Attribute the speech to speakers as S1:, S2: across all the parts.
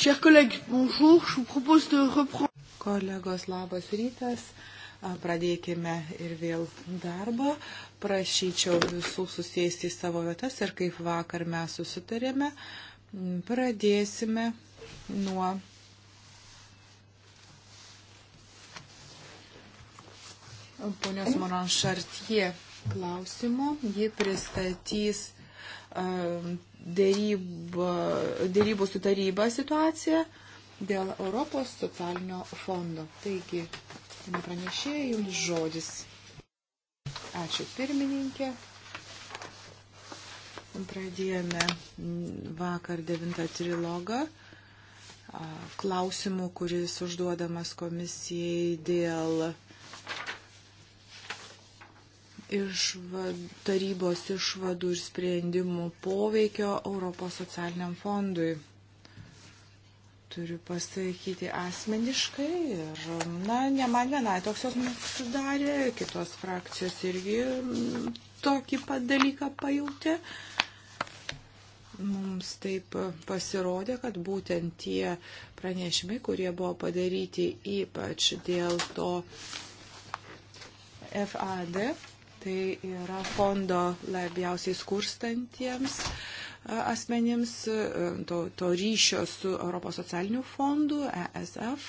S1: Chers collègues, bonjour. Je vous propose de reprendre.
S2: Kolegos, labas rytas. Pradėkime ir vėl darbą. Prašyčiau visų susėsti į savo vietas ir kaip vakar mes susitarėme, pradėsime nuo ponios Moran Šartie klausimo. Ji pristatys dėrybo, dėrybų su taryba situacija dėl Europos socialinio fondo. Taigi, pranešėjai jums žodis. Ačiū pirmininkė. Pradėjome vakar devintą trilogą klausimų, kuris užduodamas komisijai dėl išvad, tarybos išvadų ir sprendimų poveikio Europos socialiniam fondui. Turiu pasakyti asmeniškai ir, na, ne man vienai toks jos sudarė, kitos frakcijos irgi mm, tokį pat dalyką pajutė. Mums taip pasirodė, kad būtent tie pranešimai, kurie buvo padaryti ypač dėl to FAD, tai yra fondo labiausiai skurstantiems e, asmenims, e, to, to ryšio su Europos socialiniu fondu, ESF,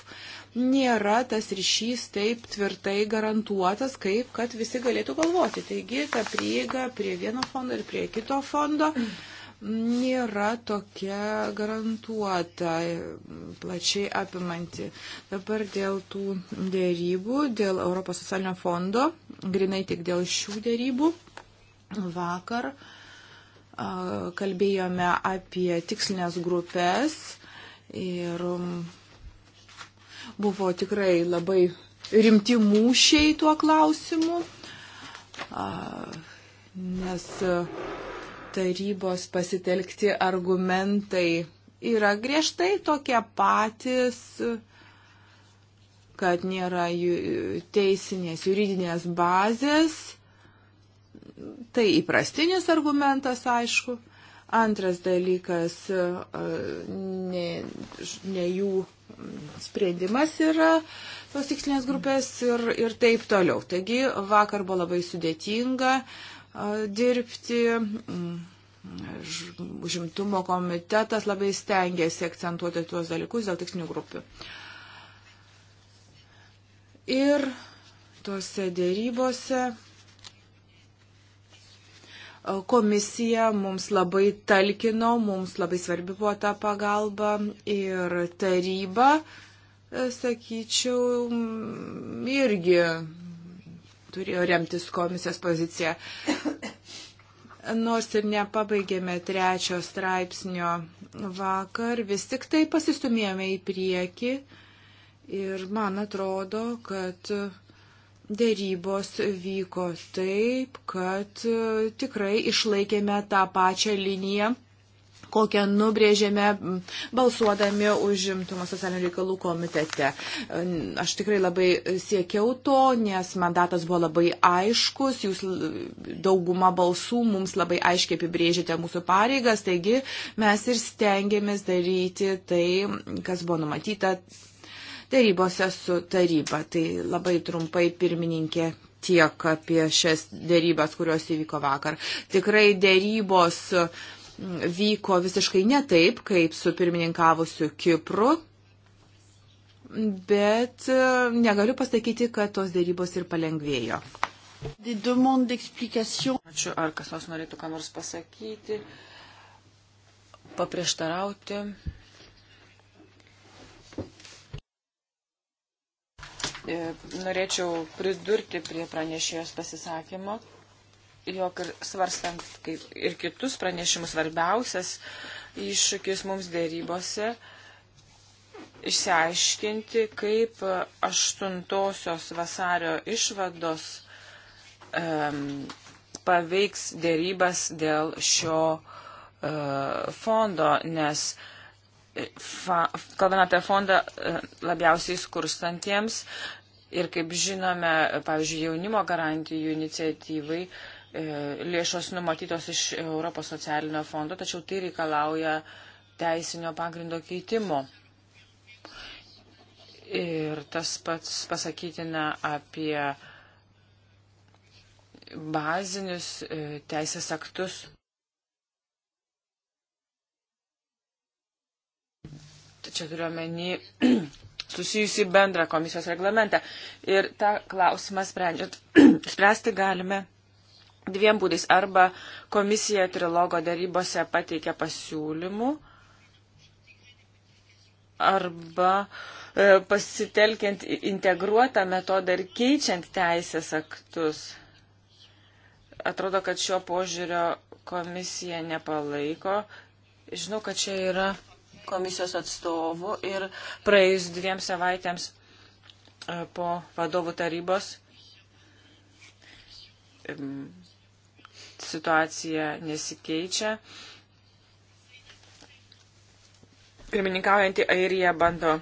S2: nėra tas ryšys taip tvirtai garantuotas, kaip kad visi galėtų galvoti. Taigi ta prieiga prie vieno fondo ir prie kito fondo. Mm nėra tokia garantuota, plačiai apimanti. Dabar dėl tų dėrybų, dėl Europos socialinio fondo, grinai tik dėl šių dėrybų, vakar kalbėjome apie tikslinės grupės ir buvo tikrai labai rimti mūšiai tuo klausimu, nes tarybos pasitelkti argumentai yra griežtai tokie patys, kad nėra teisinės juridinės bazės. Tai įprastinis argumentas, aišku. Antras dalykas, ne, ne jų sprendimas yra tos tikslinės grupės ir, ir taip toliau. Taigi vakar buvo labai sudėtinga uh, dirbti. Mm, užimtumo komitetas labai stengiasi akcentuoti tuos dalykus dėl tikslinių grupių. Ir tuose dėrybose komisija mums labai talkino, mums labai svarbi buvo ta pagalba ir taryba, sakyčiau, irgi turėjo remtis komisijos pozicija. Nors ir nepabaigėme trečio straipsnio vakar, vis tik tai pasistumėjome į priekį ir man atrodo, kad dėrybos vyko taip, kad tikrai išlaikėme tą pačią liniją kokią nubrėžėme balsuodami užimtumo socialinių reikalų komitete. Aš tikrai labai siekiau to, nes mandatas buvo labai aiškus, jūs dauguma balsų mums labai aiškiai apibrėžėte mūsų pareigas, taigi mes ir stengiamės daryti tai, kas buvo numatyta darybose su taryba. Tai labai trumpai pirmininkė tiek apie šias dėrybas, kurios įvyko vakar. Tikrai dėrybos uh, vyko visiškai ne taip, kaip su pirmininkavusiu Kipru, bet e, negaliu pasakyti, kad tos dėrybos ir palengvėjo. Ačiū, ar kas nors norėtų ką nors pasakyti,
S3: paprieštarauti. E, norėčiau pridurti prie pranešėjos pasisakymo, jog ir svarstant kaip ir kitus pranešimus svarbiausias iššūkis mums dėrybose išsiaiškinti, kaip 8 vasario išvados um, paveiks dėrybas dėl šio uh, fondo, nes e, fa, kalbame apie fondą uh, labiausiai skurstantiems ir kaip žinome, pavyzdžiui, jaunimo garantijų iniciatyvai uh, E, lėšos numatytos iš Europos socialinio fondo, tačiau tai reikalauja teisinio pagrindo keitimo. Ir tas pats pasakytina apie bazinius e, teisės aktus. Čia turiuomenį susijusi bendrą komisijos reglamentą. Ir tą klausimą sprendžiant, spręsti galime dviem būdais. Arba komisija trilogo darybose pateikia pasiūlymų, arba e, pasitelkiant integruotą metodą ir keičiant teisės aktus. Atrodo, kad šio požiūrio komisija nepalaiko. Žinau, kad čia yra komisijos atstovų ir praėjus dviem savaitėms e, po vadovų tarybos situacija nesikeičia. Pirmininkaujantį Airiją bando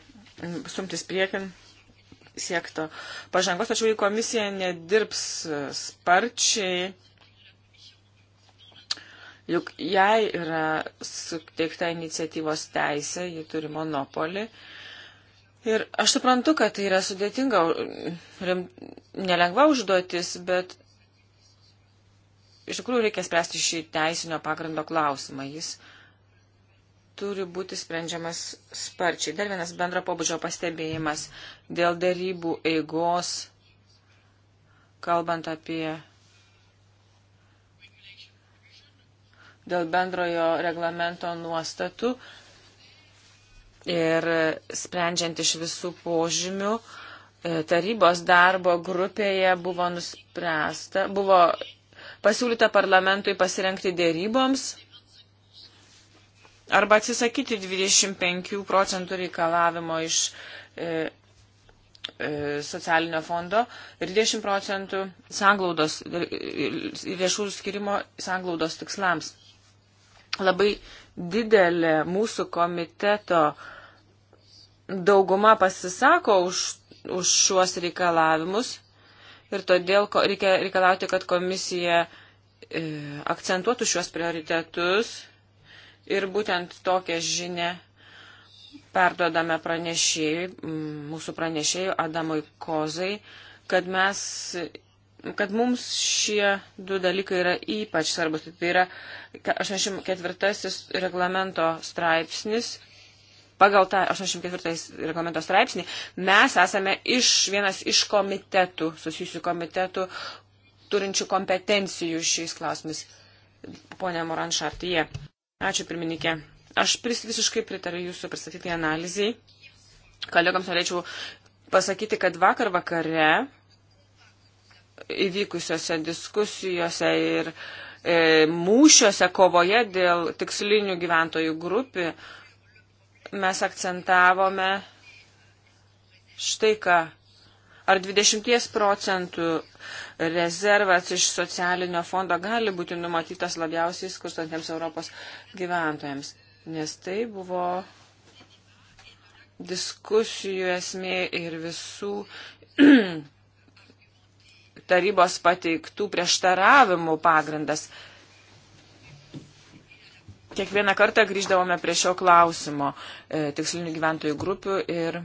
S3: stumtis priekin siekto pažangos, tačiau jei komisija nedirbs sparčiai, juk jai yra suteikta iniciatyvos teisė, ji turi monopolį. Ir aš suprantu, kad tai yra sudėtinga, rim, nelengva užduotis, bet iš tikrųjų reikia spręsti šį teisinio pagrindo klausimą. Jis turi būti sprendžiamas sparčiai. Dar vienas bendro pobūdžio pastebėjimas dėl darybų eigos, kalbant apie. Dėl bendrojo reglamento nuostatų ir sprendžiant iš visų požymių, e, tarybos darbo grupėje buvo nuspręsta, buvo pasiūlyta parlamentui pasirenkti dėryboms arba atsisakyti 25 procentų reikalavimo iš e, e, socialinio fondo ir 10 procentų sanglaudos, lėšų skirimo sanglaudos tikslams. Labai didelė mūsų komiteto dauguma pasisako už, už šiuos reikalavimus ir todėl reikia reikalauti, kad komisija e, akcentuotų šiuos prioritetus ir būtent tokią žinę perdodame pranešėjui, mūsų pranešėjui Adamui Kozai, kad mes kad mums šie du dalykai yra ypač svarbus. Tai yra 84 reglamento straipsnis pagal tą 84 reglamento straipsnį mes esame iš, vienas iš komitetų, susijusių komitetų, turinčių kompetencijų šiais klausimais. Pone Moran Šartyje. Ačiū, pirmininkė. Aš pris, visiškai pritariu jūsų pristatytai analizai. Kolegams norėčiau pasakyti, kad vakar vakare įvykusiose diskusijose ir e, mūšiuose kovoje dėl tikslinių gyventojų grupių mes akcentavome štai ką. Ar 20 procentų rezervas iš socialinio fondo gali būti numatytas labiausiai skurstantiems Europos gyventojams? Nes tai buvo diskusijų esmė ir visų tarybos pateiktų prieštaravimų pagrindas. Kiekvieną kartą grįždavome prie šio klausimo e, tikslinių gyventojų grupių ir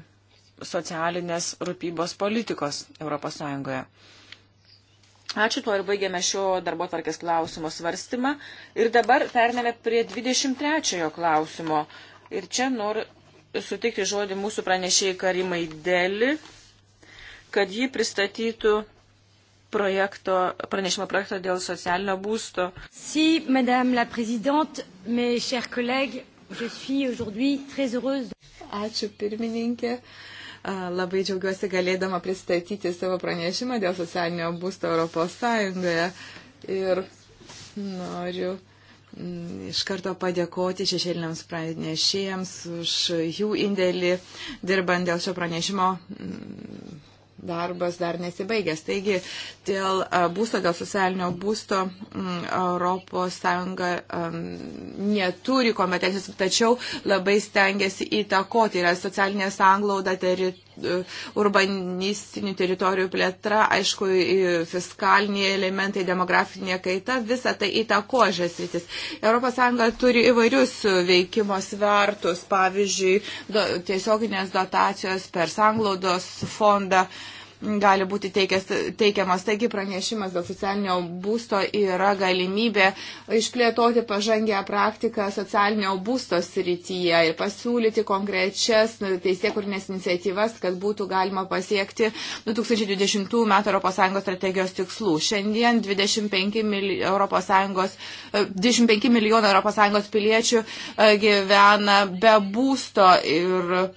S3: socialinės rūpybos politikos ES. Ačiū, tuo ir baigėme šio darbo tvarkės klausimo svarstymą. Ir dabar pernėme prie 23 klausimo. Ir čia noriu sutikti žodį mūsų pranešėjai Karimai Deli, kad ji pristatytų projekto, pranešimo projekto dėl socialinio būsto. Si,
S2: madame la présidente, mes chers collègues, je suis aujourd'hui très heureuse. Ačiū pirmininkė. Labai džiaugiuosi galėdama pristatyti savo pranešimą dėl socialinio būsto Europos Sąjungoje. Ir noriu mm, iš karto padėkoti šešėliniams pranešėjams už jų indėlį dirbant dėl šio pranešimo mm, darbas dar nesibaigęs. Taigi, dėl būsto, dėl socialinio būsto ES neturi kompetencijos, tačiau labai stengiasi įtakoti. Yra socialinė sanglauda, teri, e, urbanistinių teritorijų plėtra, aišku, fiskaliniai elementai, demografinė kaita, visa tai įtakoja žasritis. ES turi įvairius veikimo svertus, pavyzdžiui, do, tiesioginės dotacijos per sanglaudos fondą. Uh, gali būti teikias, teikiamas. Taigi pranešimas dėl socialinio būsto yra galimybė išplėtoti pažangę praktiką socialinio būsto srityje ir pasiūlyti konkrečias teisėkurinės iniciatyvas, kad būtų galima pasiekti 2020 m. ES strategijos tikslų. Šiandien 25, mili, ES, 25 milijonų ES piliečių e, gyvena be būsto ir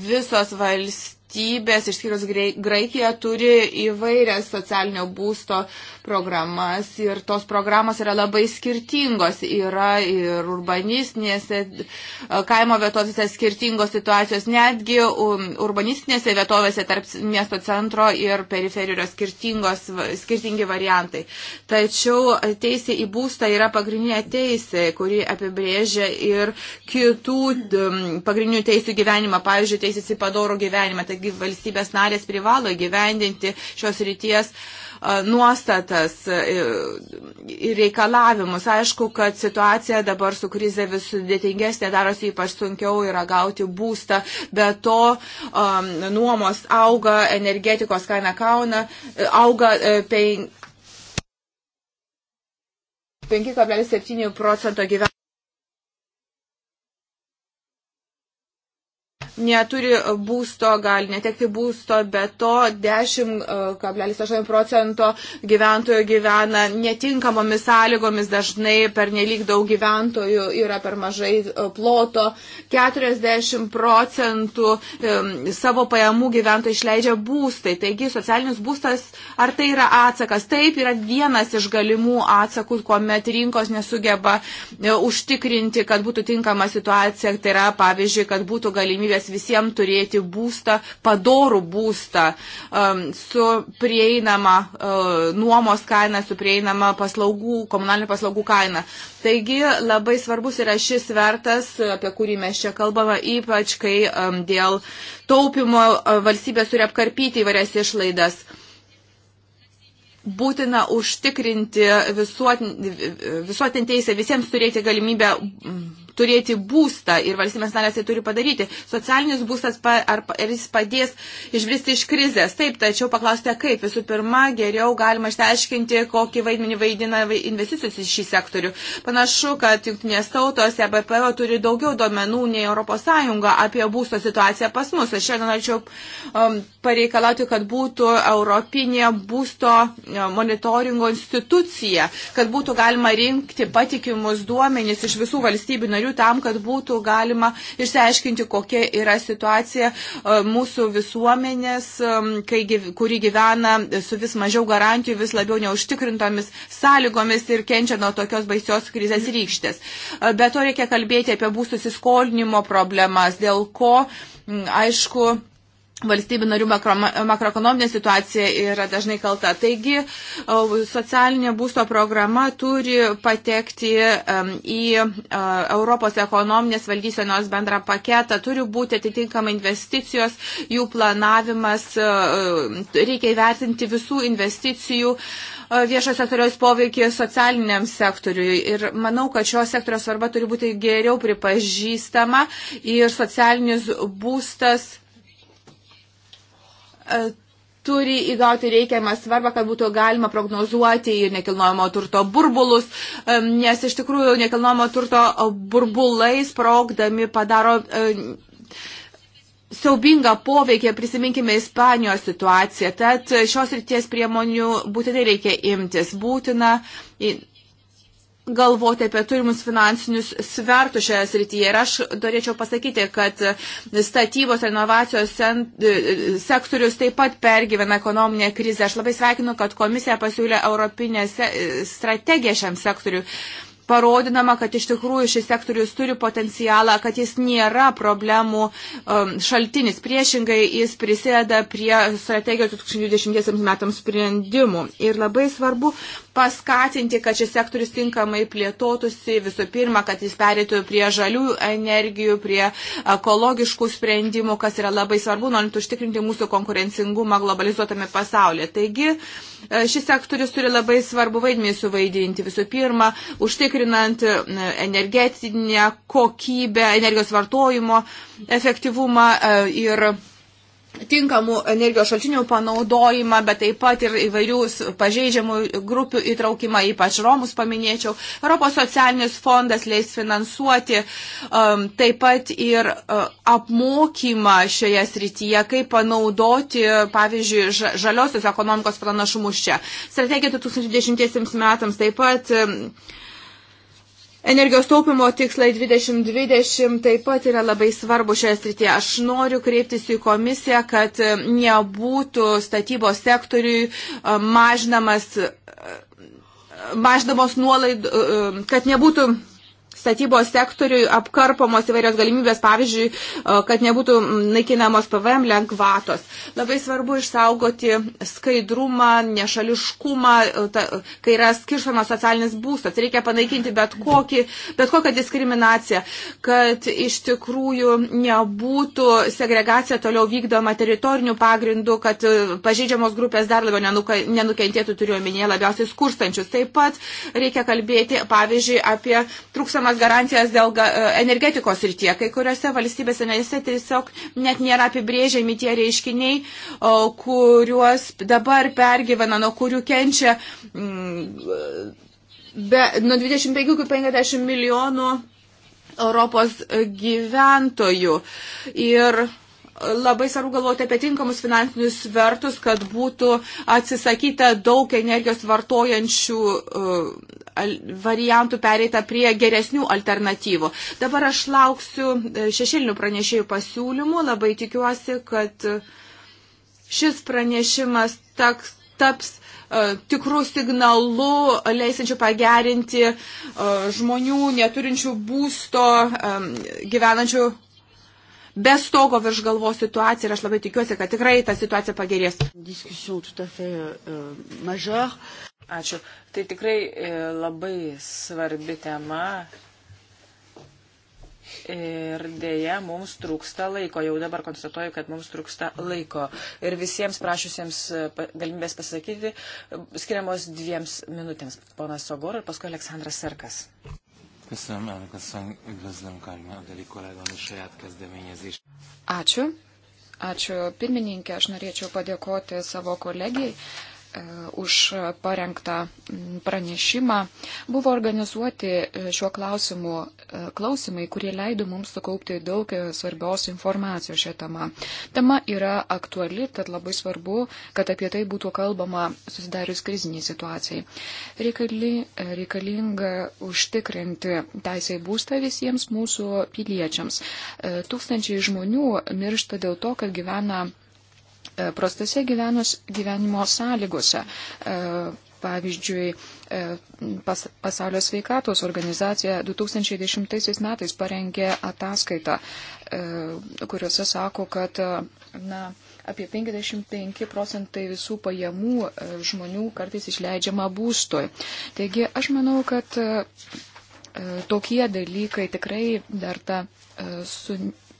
S2: visos valstybės valstybės, išskyrus Graikiją, turi įvairias socialinio būsto programas ir tos programos yra labai skirtingos. Yra ir urbanistinėse e, kaimo vietovėse skirtingos situacijos, netgi um, urbanistinėse vietovėse tarp miesto centro ir periferijų yra skirtingi variantai. Tačiau teisė į būstą yra pagrindinė teisė, kuri apibrėžia ir kitų pagrindinių teisų gyvenimą, pavyzdžiui, teisės į padorų gyvenimą. Tai valstybės narės privalo gyvendinti šios ryties nuostatas ir reikalavimus. Aišku, kad situacija dabar su krize vis sudėtingesnė, darosi ypač sunkiau yra gauti būstą, be to um, nuomos auga, energetikos kaina kauna, e, auga e, pen... 5,7 procento gyventojų. neturi būsto, gali netekti būsto, bet to 10,8 e, procento gyventojų gyvena netinkamomis sąlygomis, dažnai per nelik daug gyventojų yra per mažai e, ploto, 40 procentų savo pajamų gyventojų išleidžia būstai, taigi socialinis būstas, ar tai yra atsakas? Taip, yra vienas iš galimų atsakų, kuomet rinkos nesugeba e, užtikrinti, kad būtų tinkama situacija, tai yra pavyzdžiui, kad būtų galimybės galimybės visiems turėti būstą, padorų būstą, um, su prieinama uh, nuomos kaina, su prieinama paslaugų, komunalinių paslaugų kaina. Taigi labai svarbus yra šis vertas, apie kurį mes čia kalbame, ypač kai um, dėl taupimo uh, valstybės turi apkarpyti įvairias išlaidas būtina užtikrinti visuotinį teisę visiems turėti galimybę mm, turėti būstą ir valstybės narės tai turi padaryti. Socialinis būstas, pa, ar, ar jis padės išbristi iš krizės. Taip, tačiau paklausite, kaip visų pirma geriau galima išsiaiškinti, kokį vaidmenį vaidina investicijos į šį sektorių. Panašu, kad jungtinės tautos, EBPO turi daugiau duomenų nei ES apie būsto situaciją pas mus. Aš šiandien norėčiau um, pareikalauti, kad būtų Europinė būsto um, monitoringo institucija, kad būtų galima rinkti patikimus duomenys iš visų valstybių narių tam, kad būtų galima išsiaiškinti, kokia yra situacija e, mūsų visuomenės, e, kai, kuri gyvena su vis mažiau garantijų, vis labiau neužtikrintomis sąlygomis ir kenčia nuo tokios baisios krizės rykštės. E, be to reikia kalbėti apie būsų įsiskolinimo problemas, dėl ko, aišku, valstybių narių makro, makroekonominė situacija yra dažnai kalta. Taigi socialinė būsto programa turi patekti į Europos ekonominės valdysenos bendrą paketą, turi būti atitinkama investicijos, jų planavimas, reikia įvertinti visų investicijų viešo sektoriaus poveikį socialiniam sektoriui. Ir manau, kad šio sektorio svarba turi būti geriau pripažįstama ir socialinis būstas E, turi įgauti reikiamą svarbą, kad būtų galima prognozuoti ir nekilnojamo turto burbulus, e, nes iš tikrųjų nekilnojamo turto burbulai sprogdami padaro e, siaubingą poveikį, prisiminkime Ispanijos situaciją. Tad šios ryties priemonių būtinai reikia imtis. Būtina galvoti apie turimus finansinius svertus šioje srityje. Ir aš norėčiau pasakyti, kad statybos renovacijos e, sektorius taip pat pergyvena ekonominę krizę. Aš labai sveikinu, kad komisija pasiūlė Europinę e, strategiją šiam sektoriu parodinama, kad iš tikrųjų šis sektorius turi potencialą, kad jis nėra problemų um, šaltinis. Priešingai jis prisėda prie strategijos 2020 metams sprendimų. Ir labai svarbu paskatinti, kad šis sektorius tinkamai plėtotųsi, visų pirma, kad jis perėtų prie žalių energijų, prie ekologiškų sprendimų, kas yra labai svarbu, norint užtikrinti mūsų konkurencingumą globalizuotame pasaulyje. Taigi, šis sektorius turi labai svarbu vaidmenį suvaidinti, visų pirma, užtikrinant energetinę kokybę, energijos vartojimo efektyvumą e, ir tinkamų energijos šaltinių panaudojimą, bet taip pat ir įvairių pažeidžiamų grupių įtraukimą, ypač Romus paminėčiau. Europos socialinis fondas leis finansuoti um, taip pat ir uh, apmokymą šioje srityje, kaip panaudoti, pavyzdžiui, žaliosios ekonomikos pranašumus čia. Strategija 2020 metams taip pat. Um, Energijos taupimo tikslai 2020 taip pat yra labai svarbu šioje srityje. Aš noriu kreiptis į komisiją, kad e, nebūtų statybos sektoriui e, mažinamas, e, mažinamos nuolaid, kad nebūtų statybos sektoriui apkarpomos įvairios galimybės, pavyzdžiui, kad nebūtų naikinamos PVM lengvatos. Labai svarbu išsaugoti skaidrumą, nešališkumą, ta, kai yra skirštamas socialinis būstas. Reikia panaikinti bet, kokį, bet kokią diskriminaciją, kad iš tikrųjų nebūtų segregacija toliau vykdoma teritorinių pagrindų, kad e, pažeidžiamos grupės dar labiau nenukentėtų, turiu omenyje, labiausiai skurstančius. Taip pat reikia kalbėti, pavyzdžiui, apie trūkstamą teikiamas garantijos dėl e, energetikos rytie. Kai kuriuose valstybėse narėse tiesiog net nėra apibrėžiami tie reiškiniai, kuriuos dabar pergyvena, nuo kurių kenčia mm, be, nuo 25 iki 50 milijonų Europos gyventojų. Ir labai svarbu galvoti apie tinkamus finansinius svertus, kad būtų atsisakyta daug energijos vartojančių e, variantų pereita prie geresnių alternatyvų. Dabar aš lauksiu e, šešėlinių pranešėjų pasiūlymų, labai tikiuosi, kad e, šis pranešimas taks, taps e, tikrų signalų, leisinčių pagerinti žmonių neturinčių būsto, gyvenančių be stogo virš galvos situacija ir aš labai tikiuosi, kad tikrai ta situacija
S1: pagerės. Ačiū. Tai tikrai
S3: e, labai svarbi tema. Ir dėja, mums trūksta laiko. Jau dabar konstatuoju, kad mums trūksta laiko. Ir visiems prašusiems e, galimybės pasakyti skiriamos dviems minutėms.
S4: Ponas Sogor ir paskui Aleksandras Serkas.
S3: Köszönöm, elnök asszony, üdvözlöm Karima Adeli kolléganő saját kezdeményezés.
S4: Ačiū. Ačiū pirmininkė, aš norėčiau padėkoti savo kolegijai E, už parengtą pranešimą. Buvo organizuoti e, šiuo klausimu e, klausimai, kurie leido mums sukaupti daug svarbios informacijos šią temą. Tema yra aktuali, tad labai svarbu, kad apie tai būtų kalbama susidarius kriziniai situacijai. Reikali, reikalinga užtikrinti teisę į būstą visiems mūsų piliečiams. Tūkstančiai žmonių miršta dėl to, kad gyvena E, prastose gyvenos, gyvenimo sąlygose. E, pavyzdžiui, e, pas, Pasaulio sveikatos organizacija 2010 metais parengė ataskaitą, kuriuose sako, kad na, apie 55 procentai visų pajamų žmonių kartais išleidžiama būstui. Taigi aš manau, kad tokie dalykai tikrai verta su,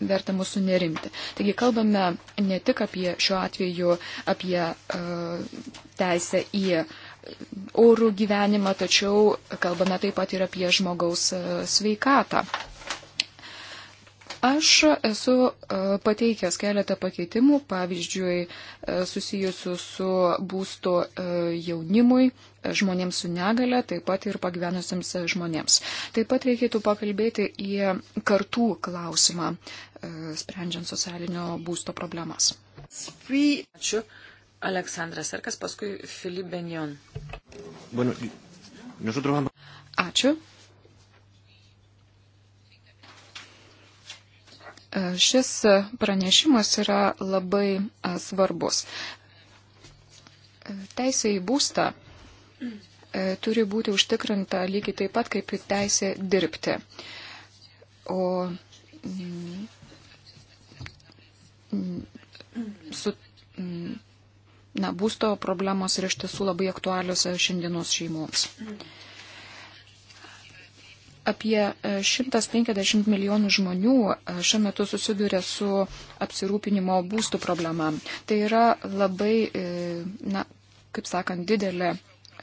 S4: verta mūsų nerimti. Taigi kalbame ne tik apie šiuo atveju, apie uh, teisę į orų gyvenimą, tačiau kalbame taip pat ir apie žmogaus e, sveikatą. Aš esu e, pateikęs keletą pakeitimų, pavyzdžiui, susijusių su būsto jaunimui žmonėms su negale, taip pat ir pagyvenusiems žmonėms. Taip pat reikėtų pakalbėti į kartų klausimą, e, sprendžiant socialinio būsto problemas.
S3: Ačiū. Aleksandras Serkas, paskui Filip Benjon.
S1: Bueno,
S4: nosotros... Ačiū. E, šis pranešimas yra labai e, svarbus. Teisė į būstą E, turi būti užtikrinta lygiai taip pat kaip ir teisė dirbti. O mm, su mm, na, būsto problemos yra iš tiesų labai aktualios šiandienos šeimoms. Apie 150 e, milijonų žmonių e, šiuo metu susiduria su apsirūpinimo būstų problema. Tai yra labai, na, kaip sakant, didelė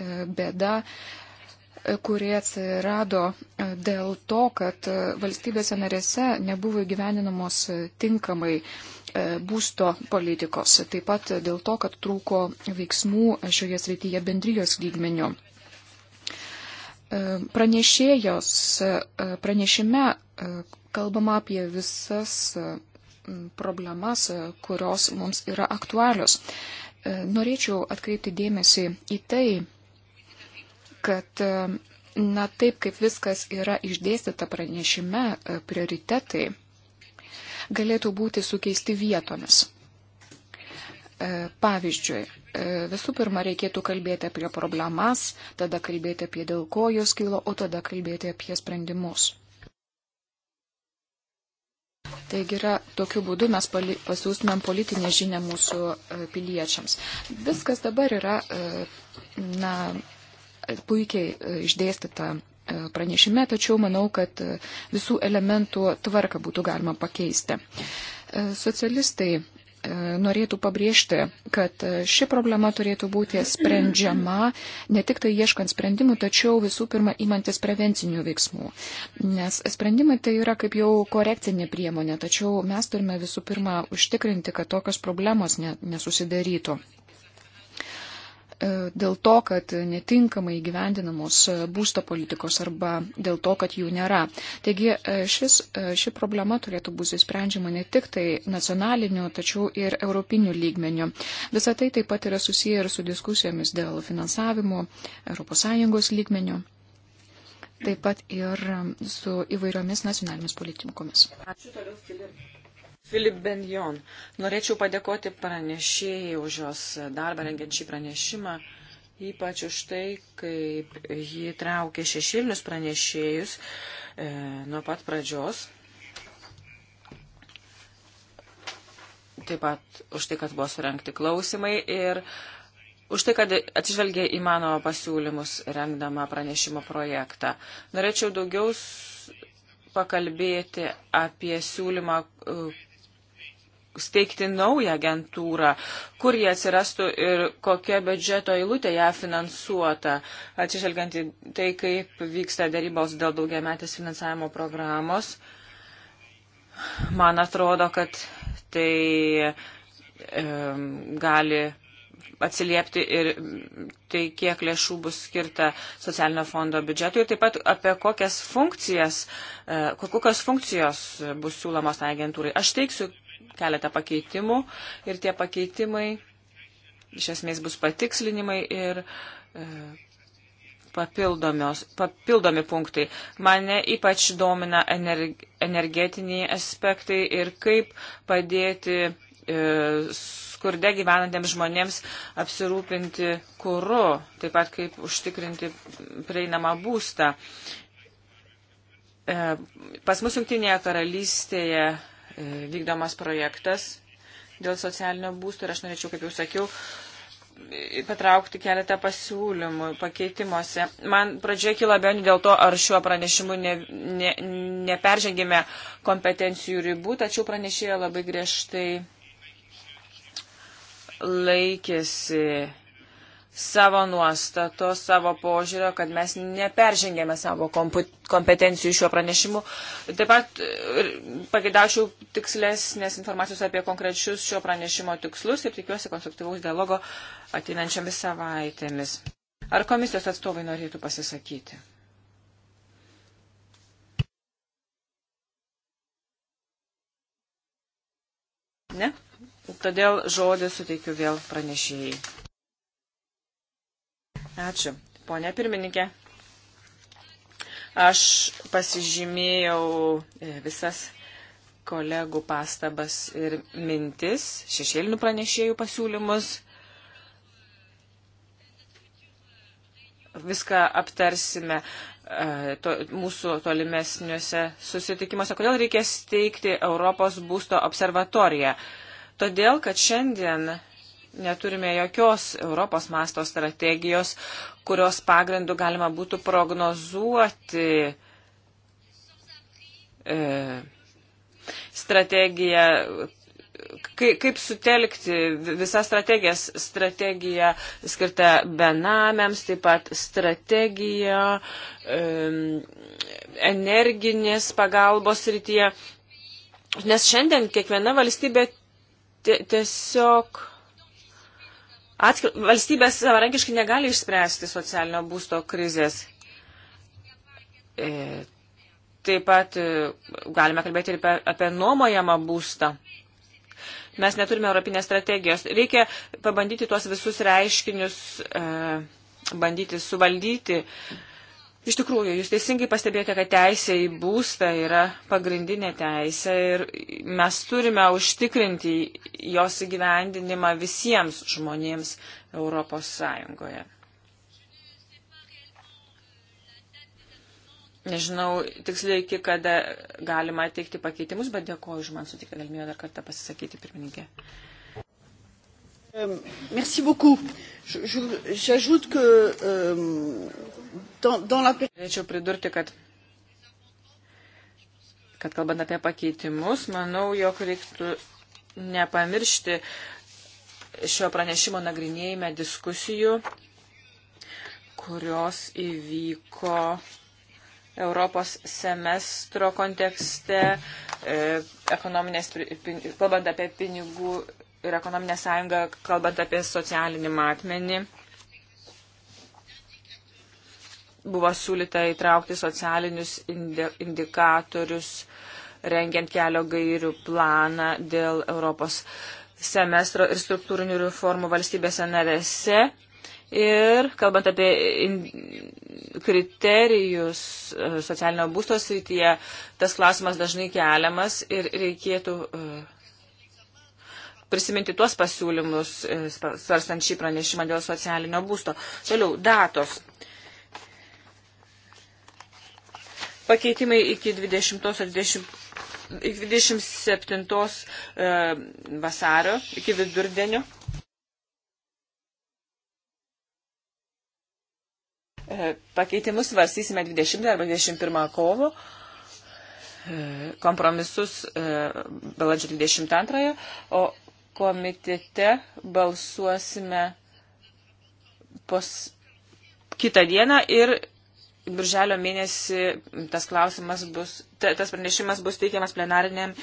S4: bėda kurie atsirado dėl to, kad valstybėse narėse nebuvo įgyveninamos tinkamai e, būsto politikos. Taip pat dėl to, kad trūko veiksmų šioje srityje bendrijos lygmenių. E, pranešėjos e, pranešime kalbama apie visas problemas, kurios mums yra aktualios. Norėčiau atkreipti dėmesį į tai, kad e, na taip, kaip viskas yra išdėstyta pranešime, e, prioritetai galėtų būti sukeisti vietomis. E, pavyzdžiui, visų pirma reikėtų kalbėti apie problemas, tada kalbėti apie dėl ko jos kilo, o tada kalbėti apie sprendimus. Taigi yra tokiu būdu mes pasiūstumėm politinę žinę mūsų piliečiams. Viskas dabar yra na, puikiai e, išdėstyta e, pranešime, tačiau manau, kad e, visų elementų tvarką būtų galima pakeisti. Socialistai norėtų pabrėžti, kad ši problema turėtų būti sprendžiama ne tik tai ieškant sprendimų, tačiau visų pirma imantis prevencinių veiksmų. Nes sprendimai tai yra kaip jau korekcinė priemonė, tačiau mes turime visų pirma užtikrinti, kad tokios problemos nesusidarytų. E, dėl to, kad netinkamai gyvendinamos e, būsto politikos arba dėl to, kad jų nėra. Taigi e, šis, ši problema turėtų būti sprendžiama ne tik tai nacionaliniu, tačiau ir europiniu lygmeniu. Visą tai taip pat yra susiję ir su diskusijomis dėl finansavimo ES lygmeniu. Taip pat ir su įvairiomis nacionalinėmis politikomis.
S3: Ačiū toliau, Filip. Filip Benjon. Norėčiau padėkoti pranešėjai už jos darbą rengiant šį pranešimą, ypač už tai, kaip ji traukė šešėlinius pranešėjus e, nuo pat pradžios. Taip pat už tai, kad buvo surenkti klausimai ir už tai, kad atsižvelgė į mano pasiūlymus rengdama pranešimo projektą. Norėčiau daugiau pakalbėti apie siūlymą e, steigti naują agentūrą, kur jie atsirastų ir kokia biudžeto eilutė ją finansuota, atsižvelgiant į tai, kaip vyksta darybos dėl daugiametės finansavimo programos. Man atrodo, kad tai e, gali atsiliepti ir tai, kiek lėšų bus skirta socialinio fondo biudžetui, taip pat apie kokias funkcijas, e, kokios funkcijos bus siūlomos tai agentūrai. Aš teiksiu keletą pakeitimų ir tie pakeitimai iš esmės bus patikslinimai ir e, papildomi punktai. Mane ypač domina energetiniai aspektai ir kaip padėti e, skurde gyvenantiems žmonėms apsirūpinti kuru, taip pat kaip užtikrinti prieinamą būstą. E, pas mus Junktinėje karalystėje E, vykdomas projektas dėl socialinio būsto ir aš norėčiau, kaip jau sakiau, patraukti keletą pasiūlymų pakeitimuose. Man pradžioje kila abejonių dėl to, ar šiuo pranešimu ne, ne, neperžengėme kompetencijų ribų, tačiau pranešėja labai griežtai laikėsi savo nuostato, savo požiūrio, kad mes neperžengėme savo kompetencijų šiuo pranešimu. Taip pat e, pagėdaučiau tikslesnės informacijos apie konkrečius šio pranešimo tikslus ir tikiuosi konstruktyvaus dialogo ateinančiamis savaitėmis. Ar komisijos atstovai norėtų pasisakyti? Ne? Todėl žodį suteikiu vėl pranešėjai. Ačiū. Pone pirmininkė, aš pasižymėjau e, visas kolegų pastabas ir mintis, šešėlinių pranešėjų pasiūlymus. Viską aptarsime e, to, mūsų tolimesniuose susitikimuose. Kodėl reikės steigti Europos būsto observatoriją? Todėl, kad šiandien Neturime jokios Europos masto strategijos, kurios pagrindų galima būtų prognozuoti e, strategiją, kaip, kaip sutelkti visas strategijas, strategija skirta benamiams, taip pat strategija e, energinės pagalbos rytyje. Nes šiandien kiekviena valstybė tiesiog Atskir, valstybės savarankiškai negali išspręsti socialinio būsto krizės. E, taip pat e, galime kalbėti ir apie, apie nuomojamą būstą. Mes neturime europinės strategijos. Reikia pabandyti tuos visus reiškinius, e, bandyti suvaldyti. E, Iš tikrųjų, jūs teisingai pastebėjote, kad teisė į būstą yra pagrindinė teisė ir mes turime užtikrinti jos įgyvendinimą visiems žmonėms Europos Sąjungoje. Nežinau tiksliai, iki kada galima teikti pakeitimus, bet dėkoju už man sutiktą galimybę dar kartą pasisakyti pirmininkė. Euh, merci beaucoup. J'ajoute que euh, dans, dans la. Norėčiau pridurti, kad, kad kalbant apie pakeitimus, manau, jog reiktų nepamiršti šio pranešimo nagrinėjime diskusijų, kurios įvyko Europos semestro kontekste, e, ekonominės, kalbant apie pinigų ir ekonominę sąjungą, kalbant apie socialinį matmenį, buvo siūlyta įtraukti socialinius indikatorius, rengiant kelio gairių planą dėl Europos semestro ir struktūrinių reformų valstybėse narėse. Ir kalbant apie kriterijus e, socialinio būsto srityje, tas klausimas dažnai keliamas ir reikėtų uh, prisiminti tuos pasiūlymus, e, svarstant šį pranešimą dėl socialinio būsto. Toliau, datos. Pakeitimai iki 20 ar 20. 27 e, vasario iki vidurdienio. E, pakeitimus varsysime 20 arba 21 kovo kompromisus balandžio 22, o komitete balsuosime pos kitą dieną ir birželio mėnesį tas klausimas bus, ta, tas pranešimas bus teikiamas plenariniam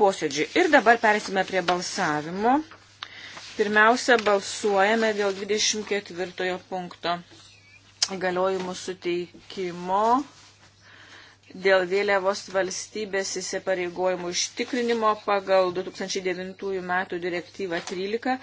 S3: posėdžiui. Ir dabar perėsime prie balsavimo. Pirmiausia, balsuojame dėl 24 punkto galiojimų suteikimo dėl vėliavos valstybės įsipareigojimų ištikrinimo pagal 2009 m. direktyvą 13 e,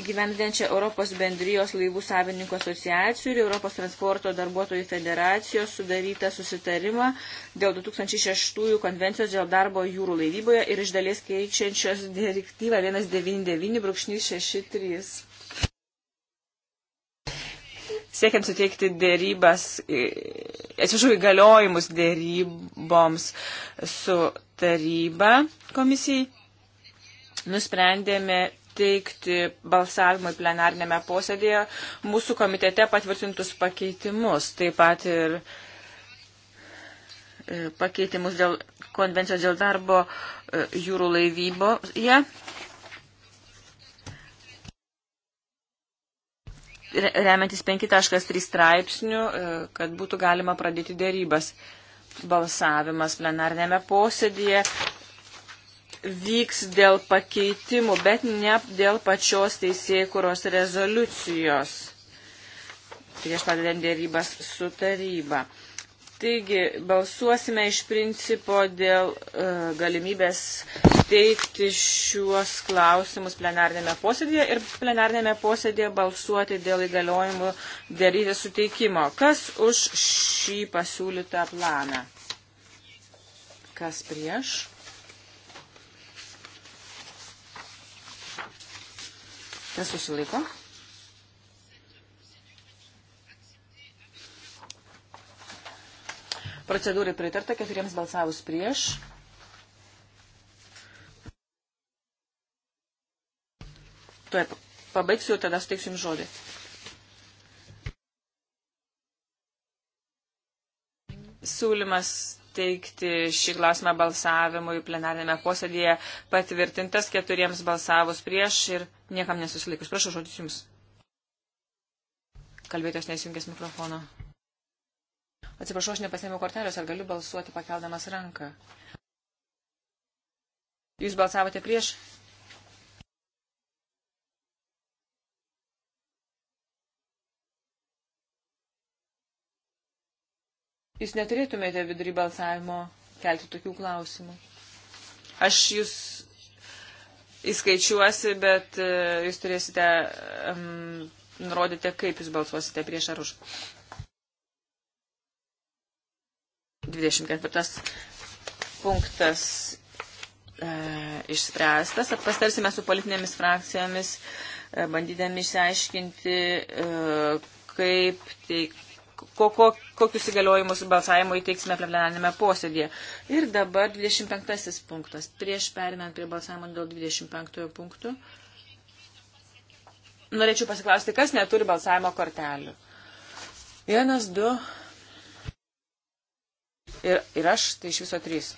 S3: įgyvendinčią Europos bendrijos laivų savininkų asociacijų ir Europos transporto darbuotojų federacijos sudarytą susitarimą dėl 2006 konvencijos dėl darbo jūrų laivyboje ir iš dalies keičiančios direktyvą 199-633 siekiant suteikti dėrybas, e, atsižu įgaliojimus dėryboms su taryba komisijai, nusprendėme teikti balsavimui plenarnėme posėdėje mūsų komitete patvirtintus pakeitimus, taip pat ir e, pakeitimus dėl konvencijos dėl darbo e, jūrų laivyboje. Ja remiantis 5.3 straipsnių, e, kad būtų galima pradėti dėrybas. Balsavimas plenarnėme posėdėje vyks dėl pakeitimų, bet ne dėl pačios teisėkuros rezoliucijos prieš pradedant dėrybas su taryba. Taigi, balsuosime iš principo dėl e, galimybės teikti šiuos klausimus plenarnėme posėdėje ir plenarnėme posėdėje balsuoti dėl įgaliojimų dėryti suteikimo. Kas už šį pasiūlytą planą? Kas prieš? Kas susilaiko? Procedūrai pritarta keturiems balsavus prieš. Tuoj pabaigsiu, tada suteiksiu jums žodį. Siūlymas teikti šį klausimą balsavimui plenarinėme posėdėje patvirtintas keturiems balsavus prieš ir niekam nesusilikus. Prašau žodis jums. Kalbėtės nesijungęs mikrofono. Atsiprašau, aš nepasėmiau kortelės, ar galiu balsuoti pakeldamas ranką? Jūs balsavote prieš? Jūs neturėtumėte vidury balsavimo kelti tokių klausimų. Aš jūs įskaičiuosi, bet e, jūs turėsite um, nurodyti, kaip jūs balsuosite prieš ar už. 24 punktas e, išspręstas. Pastarsime su politinėmis frakcijomis, e, bandydami išsiaiškinti, e, kaip tai, ko, ko, kokius įgaliojimus balsavimo įteiksime plenarinėme posėdėje. Ir dabar 25 punktas. Prieš perinant prie balsavimo dėl 25 punktų, norėčiau pasiklausti, kas neturi balsavimo kortelių. Vienas, du, ir, ir aš, tai iš viso trys.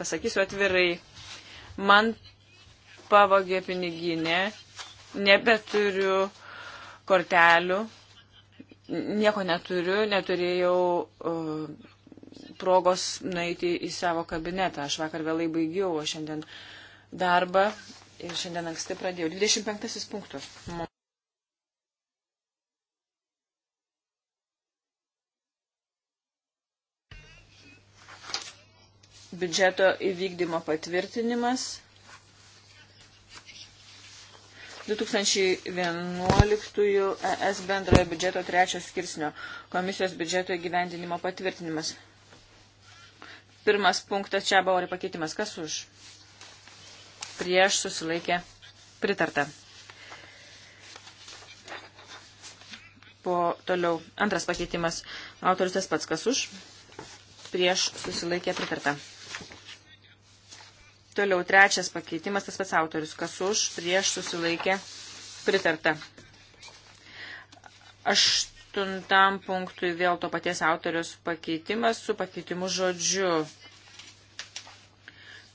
S3: Pasakysiu atvirai, man pavogė piniginė, nebeturiu kortelių, nieko neturiu, neturėjau uh, progos nueiti į savo kabinetą. Aš vakar vėlai baigiau, o šiandien darbą ir šiandien anksti pradėjau. 25 punktus. biudžeto įvykdymo patvirtinimas. 2011 ES bendrojo biudžeto trečios skirsnio komisijos biudžeto įgyvendinimo patvirtinimas. Pirmas punktas čia bauri pakeitimas. Kas už? Prieš susilaikė pritarta. Po toliau antras pakeitimas. Autorius tas pats. Kas už? Prieš susilaikė pritarta. Toliau trečias pakeitimas, tas pats autorius, kas už, prieš susilaikė pritarta. Aštuntam punktui vėl to paties autorius pakeitimas su pakeitimu žodžiu,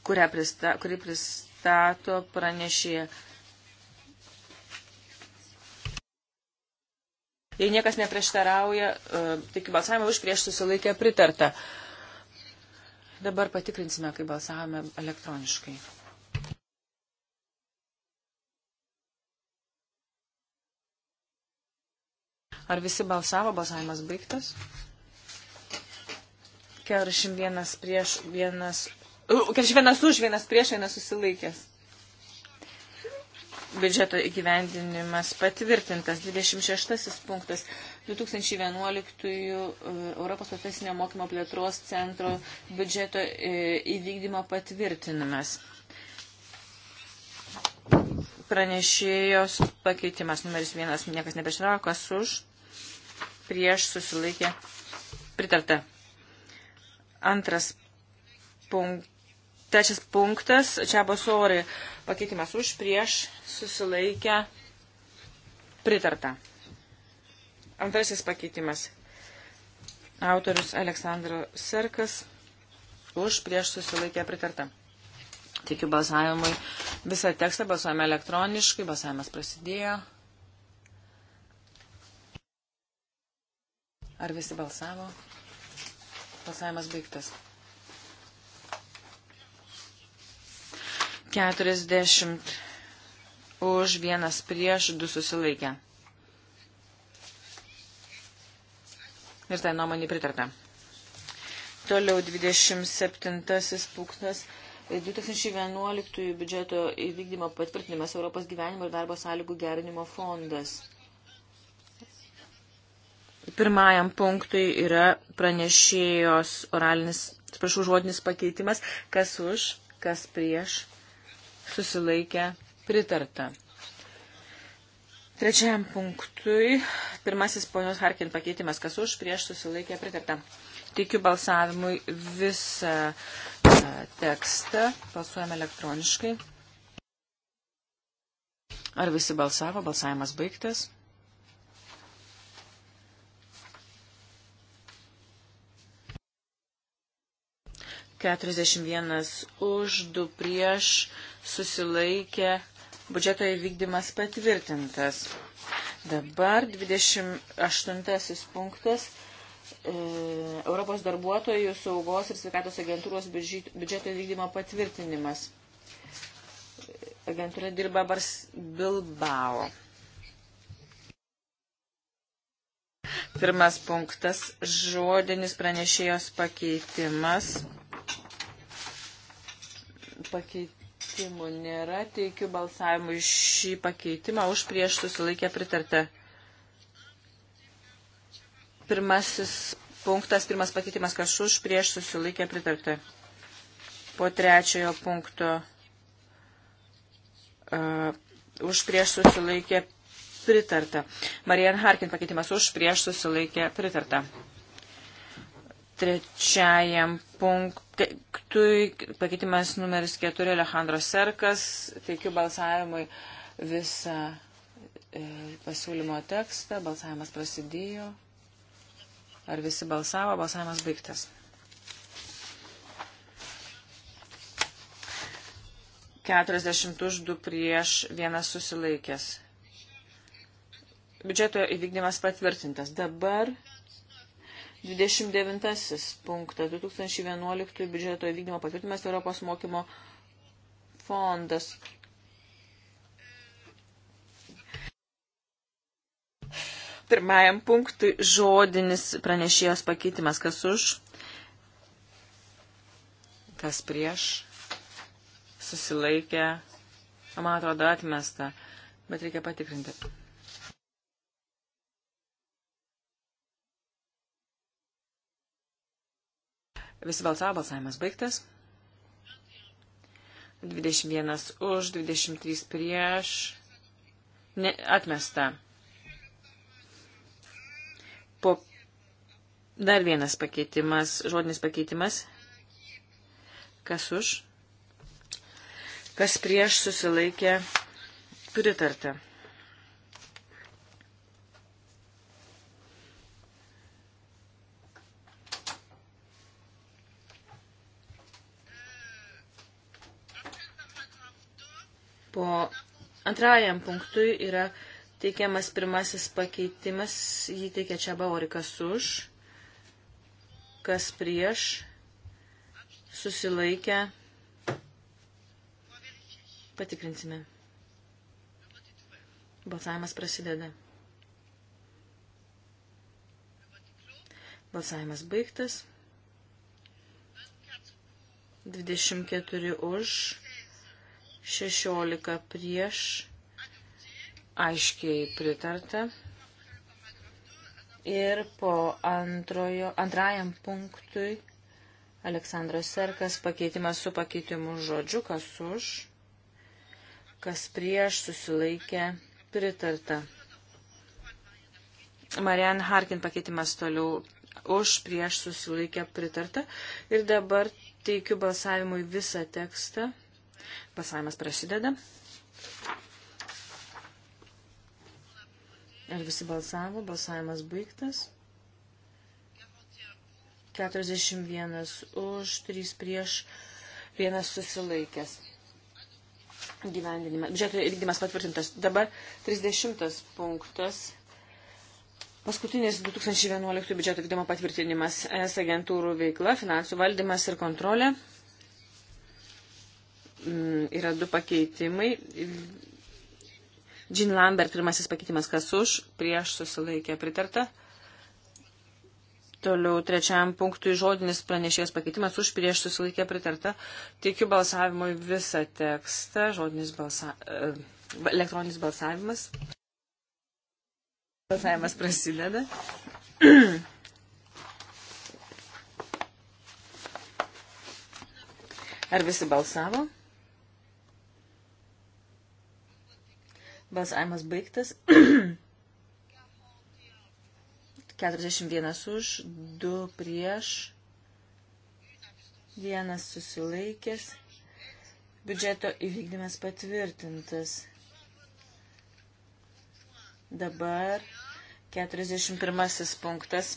S3: prista, kurį pristato pranešėje. Jei niekas neprieštarauja, e, tik balsavimą už prieš susilaikę pritarta. Uh, Dabar patikrinsime, kaip balsavome elektroniškai. Ar visi balsavo, balsavimas baigtas? 41 prieš, vienas, 41 už, vienas prieš, vienas susilaikęs biudžeto įgyvendinimas patvirtintas. 26 punktas 2011 e, Europos profesinio mokymo plėtros centro biudžeto e, įvykdymo patvirtinimas. Pranešėjos pakeitimas numeris vienas, niekas nebešravo, kas už, prieš susilaikė, pritarta. Antras punktas, trečias punktas, čia buvo sorį Pakeitimas už prieš susilaikę pritarta. Antrasis pakeitimas. Autorius Aleksandro Serkas už prieš susilaikę pritarta. Tikiu balsavimui visą tekstą, balsuojame elektroniškai, balsavimas prasidėjo. Ar visi balsavo? Balsavimas baigtas. 40 už vienas prieš du susilaikę. Ir tai nuomonį pritarta. Toliau 27 punktas. 2011 biudžeto įvykdymo patvirtinimas Europos gyvenimo ir darbo sąlygų gerinimo fondas. Pirmajam punktui yra pranešėjos oralinis, prašau, žodinis pakeitimas, kas už, kas prieš, susilaikę, pritarta. Trečiam punktui, pirmasis ponios Harkin pakeitimas, kas už, prieš susilaikė, pritarta. Tikiu balsavimui visą e, tekstą, balsuojame elektroniškai. Ar visi balsavo, balsavimas baigtas? 41 už, 2 prieš, susilaikė, budžeto įvykdymas patvirtintas. Dabar 28 punktas. E, Europos darbuotojų saugos ir sveikatos agentūros biudžeto vykdymo patvirtinimas. Agentūra dirba Bars Bilbao. Pirmas punktas - žodinis pranešėjos pakeitimas pakeitimų nėra. Teikiu balsavimui šį pakeitimą. Už prieš susilaikę pritarta. Pirmasis punktas, pirmas pakeitimas, kas už prieš susilaikę pritarta. Po trečiojo punkto. Uh, už prieš susilaikę pritarta. Marian Harkin pakeitimas už prieš susilaikę pritarta trečiajam punktui, pakeitimas numeris 4, Alejandro Serkas, teikiu balsavimui visą e, pasiūlymo tekstą, balsavimas prasidėjo. Ar visi balsavo, balsavimas baigtas. 40 už 2 prieš, vienas susilaikęs. Biudžeto įvykdymas patvirtintas. Dabar 29 punktas 2011 biudžeto įvykdymo patvirtimas Europos mokymo fondas. Pirmajam punktui žodinis pranešėjos pakeitimas. Kas už? Kas prieš? Susilaikė. Man atrodo atmesta, bet reikia patikrinti. Visi balsavo, balsavimas baigtas. 21 už, 23 prieš. Ne, atmesta. Po dar vienas pakeitimas, žodinis pakeitimas. Kas už? Kas prieš susilaikė pritarta. Po antrajam punktui yra teikiamas pirmasis pakeitimas, jį teikia čia baurikas už, kas prieš, susilaikę, patikrinsime. Balsavimas prasideda. Balsavimas baigtas. 24 už, 16 prieš, aiškiai pritarta. Ir po antrojo, antrajam punktui Aleksandras Serkas pakeitimas su pakeitimu žodžiu, kas už, kas prieš susilaikė pritarta. Marian Harkin pakeitimas toliau už prieš susilaikę pritarta. Ir dabar teikiu balsavimui visą tekstą. Pasavimas prasideda. Ar visi balsavo? Balsavimas baigtas. 41 už, 3 prieš, 1 susilaikęs. Gyvendinimas. Biudžeto įvykdymas patvirtintas. Dabar 30 punktas. Paskutinis 2011 biudžeto vykdymo patvirtinimas ES agentūrų veikla, finansų valdymas ir kontrolė. Mm, yra du pakeitimai. Jean Lambert pirmasis pakeitimas, kas už, prieš susilaikė pritarta. Toliau trečiam punktui žodinis pranešėjas pakeitimas už prieš susilaikė pritarta. Tikiu balsavimui visą tekstą. Žodinis balsa, e, elektroninis balsavimas. Balsavimas prasideda. Ar visi balsavo? Balsavimas baigtas. 41 už, 2 prieš, 1 susilaikęs. Biudžeto įvykdymas patvirtintas. Dabar 41 punktas.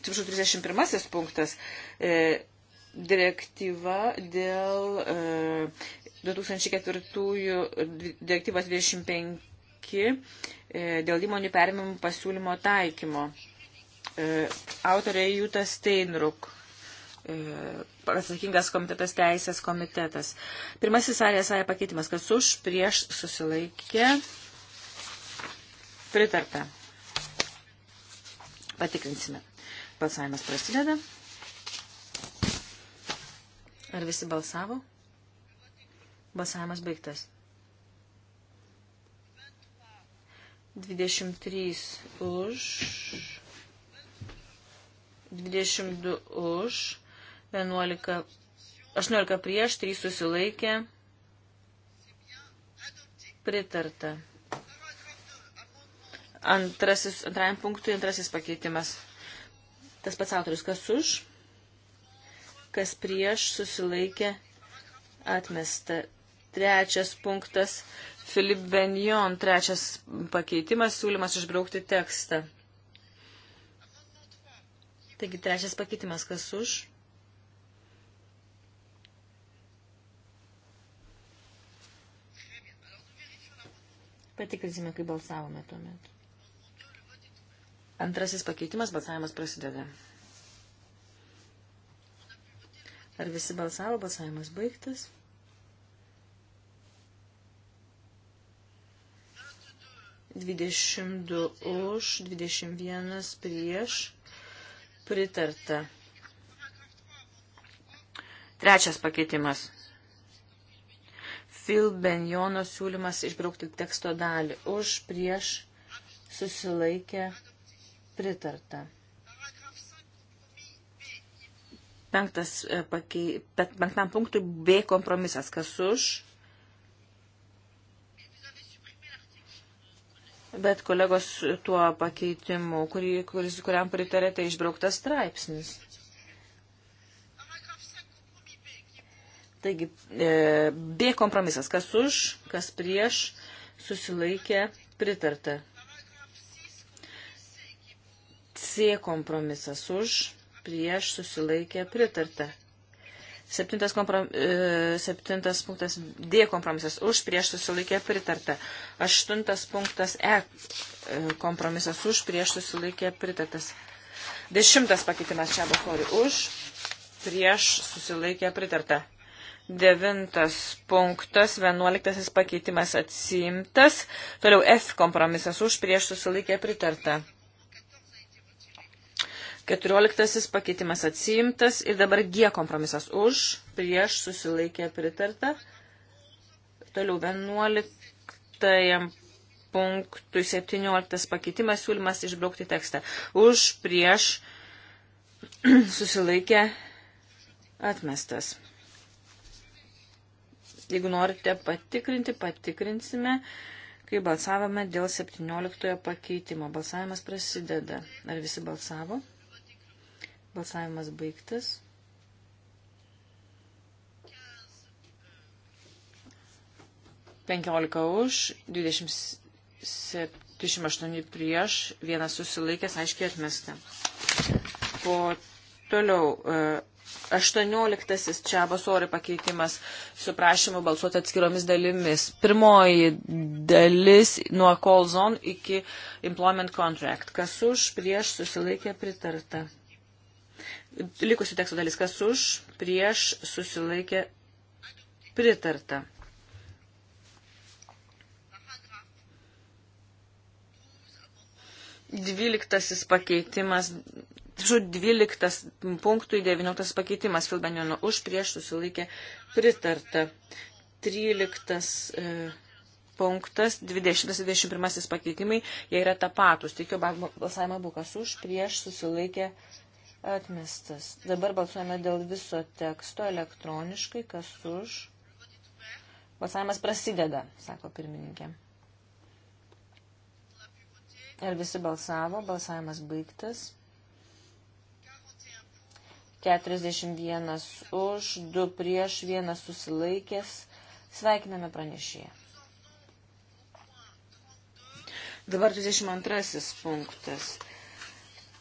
S3: Atsiprašau, 31 punktas. E, direktyva dėl e, 2004 direktyvos 25 e, dėl įmonių perimimų pasiūlymo taikymo. E, autorė Jūta Steinruk, e, atsakingas komitetas teisės komitetas. Pirmasis ASA pakeitimas, kas už, prieš, susilaikė, pritarta. Patikrinsime. Balsavimas prasideda. Ar visi balsavo? Balsavimas baigtas. 23 už, 22 už, 11, 18 prieš, 3 susilaikė, pritarta. Antrasis, antrajam punktui, antrasis pakeitimas. Tas pats autorius, kas už, kas prieš, susilaikė, atmesta. Trečias punktas. Filip Benjon, trečias pakeitimas, siūlymas išbraukti tekstą. Taigi trečias pakeitimas, kas už? Patikrinsime, kaip balsavome tuomet. Antrasis pakeitimas, balsavimas prasideda. Ar visi balsavo, balsavimas baigtas? 22 už, 21 prieš, pritarta. Trečias pakeitimas. Phil Benjono siūlymas išbraukti teksto dalį. Už, prieš, susilaikė, pritarta. Penktas, e, pakei, penktam punktui B kompromisas. Kas už? Bet kolegos tuo pakeitimu, kurį, kuris, kuriam pritarėte, išbrauktas straipsnis. Taigi, e, B kompromisas. Kas už, kas prieš, susilaikė, pritarta. C kompromisas už, prieš, susilaikė, pritarta. Septintas, komprom, e, septintas punktas D kompromisas už, prieš susilaikė pritarta. Aštuntas punktas E, e kompromisas už, prieš susilaikė pritartas. Dešimtas pakeitimas čia bakori už, prieš susilaikė pritarta. Devintas punktas, vienuoliktasis pakeitimas atsiimtas. Toliau F kompromisas už, prieš susilaikė pritarta. Keturioliktasis pakeitimas atsiimtas ir dabar G kompromisas už, prieš susilaikė pritarta. Toliau 11 punktui 17 pakeitimas siūlymas išbraukti tekstą. Už, prieš susilaikė atmestas. Jeigu norite patikrinti, patikrinsime, kai balsavome dėl 17 pakeitimo. Balsavimas prasideda. Ar visi balsavo? Balsavimas baigtas. Penkiolika už, dvidešimt aštuoni prieš, vienas susilaikęs, aiškiai atmesta. Po toliau. Uh, 18 čia basori pakeitimas su prašymu balsuoti atskiromis dalimis. Pirmoji dalis nuo call zone iki employment contract. Kas už prieš susilaikė pritarta. Likusi teksto dalis, kas už, prieš, susilaikė, pritarta. Dvyliktasis pakeitimas, žu, dvyliktas punktų į devyniotas pakeitimas, Filbeniono už, prieš, susilaikė, pritarta. Tryliktas. E, punktas 20-21 pakeitimai, jie yra tapatus. Tikiu, balsavimą bukas už, prieš susilaikė Atmestas. Dabar balsuojame dėl viso teksto elektroniškai, kas už. Balsavimas prasideda, sako pirmininkė. Ir visi balsavo, balsavimas baigtas. 41 už, 2 prieš, 1 susilaikęs. Sveikiname pranešėją. Dabar 22 punktas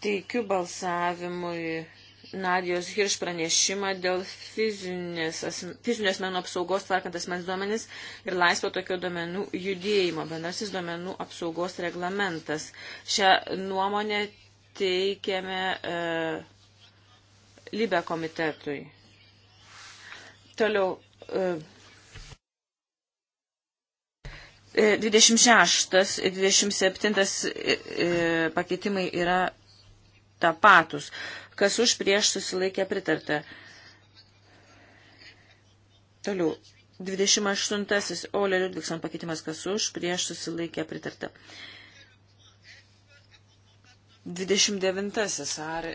S3: teikiu balsavimui Nadijos Hirš pranešimą dėl fizinės, fizinio asmenų apsaugos tvarkant asmens duomenis ir laisvo tokio duomenų judėjimo, bendrasis duomenų apsaugos reglamentas. Šią nuomonę teikėme e, Libe komitetui. Toliau. E, 26 e, ir 27 e, e, pakeitimai yra tapatus. Kas už prieš susilaikė pritarta. Toliau. 28. Olė Liudvikson pakeitimas kas už, prieš susilaikė pritarta. 29.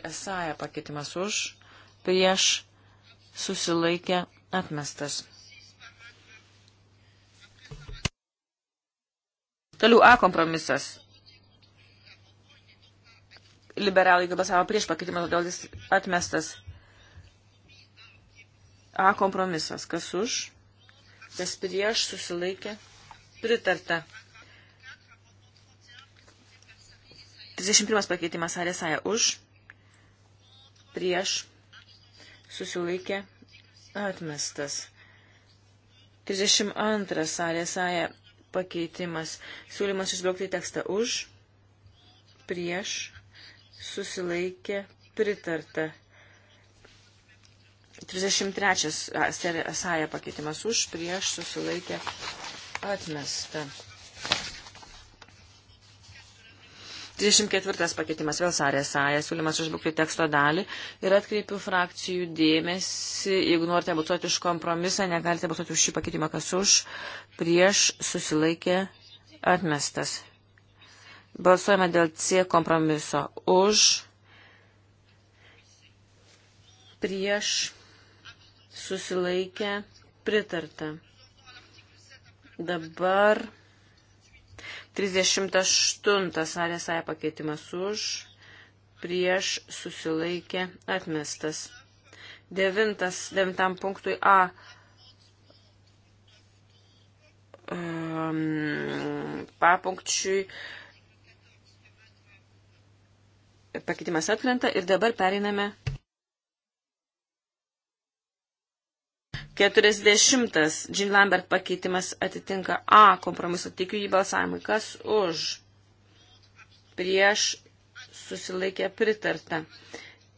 S3: Esaja pakeitimas už, prieš susilaikė atmestas. Toliau A kompromisas liberalai balsavo prieš pakeitimą, todėl jis atmestas. A kompromisas. Kas už? Kas prieš susilaikė? Pritarta. 31 pakeitimas Aresaja už, prieš, susilaikė, atmestas. 32 Aresaja pakeitimas, siūlymas išbraukti tekstą už, prieš, susilaikė pritarta. 33 sąja pakeitimas už, prieš susilaikė atmesta. 34 pakeitimas vėl sarė sąja, siūlymas užbūkti teksto dalį ir atkreipiu frakcijų dėmesį, jeigu norite balsuoti už kompromisą, negalite balsuoti už šį pakeitimą, kas už, prieš susilaikė atmestas. Balsuojame dėl C kompromiso. Už, prieš, susilaikę, pritarta. Dabar 38 salės A pakeitimas už, prieš, susilaikę, atmestas. 9, 9 punktui A um, papunkčiui pakeitimas atkrenta ir dabar pereiname 40. Jean Lambert pakeitimas atitinka A kompromiso. Tikiu jį balsavimui. Kas už? Prieš susilaikė pritarta.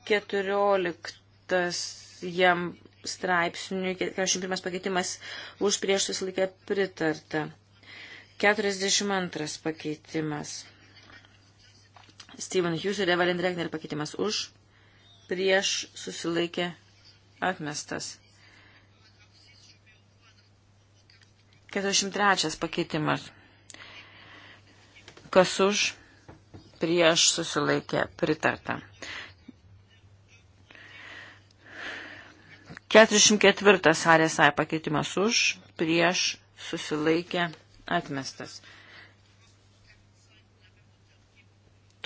S3: 14 jam straipsniui, 41 pakeitimas už prieš susilaikė pritarta. 42 pakeitimas. Steven Hughes ir Evelyn Regner pakeitimas už, prieš susilaikė atmestas. 43 pakeitimas. Kas už, prieš susilaikė pritarta. 44 arėsai pakeitimas už, prieš susilaikė atmestas.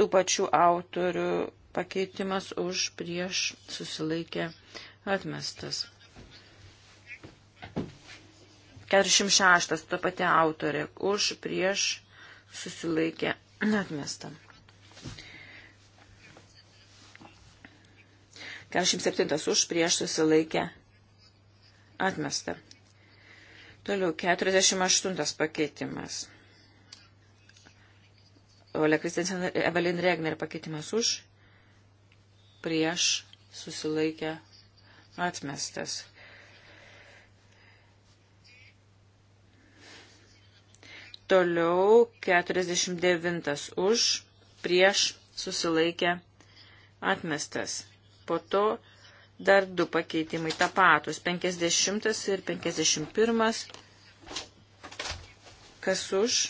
S3: tų pačių autorių pakeitimas už prieš susilaikė atmestas. 46. Ta pati autorė. Už prieš susilaikė atmestą. 47. Už prieš susilaikė atmestą. Toliau 48. pakeitimas. Ole Kristensen ir Evelin Regner pakeitimas už, prieš susilaikę atmestas. Toliau 49 už, prieš susilaikę atmestas. Po to dar du pakeitimai tapatus - 50 ir 51. Kas už,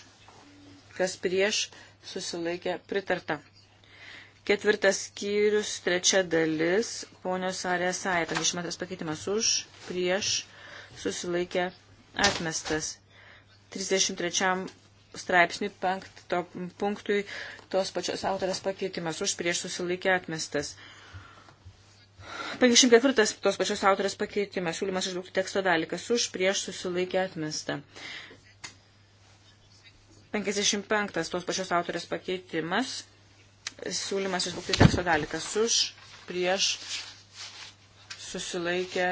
S3: kas prieš susilaikė pritarta. Ketvirtas skyrius, trečia dalis, ponios arės aita, išmetas pakeitimas už, prieš, susilaikė atmestas. 33 straipsniui penkto punktui tos pačios autorės pakeitimas už, prieš, susilaikė atmestas. 54 tos pačios autorės pakeitimas, siūlymas išbraukti teksto dalį, kas už, prieš, susilaikė atmestą. 55 tos pačios autorės pakeitimas. Siūlymas išbūkti teksto dalį. Kas už, prieš, susilaikė,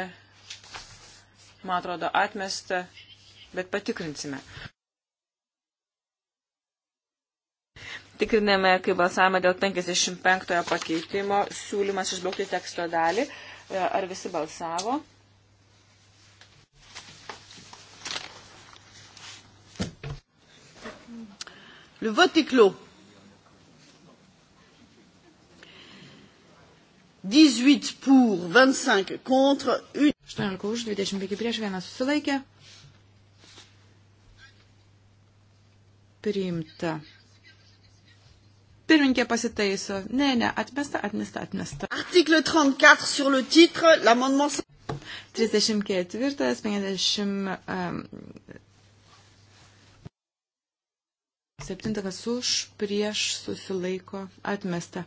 S3: man atrodo, atmesta, bet patikrinsime. Tikriname, kai balsavome dėl 55 pakeitimo, siūlymas išbraukti teksto dalį. Ar visi balsavo?
S1: Le vote est clos. 18 pour, 25 contre, 1. 18 už, 25 prieš, 1 susilaikė.
S2: Priimta. Pirminkė pasitaiso. Ne, ne, atmesta, atmesta, atmesta.
S1: Article 34 sur le titre, l'amendement
S2: 34, 50. Septinta, kas už, prieš, susilaiko, atmesta.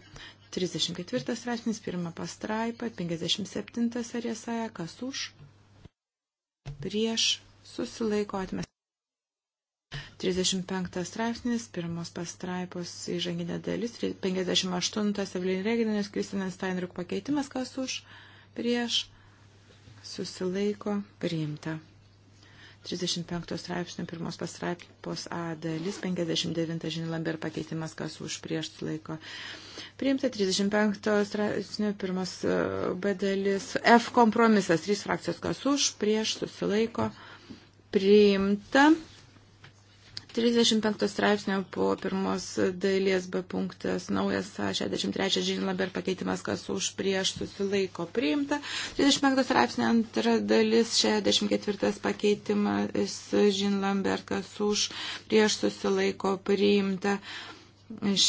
S2: 34 straipsnis, pirma pastraipa, 57 ariesaja, kas už, prieš, susilaiko, atmesta. 35 straipsnis, pirmos pastraipos įžanginė dalis, 58 Evelyn Reginas, Kristinas Steinruk pakeitimas, kas už, prieš, susilaiko, priimta. 35 straipsnių pirmos pastraipos A dalis, 59 žinių Lambert pakeitimas, kas už prieš laiko. Priimta 35 straipsnių pirmos e, B dalis, F kompromisas, 3 frakcijos, kas už prieš susilaiko. Priimta 35 straipsnio po pirmos dalies B punktas naujas 63 žinlaber pakeitimas, kas už prieš susilaiko priimta. 35 straipsnio antra dalis 64 pakeitimas žinlaber, kas už prieš susilaiko priimta.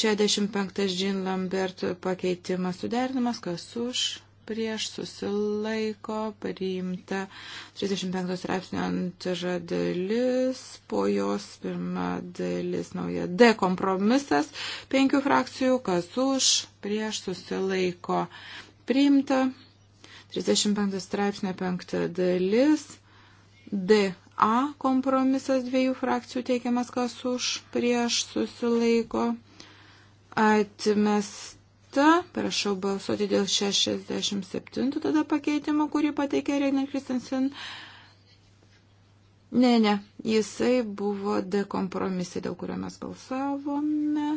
S2: 65 žinlaber pakeitimas suderinimas, kas už prieš susilaiko priimta 35 straipsnio antra dalis, po jos pirma dalis nauja D kompromisas, penkių frakcijų, kas už, prieš susilaiko priimta 35 straipsnio penkta dalis, D A kompromisas dviejų frakcijų teikiamas, kas už, prieš susilaiko atmesta atmesta. Prašau balsuoti dėl 67 tada pakeitimo, kurį pateikė Regner Kristensen. Ne, ne, jisai buvo dekompromisai, dėl kurio mes balsavome.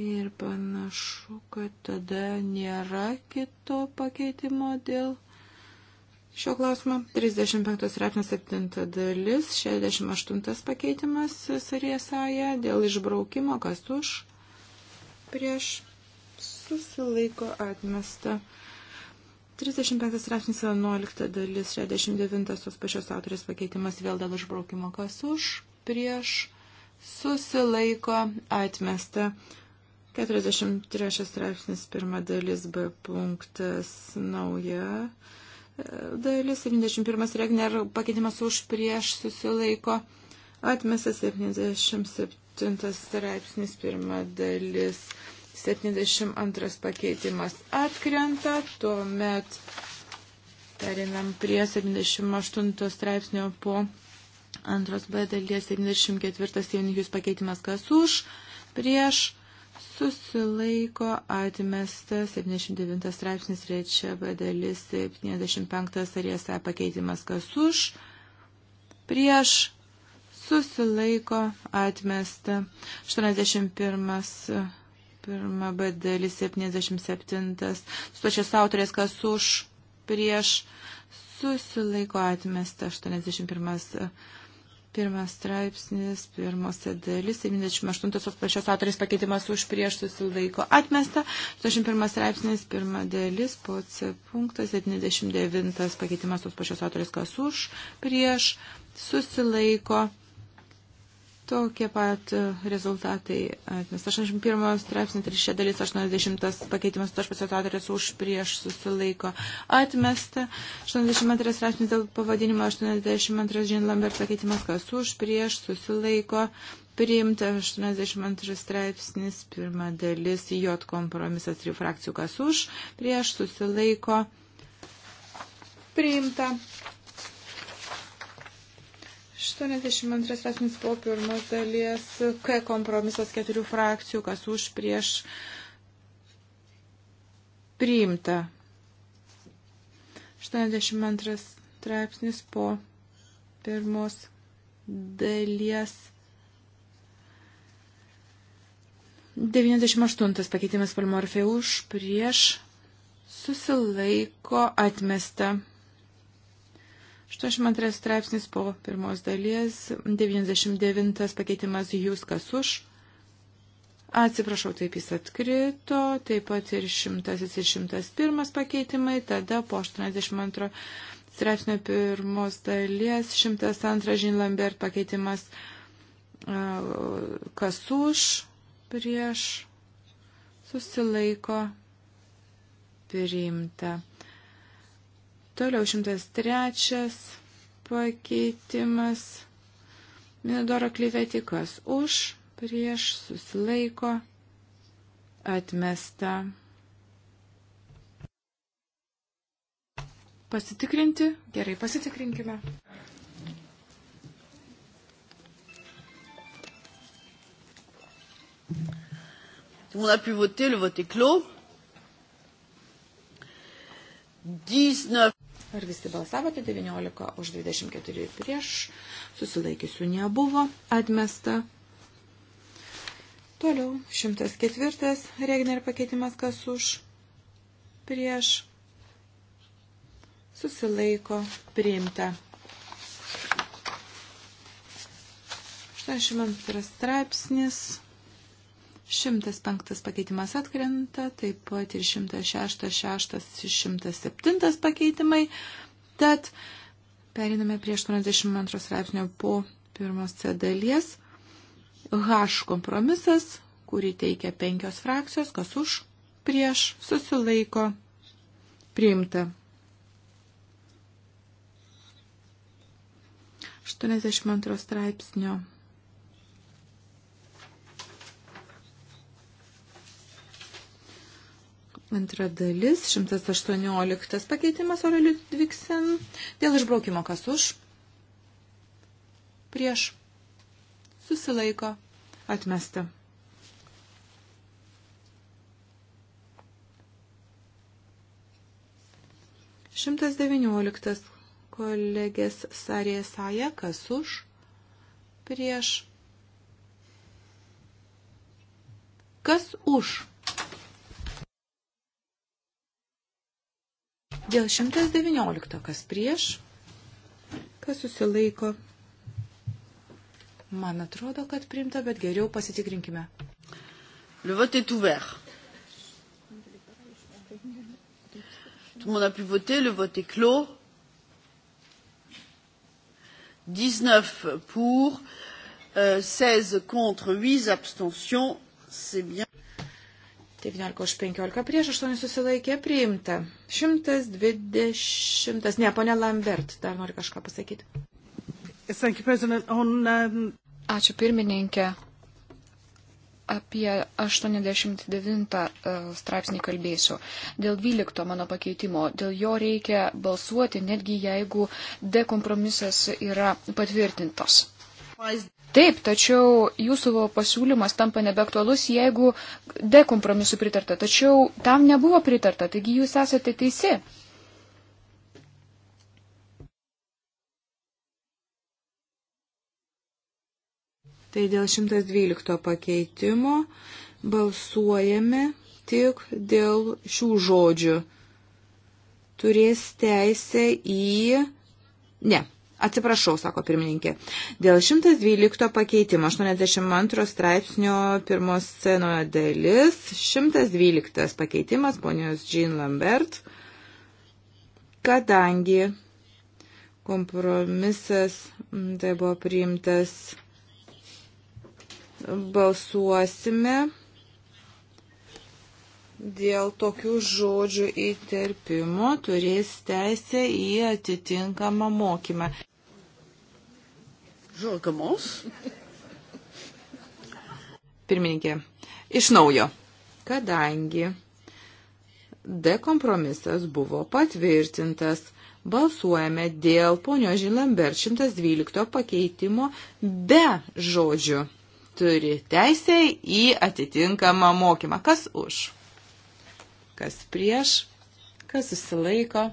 S2: Ir panašu, kad tada nėra kito pakeitimo dėl šio klausimo. 35 straipsnis 7 dalis, 68 pakeitimas Sariesaja dėl išbraukimo, kas už prieš susilaiko atmesta. 35 straipsnis 11 dalis 69 tos pačios autorės pakeitimas vėl dėl išbraukimo kas už, prieš, susilaiko, atmesta. 43 straipsnis pirma dalis B punktas nauja e, dalis 71 regner pakeitimas už, prieš, susilaiko, atmesta 77 straipsnis pirma dalis. 72 pakeitimas atkrenta, tuomet perinam prie 78 straipsnio po antros B dalies 74 jaunikius pakeitimas kas už, prieš susilaiko atmestas 79 straipsnis trečia B dalis 75 ar jesa pakeitimas kas už, prieš susilaiko atmesta 81 Pirma B dalis 77. Stočias autorės, kas už, prieš, susilaiko atmesta 81. Pirmas straipsnis, pirmas dalis, 78 pačios autorės pakeitimas už prieš susilaiko atmesta, 81 straipsnis, pirma dalis, po C punktas, 79 pakeitimas tos pačios autorės kas už prieš susilaiko Tokie pat e, rezultatai atmesta 81 straipsnė, 3 dalis 80 pakeitimas, aš pasitatorės už prieš susilaiko atmesta. 82 straipsnis dėl pavadinimo 82 Jean Lambert pakeitimas, kas už prieš susilaiko priimta 82 straipsnis, pirma dalis J kompromisas, 3 frakcijų kas už prieš susilaiko priimta. 82 straipsnis po pirmos dalies, K kompromisas keturių frakcijų, kas už prieš priimta. 82 straipsnis po pirmos dalies. 98 pakeitimas palmorfė už prieš susilaiko atmesta. 82 straipsnis po pirmos dalies, 99 pakeitimas jūs kas už. Atsiprašau, taip jis atkrito, taip pat ir 100 ir 101 pakeitimai, tada po 82 straipsnio pirmos dalies, 102 Žin Lambert pakeitimas kas už, prieš, susilaiko, priimta. Toliau 103 pakeitimas. Minodoro klyvetikas už, prieš, susilaiko, atmesta. Pasitikrinti?
S1: Gerai, pasitikrinkime. Tout le monde a pu voter, le vote est clos. 19. Ar visi
S2: balsavote 19 už 24 prieš? Susilaikysiu nebuvo. Atmesta. Toliau 104. Regner pakeitimas kas už? Prieš. Susilaiko. Priimta. 82 straipsnis. 105 pakeitimas atkrenta, taip pat ir 106, 6, 107 pakeitimai. Tad periname prie 82 straipsnio po pirmos C dalies. H kompromisas, kurį teikia penkios frakcijos, kas už, prieš, susilaiko, priimta. 82 straipsnio Antra dalis, 118 pakeitimas Oreliu Dviksen. Dėl išbraukimo kas už? Prieš. Susilaiko. Atmesta. Šimtas devynioliktas kolegės Sarė Saja, kas už? Prieš. Kas už? Dėl 119, kas prieš, kas susilaiko. Man atrodo,
S1: kad primta, bet geriau pasitikrinkime. Le vote est ouvert. Tout le monde a pu voter, le vote est clos. 19 pour, euh, 16 contre, 8 abstentions. C'est bien. 19 už
S2: 15 prieš 8 susilaikė priimta. 120. Ne, ponia
S4: Lambert, dar nori kažką pasakyti. Um, Ačiū pirmininkė. Apie 89 e, straipsnį kalbėsiu. Dėl 12 mano pakeitimo, dėl jo reikia balsuoti, netgi jeigu dekompromisas yra patvirtintas. Taip, tačiau jūsų pasiūlymas tampa nebeaktualus, jeigu dekompromisu pritarta. Tačiau tam nebuvo pritarta, taigi jūs esate teisi.
S2: Tai dėl 112 pakeitimo balsuojame tik dėl šių žodžių. Turės teisę į. Ne, Atsiprašau, sako pirmininkė. Dėl 112 pakeitimo 82 straipsnio pirmos scenoje dalis 112 pakeitimas ponios Jean Lambert, kadangi kompromisas tai buvo priimtas balsuosime dėl tokių žodžių įterpimo turės teisę į atitinkamą mokymą. Je recommence. Pirmininkė, iš naujo, kadangi D kompromisas buvo patvirtintas, balsuojame dėl ponio Žilambert 112 pakeitimo be žodžių. Turi teisę į atitinkamą mokymą. Kas už? Kas prieš? Kas susilaiko?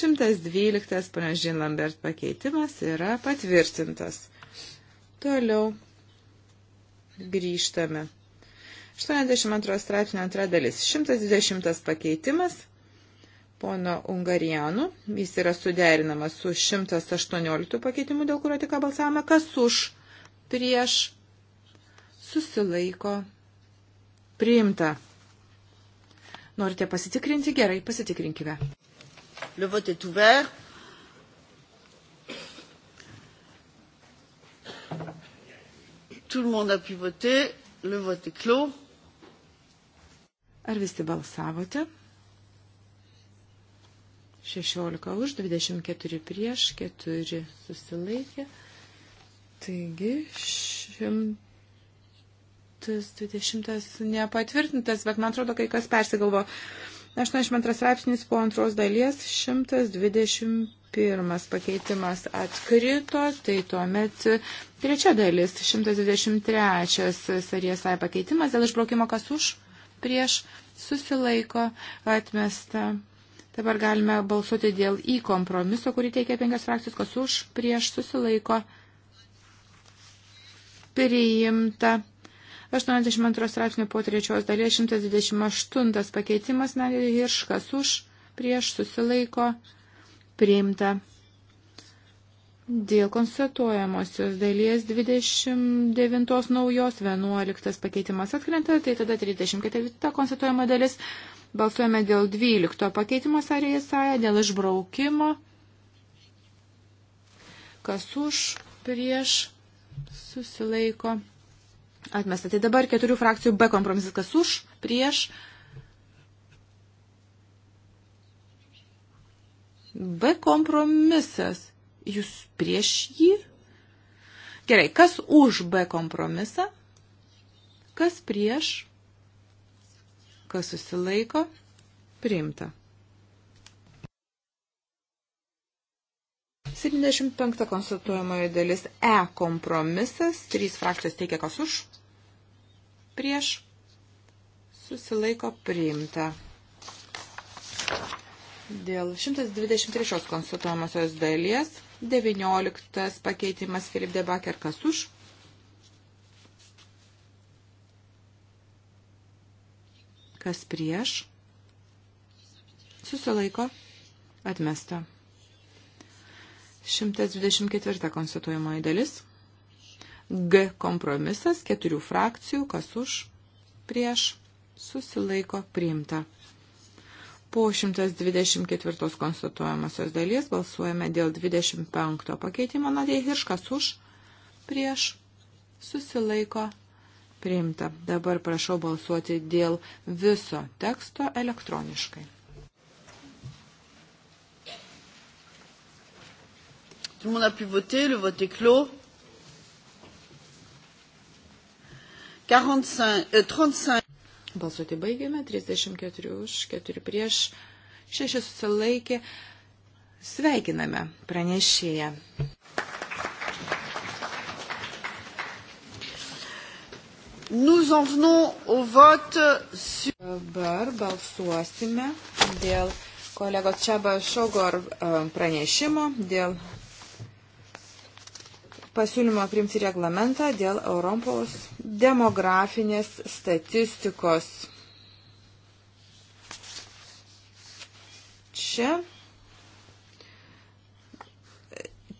S2: 112 ponio Žilambert pakeitimas yra patvirtintas. Toliau grįžtame. 82 straipsnio antra dalis. 120 pakeitimas pono Ungarijanų. Jis yra suderinamas su 118 pakeitimu, dėl kurio tik balsavome. Kas už? Prieš? Susilaiko. Priimta. Norite pasitikrinti? Gerai, pasitikrinkime.
S1: Le vote est ouvert. Tout le monde a pu voter. Le vote est clos. Ar visi balsavote? 16 už, 24
S2: prieš, 4 susilaikė. Taigi, 120 nepatvirtintas, bet man atrodo, kai kas persigalvo. 82 straipsnis po antros dalies, 121 pirmas pakeitimas atkrito, tai tuomet trečia dalis, 123 sariesai pakeitimas dėl išbraukimo kas už, prieš, susilaiko, atmesta. Dabar galime balsuoti dėl į kompromiso, kurį teikia penkias frakcijos, kas už, prieš, susilaiko, priimta. 82 straipsnių po trečios dalies 128 pakeitimas, narė Hirškas už, prieš, susilaiko, priimta priimta. Dėl konstatuojamosios dalies 29 naujos 11 pakeitimas atkrenta, tai tada 34 konstatuojama dalis. Balsuojame dėl 12 pakeitimo sąrėje sąja, dėl išbraukimo. Kas už, prieš, susilaiko. Atmesta. Tai dabar keturių frakcijų B kompromisas. Kas už, prieš, susilaiko B kompromisas. Jūs prieš jį? Gerai, kas už B kompromisą? Kas prieš? Kas susilaiko? Priimta. 75 konstatuojamoji dalis E kompromisas. Trys frakcijos teikia kas už. Prieš. Susilaiko priimta. Dėl 123 konsultuojamosios dalies 19 pakeitimas Filip Debaker kas už. Kas prieš? Susilaiko. Atmesta. 124 konstatuojamoji dalis. G kompromisas keturių frakcijų, kas už, prieš, susilaiko, priimta. Po 124 konstatuojamosios dalies balsuojame dėl 25 pakeitimo Nadė Hirškas už, prieš, susilaiko, priimta. Dabar prašau balsuoti dėl viso teksto
S1: elektroniškai. Tout le monde a pu voter, le vote est clos. 45, euh, 35. Balsuoti baigėme. 34
S2: už, 4 prieš, 6 susilaikė. Sveikiname
S1: pranešėją. Nous en venons au vote sur... Dabar
S2: balsuosime dėl kolegos Čiaba Šogor e, pranešimo dėl pasiūlymą priimti reglamentą dėl Europos demografinės statistikos. Čia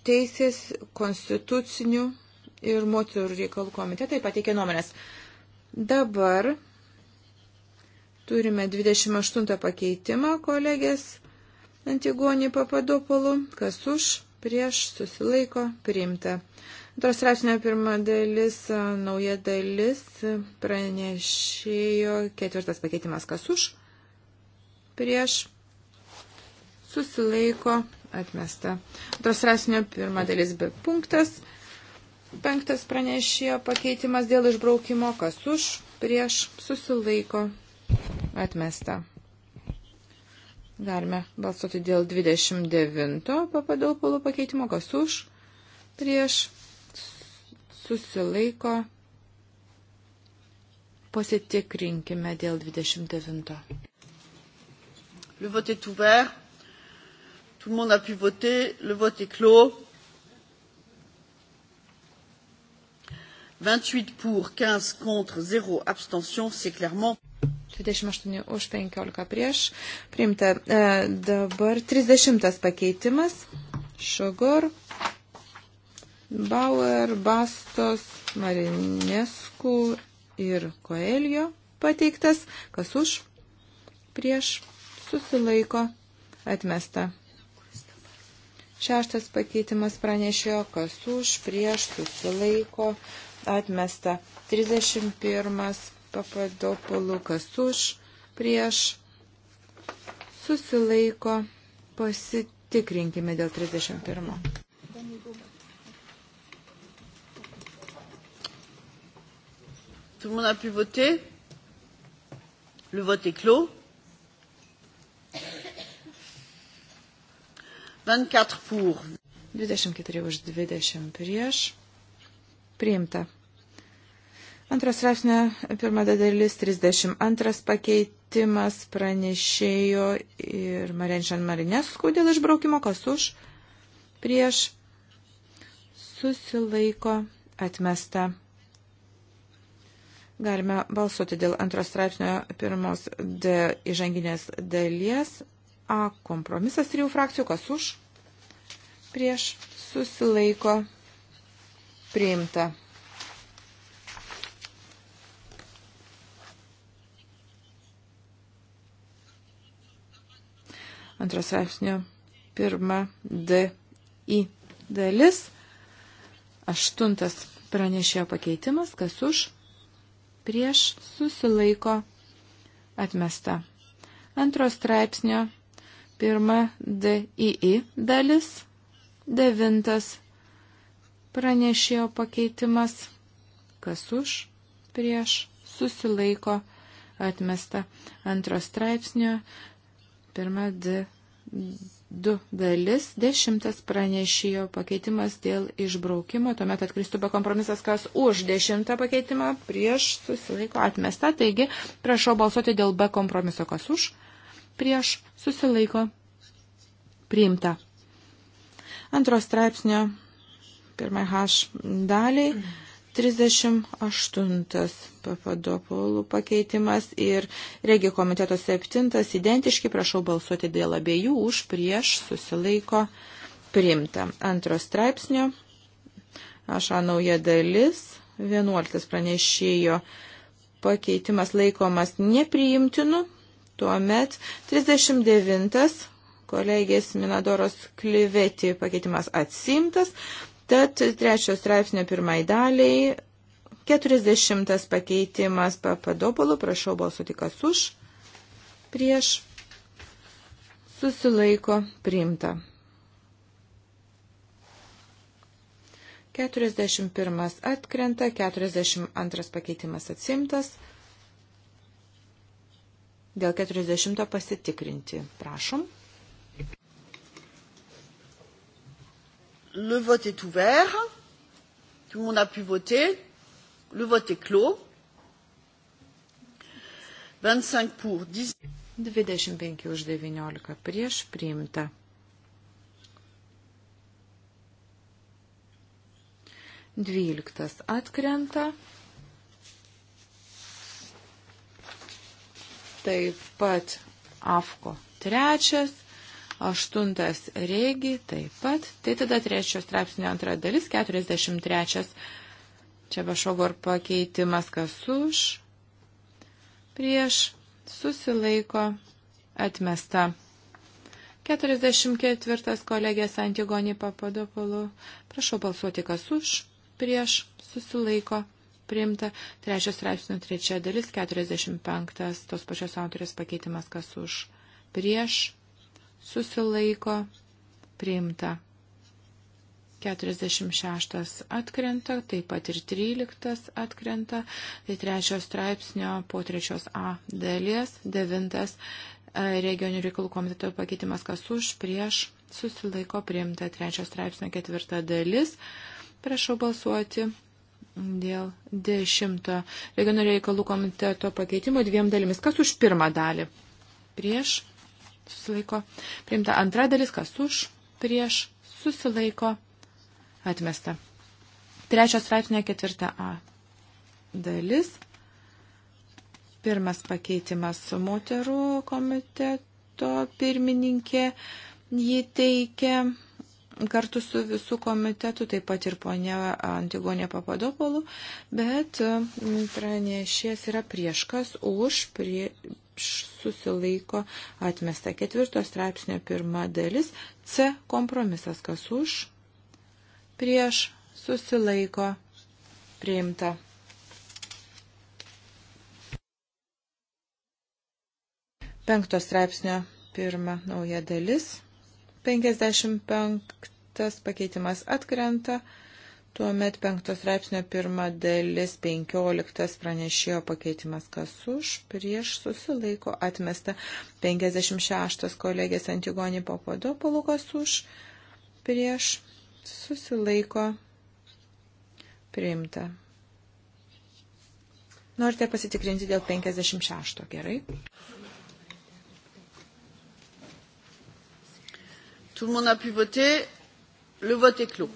S2: teisės konstitucinių ir moterų reikalų komitetai pateikė nuomonės. Dabar turime 28 pakeitimą kolegės Antigonį Papadopolų. Kas už? prieš susilaiko priimta. Antros rašinio pirma dalis, nauja dalis, pranešėjo ketvirtas pakeitimas, kas už, prieš, susilaiko, atmesta. Antros rašinio pirma dalis, be punktas, penktas pranešėjo pakeitimas dėl išbraukimo, kas už, prieš, susilaiko, atmesta. Galime balsuoti dėl 29 papadopulų pakeitimo, kas už, prieš, susilaiko. Pasitikrinkime dėl 29.
S1: Le vote est ouvert. Tout le monde a pu voter. Le vote est clos. 28 pour, 15 contre, 0 abstention, c'est clairement.
S4: 28 už
S2: 15 prieš. Priimta. E, dabar 30 pakeitimas. Šugur. Bauer, Bastos, Marinesku ir Koelio pateiktas. Kas už? Prieš. Susilaiko. Atmesta. Šeštas pakeitimas pranešėjo, kas už, prieš, susilaiko, atmesta. 31 Papadopulų, kas už, prieš, susilaiko, pasitikrinkime dėl 31.
S1: Tout le monde a pu voter Le vote est clos. 24 pour.
S2: 24 už 20 prieš. Priimta. Antras rasnė, pirma dalis, 32 pakeitimas pranešėjo ir Marenšan Marinesku dėl išbraukimo, kas už, prieš, susilaiko, atmesta. Galime balsuoti dėl antros straipsnio pirmos D įžanginės dalies. A kompromisas trijų frakcijų, kas už, prieš, susilaiko, priimta. antros straipsnio pirma D į dalis. Aštuntas pranešėjo pakeitimas, kas už prieš susilaiko atmesta. Antros straipsnio pirma DII dalis. Devintas pranešėjo pakeitimas, kas už prieš susilaiko atmesta. Antros straipsnio Pirma, D. Du dalis, dešimtas pranešėjo pakeitimas dėl išbraukimo, tuomet atkristų be kompromisas, kas už dešimtą pakeitimą prieš susilaiko atmesta, taigi prašau balsuoti dėl be kompromiso, kas už prieš susilaiko priimta. Antros straipsnio, pirmai H daliai. Mm 38 papadopolų pakeitimas ir regio komiteto 7 identiški, prašau balsuoti dėl abiejų, už, prieš, susilaiko, priimta. Antro straipsnio, aš nauja dalis, 11 pranešėjo pakeitimas laikomas nepriimtinu, tuomet 39 kolegės Minadoros klyveti pakeitimas atsimtas, Tad trečios straipsnio pirmai daliai, 40 pakeitimas papadopolų, prašau balsuoti kas už, prieš, susilaiko, priimta. 41 atkrenta, 42 pakeitimas atsimtas. Dėl 40 pasitikrinti. Prašom.
S1: Le vote est ouvert. Tout le monde a pu voter. Le vote est clos. 25 pour, 10.
S2: 25 už 19 prieš priimta.
S4: Dvyliktas atkrenta.
S2: Taip pat AFKO trečias aštuntas regi taip pat. Tai tada trečios straipsnio antra dalis, 43. Čia vašogor pakeitimas, kas už, prieš, susilaiko, atmesta. 44. kolegės Antigonį Papadopolų. Prašau balsuoti, kas už, prieš, susilaiko, priimta. Trečias straipsnio trečia dalis, 45. Tos pačios autorės pakeitimas, kas už prieš susilaiko, priimta. 46 atkrenta, taip pat ir 13 atkrenta, tai trečios straipsnio po trečios A dalies, devintas e, regionių reikalų komiteto pakeitimas, kas už, prieš, susilaiko priimta trečios straipsnio ketvirta dalis. Prašau balsuoti dėl dešimto regionių reikalų komiteto pakeitimo dviem dalimis. Kas už pirmą dalį? Prieš, susilaiko. Priimta antra dalis, kas už, prieš, susilaiko, atmesta. Trečios straipsnė ketvirta A dalis. Pirmas pakeitimas moterų komiteto pirmininkė jį teikia kartu su visų komitetu, taip pat ir ponia Antigonė Papadopolų, bet pranešės yra prieš kas už, prie, susilaiko atmesta. Ketvirto straipsnio pirma dalis C kompromisas kas už, prieš susilaiko priimta. Penkto straipsnio pirma nauja dalis. 55 pakeitimas atkrenta. Tuomet penktos straipsnio pirma dalis, penkioliktas pranešėjo pakeitimas, kas už, prieš susilaiko atmesta, penkiasdešimt šeštas kolegės Antigonį Papadopolų, kas už, prieš susilaiko priimta. Norite pasitikrinti dėl 56, gerai?
S1: Tout le monde a pu voter. Le vote est clos.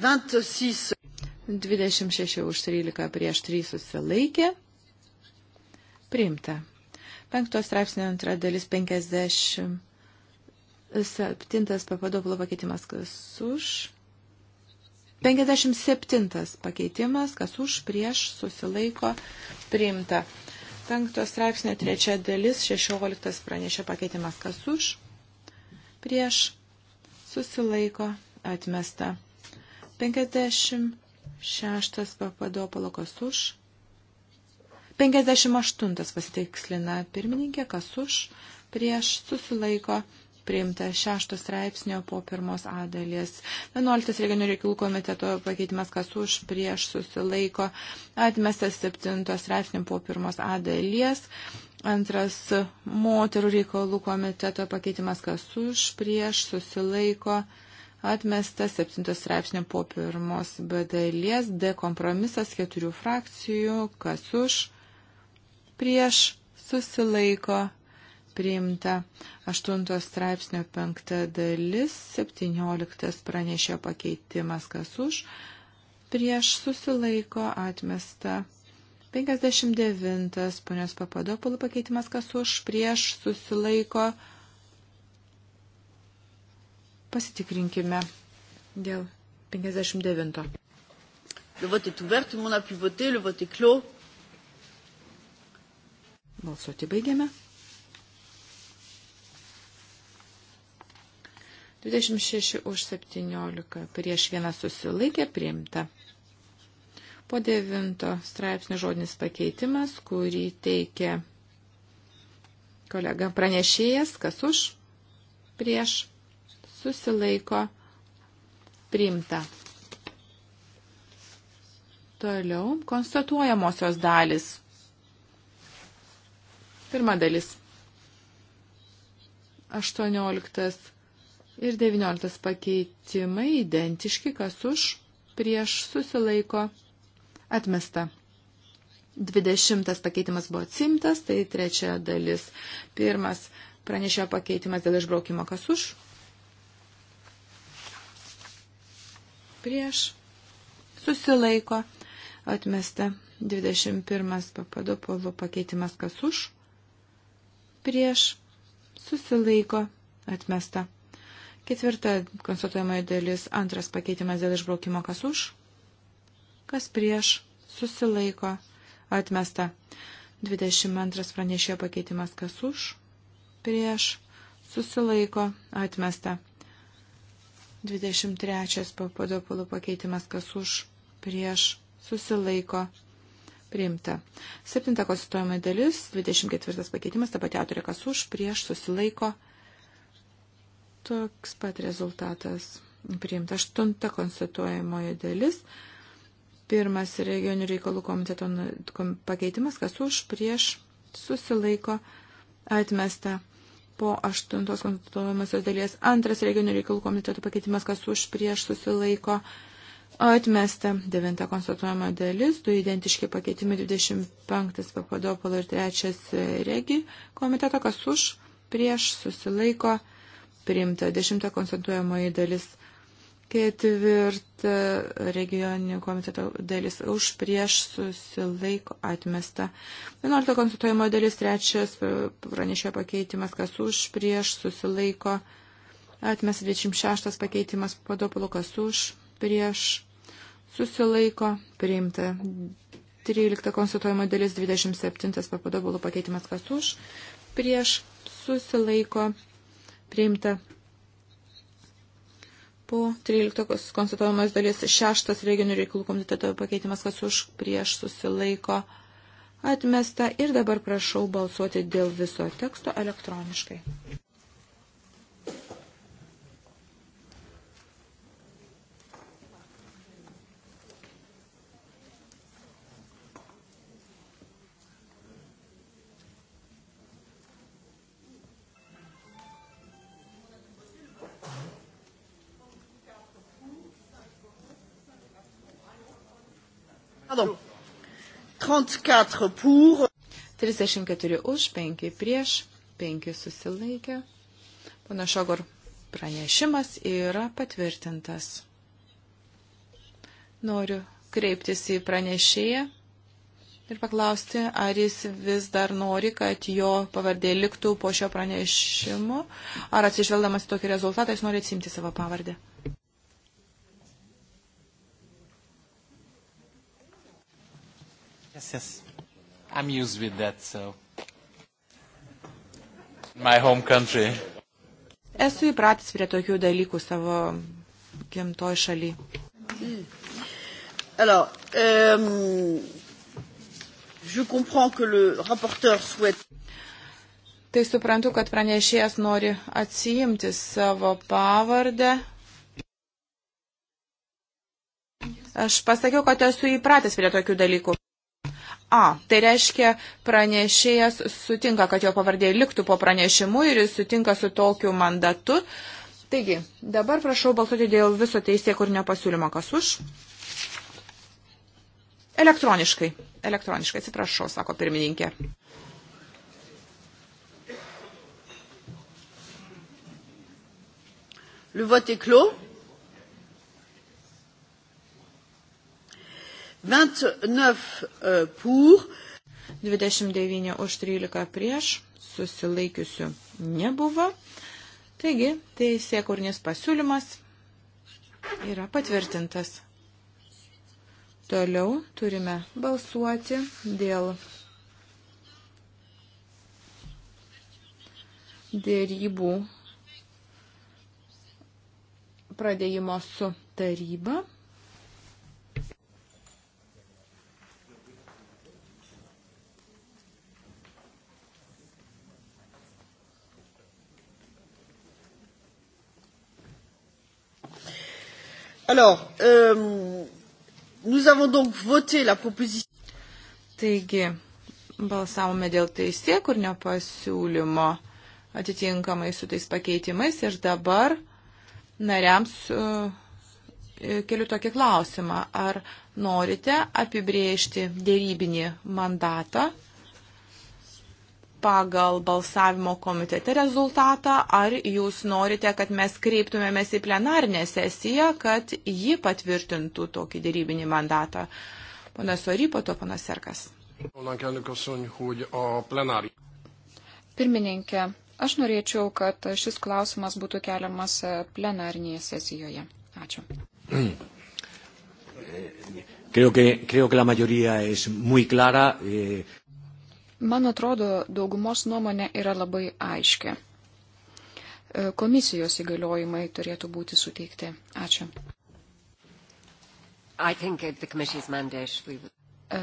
S1: 26
S2: už 13 prieš 3 susilaikė. Priimta. Penktos straipsnio antra dalis 50. Septintas papadoplo pakeitimas, kas už. 57 pakeitimas, kas už, prieš, susilaiko, priimta. Penktos straipsnio trečia dalis, 16 pranešė pakeitimas, kas už, prieš, susilaiko, atmesta. 56 papadopalo kas už. 58 pasitikslina pirmininkė, kas už, prieš susilaiko priimta šešto straipsnio po pirmos A dalies. 11 regionų reikalų komiteto pakeitimas, kas už prieš susilaiko, atmestas septinto straipsnio po pirmos A dalies. Antras moterų reikalų komiteto pakeitimas, kas už prieš susilaiko, atmestas atmestas 7 straipsnio po pirmos B dalies D kompromisas keturių frakcijų, kas už, prieš, susilaiko, priimta 8 straipsnio 5 dalis 17 pranešė pakeitimas, kas už, prieš, susilaiko, atmesta 59 ponios Papadopulų pakeitimas, kas už, prieš, susilaiko, priimta Pasitikrinkime dėl 59.
S1: Le vote est ouvert, tout le monde a pu voter, le vote est clos.
S4: Balsuoti baigiame.
S2: 26 už 17 prieš vieną susilaikė priimta. Po devinto straipsnio žodinis pakeitimas, kurį teikia kolega pranešėjas, kas už, prieš, susilaiko priimta. Toliau konstatuojamosios dalis. Pirma dalis. 18 ir 19 pakeitimai identiški, kas už, prieš susilaiko atmesta. 20 pakeitimas buvo atsimtas, tai trečia dalis. Pirmas pranešėjo pakeitimas dėl išbraukimo, kas už, prieš, susilaiko, atmesta. 21 papadopolo pakeitimas kas už, prieš, susilaiko, atmesta. Ketvirta konstatuojamoji dalis, antras pakeitimas dėl išbraukimo kas už, kas prieš, susilaiko, atmesta. 22 pranešėjo pakeitimas kas už, prieš, susilaiko, atmesta. 23 papadopulų pakeitimas, kas už, prieš, susilaiko, priimta. 7 konstituojama dalis, 24 pakeitimas, ta pati autorė, kas už, prieš, susilaiko, toks pat rezultatas priimta. 8 konstituojamoji dalis, pirmas regionių reikalų komiteto pakeitimas, kas už, prieš, susilaiko, atmesta po aštuntos konstatuojamosios dalies. Antras regionų reikalų komiteto pakeitimas, kas už prieš susilaiko atmesta. Devinta konstatuojama dalis, du identiški pakeitimai 25 papadopalo ir trečias regi komiteto, kas už prieš susilaiko priimta. Dešimta konstatuojamoji dalis Ketvirta regioninio komiteto dalis už prieš susilaiko atmesta. 11 konsultuojimo dalis, trečias e, pranešėjo pakeitimas, kas už prieš susilaiko atmesta. 26 pakeitimas padopulukas už prieš susilaiko priimta. 13 konsultuojimo dalis, 27 papadopulų pakeitimas, kas už prieš susilaiko priimta. Po 13 konstatuojamos dalies 6 regionių reikalų komiteto pakeitimas, kas už prieš susilaiko atmesta. Ir dabar prašau balsuoti dėl viso teksto elektroniškai.
S1: 34 pour.
S2: 34 už, 5 prieš, 5 susilaikė. Panašogor pranešimas yra patvirtintas. Noriu kreiptis į pranešėją ir paklausti, ar jis vis dar nori, kad jo pavardė liktų po šio pranešimo, ar atsižvelgdamas į tokį rezultatą jis nori atsimti savo pavardę.
S1: Yes, yes. I'm used with that, so. My home country.
S2: Esu įpratęs prie tokių dalykų savo gimtoj šaly.
S1: Mm. Alors, euh, je comprends que le rapporteur souhaite.
S2: Tai suprantu, kad pranešėjas nori atsijimti savo pavardę. Aš pasakiau, kad esu įpratęs prie tokių dalykų. A. Tai reiškia, pranešėjas sutinka, kad jo pavardė liktų po pranešimu ir jis sutinka su tokiu mandatu. Taigi, dabar prašau balsuoti dėl viso teisė kūrinio pasiūlymo. Kas už? Elektroniškai. Elektroniškai, atsiprašau, sako pirmininkė.
S1: Le vote est clos. 29 euh, pour. 29
S2: už 13 prieš susilaikiusių nebuvo. Taigi, teisėkurnis pasiūlymas yra patvirtintas. Toliau turime balsuoti dėl dėrybų pradėjimo su taryba.
S1: Alors, euh, nous avons donc voté la proposition. Taigi, balsavome
S2: dėl teisėkurnio pasiūlymo atitinkamai su tais pakeitimais ir dabar nariams e, keliu tokį klausimą. Ar norite apibriežti dėrybinį mandatą pagal balsavimo komitete rezultatą, ar jūs norite, kad mes kreiptumėmės į plenarnę sesiją, kad ji patvirtintų tokį dėrybinį
S4: mandatą. Panas Ory, po to panas Serkas. Pirmininkė, aš norėčiau, kad šis klausimas būtų keliamas plenarnėje sesijoje. Ačiū.
S3: Creo que, creo que la mayoría es muy clara. Eh...
S4: Man atrodo, daugumos nuomonė yra labai aiški. E, komisijos įgaliojimai turėtų būti suteikti. Ačiū.
S3: E,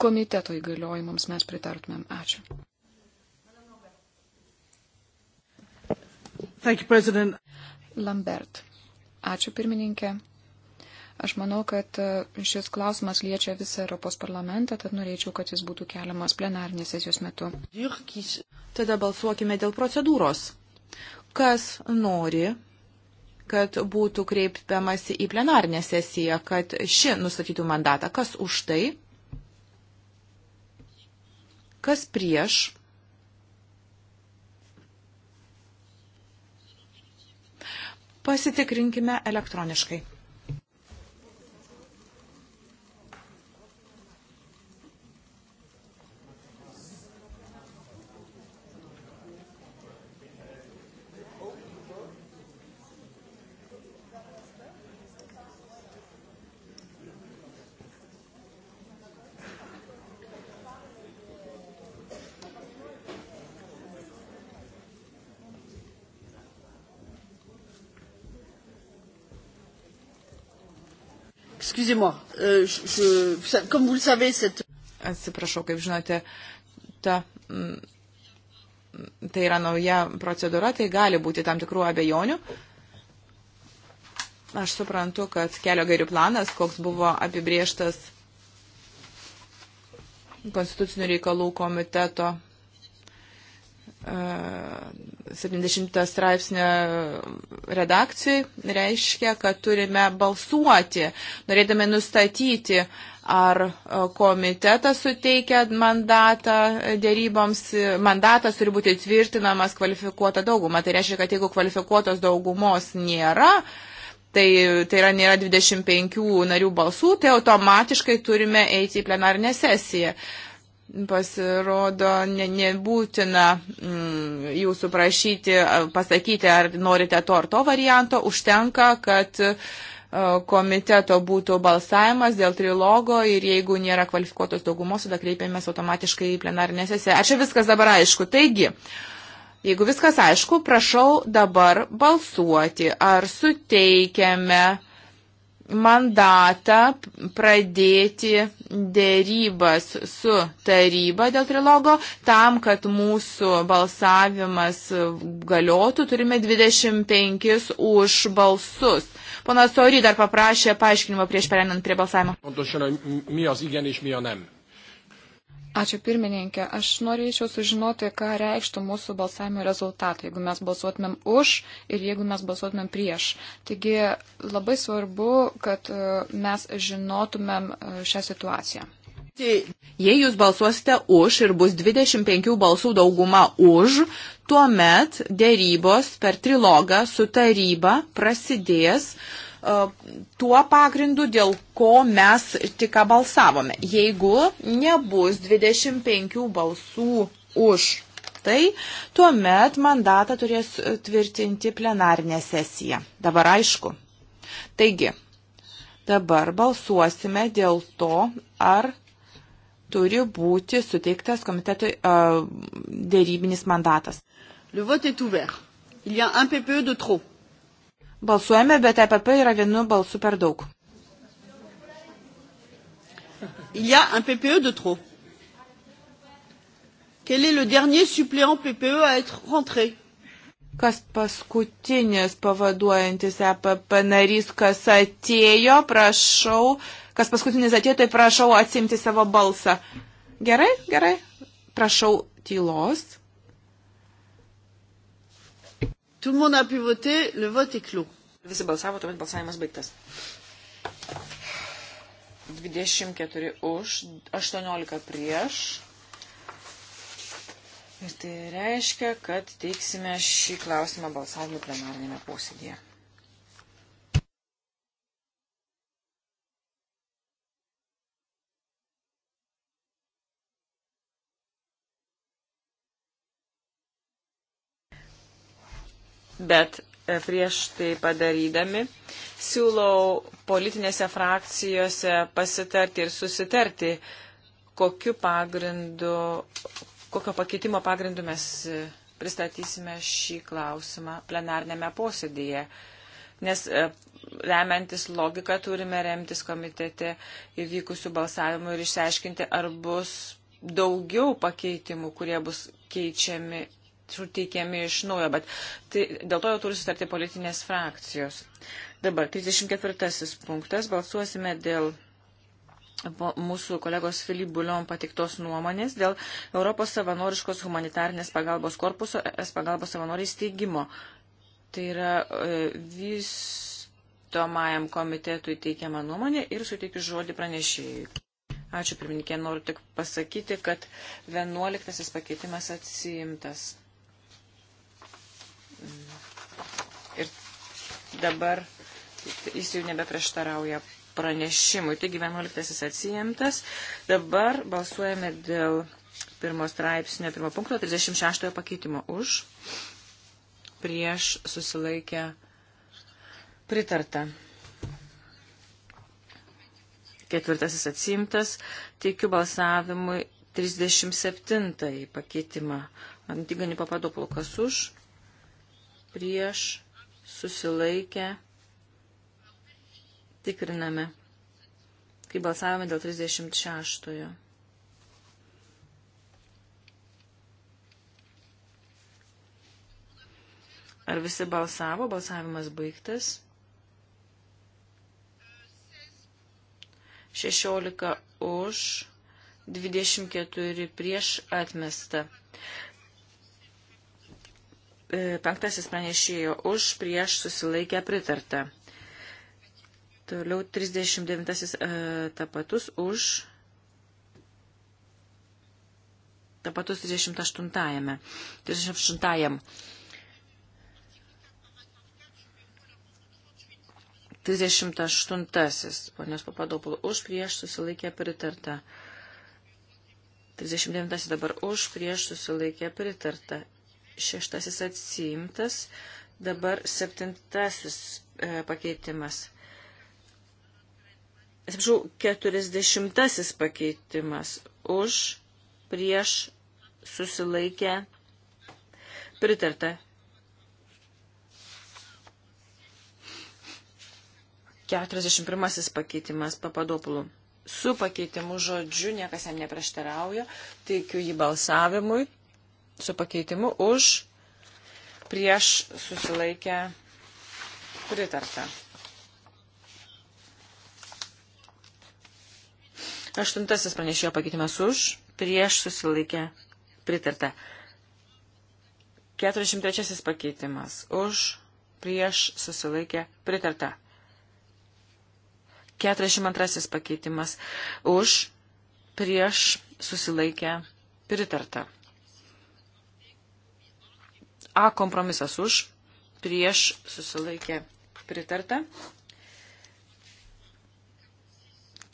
S4: komiteto įgaliojimams mes pritartumėm. Ačiū. Thank you, President. Lambert. Ačiū pirmininkė. Aš manau, kad e, šis klausimas liečia visą Europos parlamentą, tad norėčiau, kad jis būtų keliamas plenarnės sesijos metu.
S2: Jurkis. Tada balsuokime dėl procedūros. Kas nori, kad būtų kreipiamasi į plenarnę sesiją, kad ši nustatytų mandatą? Kas už tai? Kas prieš? Pasitikrinkime elektroniškai.
S1: Excusez-moi, euh, comme vous le savez, cette... Atsiprašau, kaip žinote,
S2: ta, mm, tai yra nauja procedūra, tai gali būti tam tikrų abejonių. Aš suprantu, kad kelio gairių planas, koks buvo apibrieštas Konstitucinių reikalų komiteto 70 straipsnio redakcijai reiškia, kad turime balsuoti, norėdami nustatyti, ar e, komitetas suteikia mandatą dėryboms, mandatas turi būti tvirtinamas kvalifikuota dauguma. Tai reiškia, kad jeigu kvalifikuotos daugumos nėra, tai, tai yra nėra 25 narių balsų, tai automatiškai turime eiti į plenarinę sesiją. Uh, pasirodo ne, nebūtina mm, jūsų prašyti, pasakyti, ar norite to ar to varianto, užtenka, kad komiteto būtų balsavimas dėl trilogo ir jeigu nėra kvalifikuotos daugumos, tada kreipiamės automatiškai į plenarinę sesiją. Ar čia viskas dabar aišku? Taigi, jeigu viskas aišku, prašau dabar balsuoti, ar suteikiame mandatą pradėti dėrybas su taryba dėl trilogo. Tam, kad mūsų balsavimas galiotų, turime 25 už balsus. Ponas Saury dar paprašė paaiškinimo prieš pereinant
S4: prie balsavimo.
S3: Pontosan, mi az igen és mi a nem.
S4: Ačiū pirmininkė. Aš norėčiau sužinoti, ką reikštų mūsų balsavimo rezultatai, jeigu mes balsuotumėm už ir jeigu mes balsuotumėm prieš. Taigi labai svarbu, kad e, mes žinotumėm e, šią situaciją.
S2: Jei jūs balsuosite už ir bus 25 balsų dauguma už, tuomet dėrybos per trilogą su taryba prasidės uh, E, tuo pagrindu, dėl ko mes tik balsavome. Jeigu nebus 25 balsų už tai, tuomet mandatą turės tvirtinti plenarinė sesija. Dabar aišku. Taigi, dabar balsuosime dėl to, ar turi būti suteiktas komitetui uh, dėrybinis mandatas. Le vote est ouvert. Il y a un PPE de trop. Balsuojame, bet EPP yra vienu balsu per daug.
S1: Il y a un PPE de trop. Quel est le dernier suppléant PPE à être rentré Kas paskutinis
S2: pavaduojantis EPP narys, kas atėjo, prašau, kas paskutinis atėjo, tai prašau atsimti savo balsą. Gerai, gerai,
S1: prašau tylos. Tout le monde a pu voter, le vote est clos. Visi balsavo, tuomet balsavimas baigtas.
S3: 24 už, 18 prieš. Ir tai reiškia, kad teiksime šį klausimą balsavimui plenarinėme posėdėje. bet e, prieš tai padarydami siūlau politinėse frakcijose pasitarti ir susitarti, kokiu pagrindu, kokio pakeitimo pagrindu mes e, pristatysime šį klausimą plenarnėme posėdėje. Nes e, remiantis logiką turime remtis komitete įvykusių balsavimų ir išsiaiškinti, ar bus daugiau pakeitimų, kurie bus keičiami suteikiami iš naujo, bet tai, dėl to jau turi sutarti politinės frakcijos. Dabar 34 punktas. Balsuosime dėl mūsų kolegos Filip Buliom patiktos nuomonės dėl Europos savanoriškos humanitarnės pagalbos korpuso es pagalbos savanoriai steigimo. Tai yra e, vystomajam komitetui teikiama nuomonė ir suteikiu žodį pranešėjui. Ačiū, pirmininkė, noriu tik pasakyti, kad vienuoliktasis pakeitimas atsiimtas. dabar jis jau nebeprieštarauja pranešimui. Taigi 11 atsijimtas. Dabar balsuojame dėl pirmo straipsnio, pirmo punkto, 36 pakeitimo už, prieš susilaikę pritarta. Ketvirtasis atsijimtas, teikiu balsavimui 37 pakeitimą. Antigonį papadopulkas už, prieš susilaikę, tikriname, kai balsavome dėl 36-ojo. Ar visi balsavo? Balsavimas baigtas. 16 už, 24 prieš atmestą. E, penktasis pranešėjo už, prieš susilaikę pritarta. Toliau 39 e, tapatus už. Tapatus 38. -ame. 38. -ame. 38. Ponios Papadopulų už prieš susilaikė pritarta. 39. Dabar už prieš susilaikė pritarta. Šeštasis atsiimtas. Dabar septintasis e, pakeitimas. Atsiprašau, keturiasdešimtasis pakeitimas. Už, prieš, susilaikę, pritarta. Keturiasdešimt pirmasis pakeitimas papadopulų. Su pakeitimu žodžiu niekas jam neprieštarauja, teikiu jį balsavimui su pakeitimu už prieš susilaikę pritarta. Aštuntasis pranešėjo pakeitimas už prieš susilaikę pritarta. 43 pakeitimas už prieš susilaikę pritarta. 42 pakeitimas už prieš susilaikę pritarta. A kompromisas už, prieš susilaikė pritarta.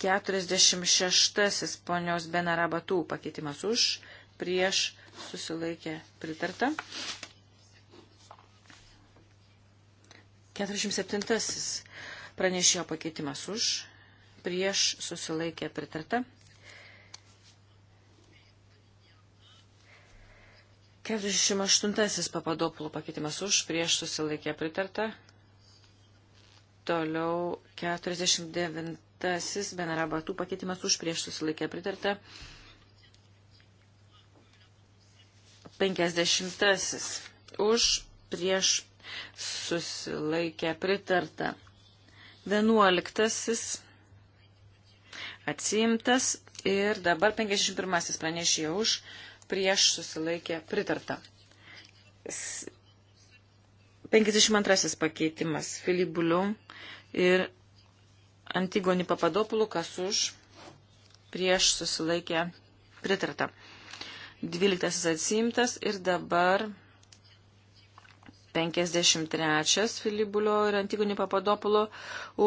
S3: 46 ponios Benarabatų pakeitimas už, prieš susilaikė pritarta. 47 pranešėjo pakeitimas už, prieš susilaikė pritarta. 48 papadopulų pakeitimas už, prieš susilaikė pritarta. Toliau 49 benarabatų pakeitimas už, prieš susilaikė pritarta. 50 už, prieš susilaikė pritarta. 11 atsiimtas ir dabar 51 pranešė už, prieš prieš susilaikė pritarta. 52 pakeitimas Filibulių ir Antigonį Papadopulų, kas už prieš susilaikė pritarta. 12 atsimtas ir dabar 53 Filibulio ir Antigonį Papadopulų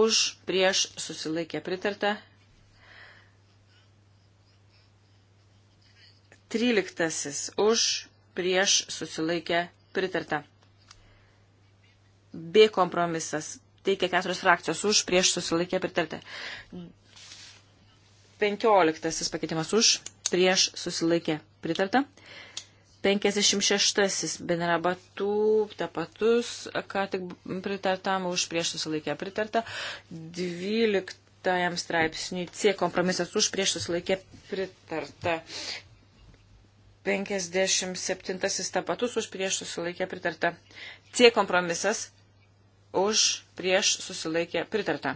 S3: už prieš susilaikė pritarta. 13. Už, prieš, susilaikę, pritarta. B kompromisas. Teikia keturios frakcijos. Už, prieš, susilaikę, pritarta. 15. Pakeitimas už, prieš, susilaikę, pritarta. 56. Benerabatų tapatus, ką tik pritartam, už prieš susilaikę pritarta. 12 straipsniui C kompromisas už prieš susilaikę pritarta. 57 tapatus už prieš susilaikė pritarta. C kompromisas už prieš susilaikė pritarta.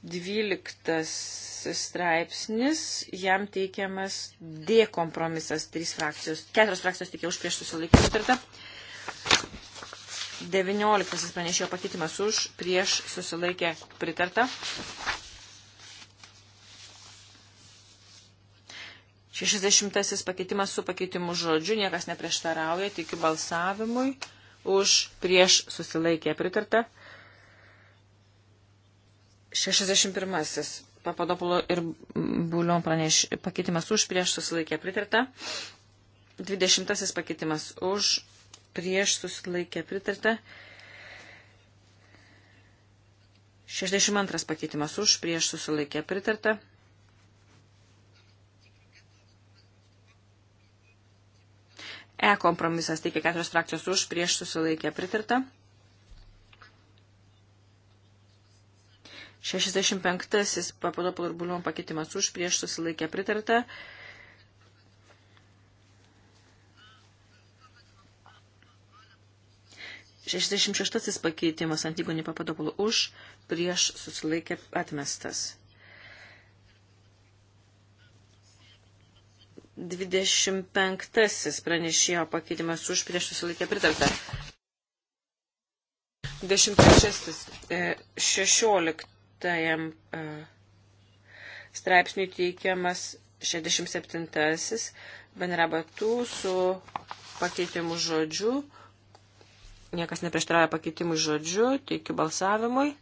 S3: 12 straipsnis, jam teikiamas D kompromisas, 3 frakcijos, 4 frakcijos teikia už prieš susilaikė pritarta. 19 pranešėjo pakeitimas už prieš susilaikė pritarta. 60 pakeitimas su pakeitimu žodžiu, niekas neprieštarauja, tikiu balsavimui, už prieš susilaikė pritarta. 61. Papadopulo ir Bulion praneš, pakeitimas už prieš susilaikė pritarta. 20. pakeitimas už prieš susilaikė pritarta. 62. pakeitimas už prieš susilaikė pritarta. E kompromisas teikia keturios frakcijos už, prieš susilaikė pritarta. 65. Papadopoulos ir Bulion pakeitimas už, prieš susilaikė pritarta. Šešdešimt šeštasis pakeitimas Antigonį Papadopulų už, prieš susilaikė atmestas. 25 pranešėjo pakeitimas už prieš susilaikę pritarta. 23. 16. straipsniui teikiamas 67. Benrabatų su pakeitimu žodžiu. Niekas neprieštarauja pakeitimui žodžiu, teikiu balsavimui.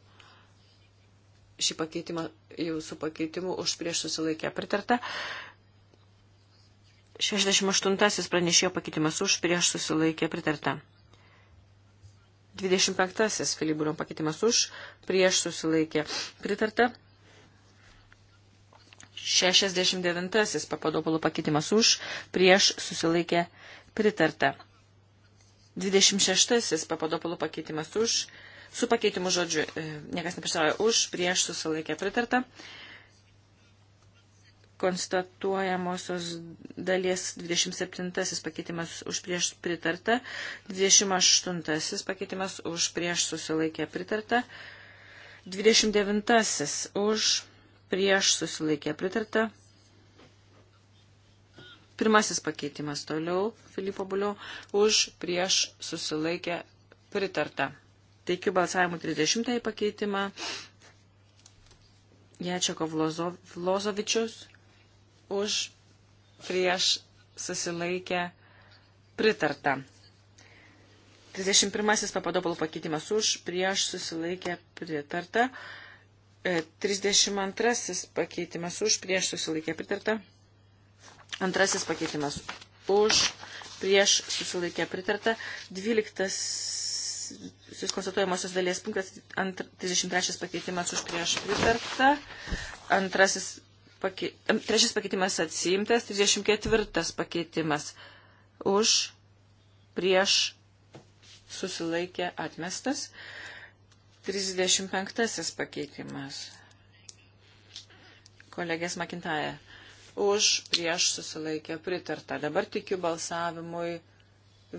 S3: Šį pakeitimą jau su pakeitimu už prieš susilaikę pritarta. 68 pranešėjo pakeitimas už, prieš susilaikė pritarta. 25 Filibūro pakeitimas už, prieš susilaikė pritarta. 69 Papadopolų pakeitimas už, prieš susilaikė pritarta. 26 Papadopolų pakeitimas už, su pakeitimu žodžiu, e, niekas neprieštarauja už, prieš susilaikė pritarta. 27 konstatuojamosios dalies 27 pakeitimas už prieš pritarta, 28 pakeitimas už prieš susilaikė pritarta, 29 už prieš susilaikė pritarta. Pirmasis pakeitimas toliau, Filipo Bulio, už prieš susilaikė pritarta. Teikiu balsavimu 30 pakeitimą. Jačekov Lozovičius už, prieš, susilaikę, pritarta. 31 papadopolų pakeitimas už, prieš, susilaikę, pritarta. 32 e, pakeitimas už, prieš, susilaikę, pritarta. Antrasis pakeitimas už, prieš, susilaikę, pritarta. 12 suskonstatuojamosios dalies punktas, ant, 33 pakeitimas už prieš pritarta, antrasis pake, trečias pakeitimas atsiimtas, 34 pakeitimas už, prieš, susilaikė atmestas, 35 pakeitimas. Kolegės Makintaja. Už, prieš susilaikė pritarta. Dabar tikiu balsavimui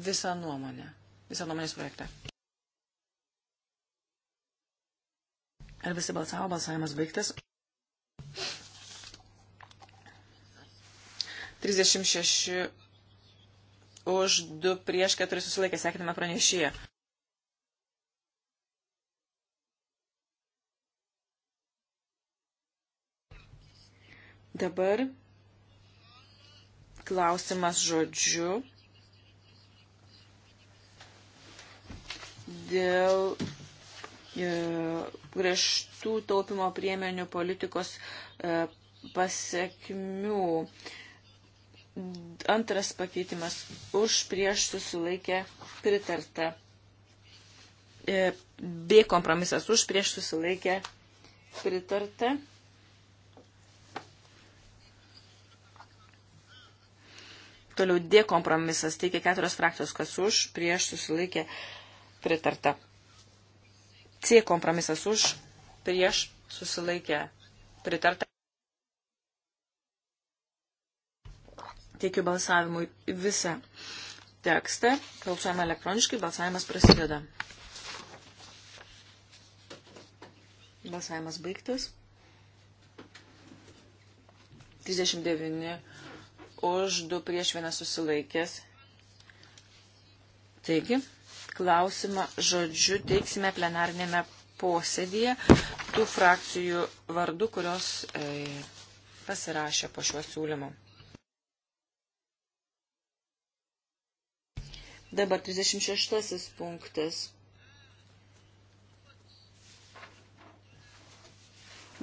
S3: visą nuomonę. Visą nuomonės projektą. Ar visi balsavo, balsavimas baigtas? 36 už 2 prieš 4 susilaikė, sveikiname pranešėją. Dabar klausimas žodžiu dėl e, griežtų taupimo priemonių politikos pasiekmių. E, Antras pakeitimas už prieš susilaikę pritarta. E, B kompromisas už prieš susilaikę pritarta. Toliau D kompromisas teikia keturios frakcijos, kas už, prieš susilaikė pritarta. C kompromisas už, prieš susilaikė pritarta. Teikiu balsavimui visą tekstą. Balsuojame elektroniškai, balsavimas prasideda. Balsavimas baigtas. 39 už 2 prieš 1 susilaikęs. Taigi, klausimą žodžiu teiksime plenarnėme posėdėje tų frakcijų vardu, kurios e, pasirašė po šiuo siūlymu. Dabar 36 punktas.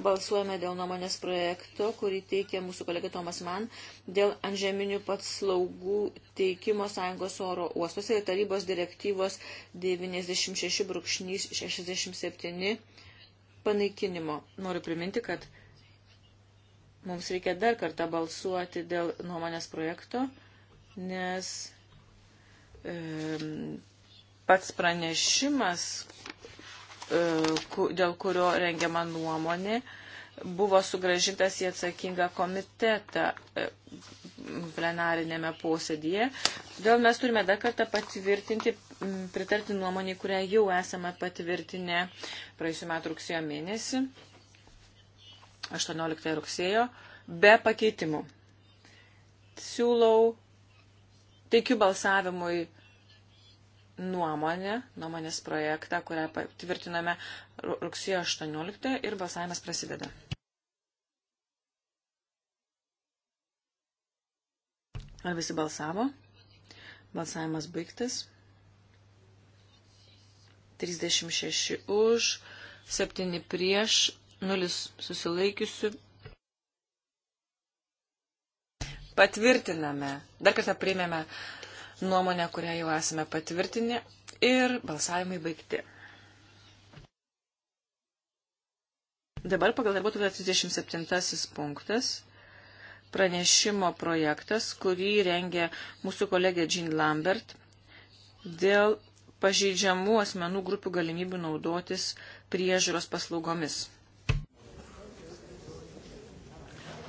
S3: Balsuojame dėl nuomonės projekto, kurį teikia mūsų kolega Tomas Man, dėl antžeminių paslaugų teikimo Sąjungos oro uostose ir tarybos direktyvos 96-67 panaikinimo. Noriu priminti, kad mums reikia dar kartą balsuoti dėl nuomonės projekto, nes pats pranešimas, e, dėl kurio rengiama nuomonė, buvo sugražintas į atsakingą komitetą e, plenarinėme posėdėje. Todėl mes turime dar kartą patvirtinti, pritarti nuomonį, kurią jau esame patvirtinę praėjusiu metu rugsėjo mėnesį, 18 rugsėjo, be pakeitimų. Siūlau teikiu balsavimui nuomonę, nuomonės projektą, kurią patvirtiname rugsėjo 18 ir balsavimas prasideda. Ar visi balsavo? Balsavimas baigtas. 36 už, 7 prieš, 0 susilaikiusių, patvirtiname, dar kartą priimėme nuomonę, kurią jau esame patvirtinę ir balsavimai baigti. Dabar pagal darbuotojų 37 punktas pranešimo projektas, kurį rengė mūsų kolegė Jean Lambert dėl pažeidžiamų asmenų grupių galimybių naudotis priežiūros paslaugomis.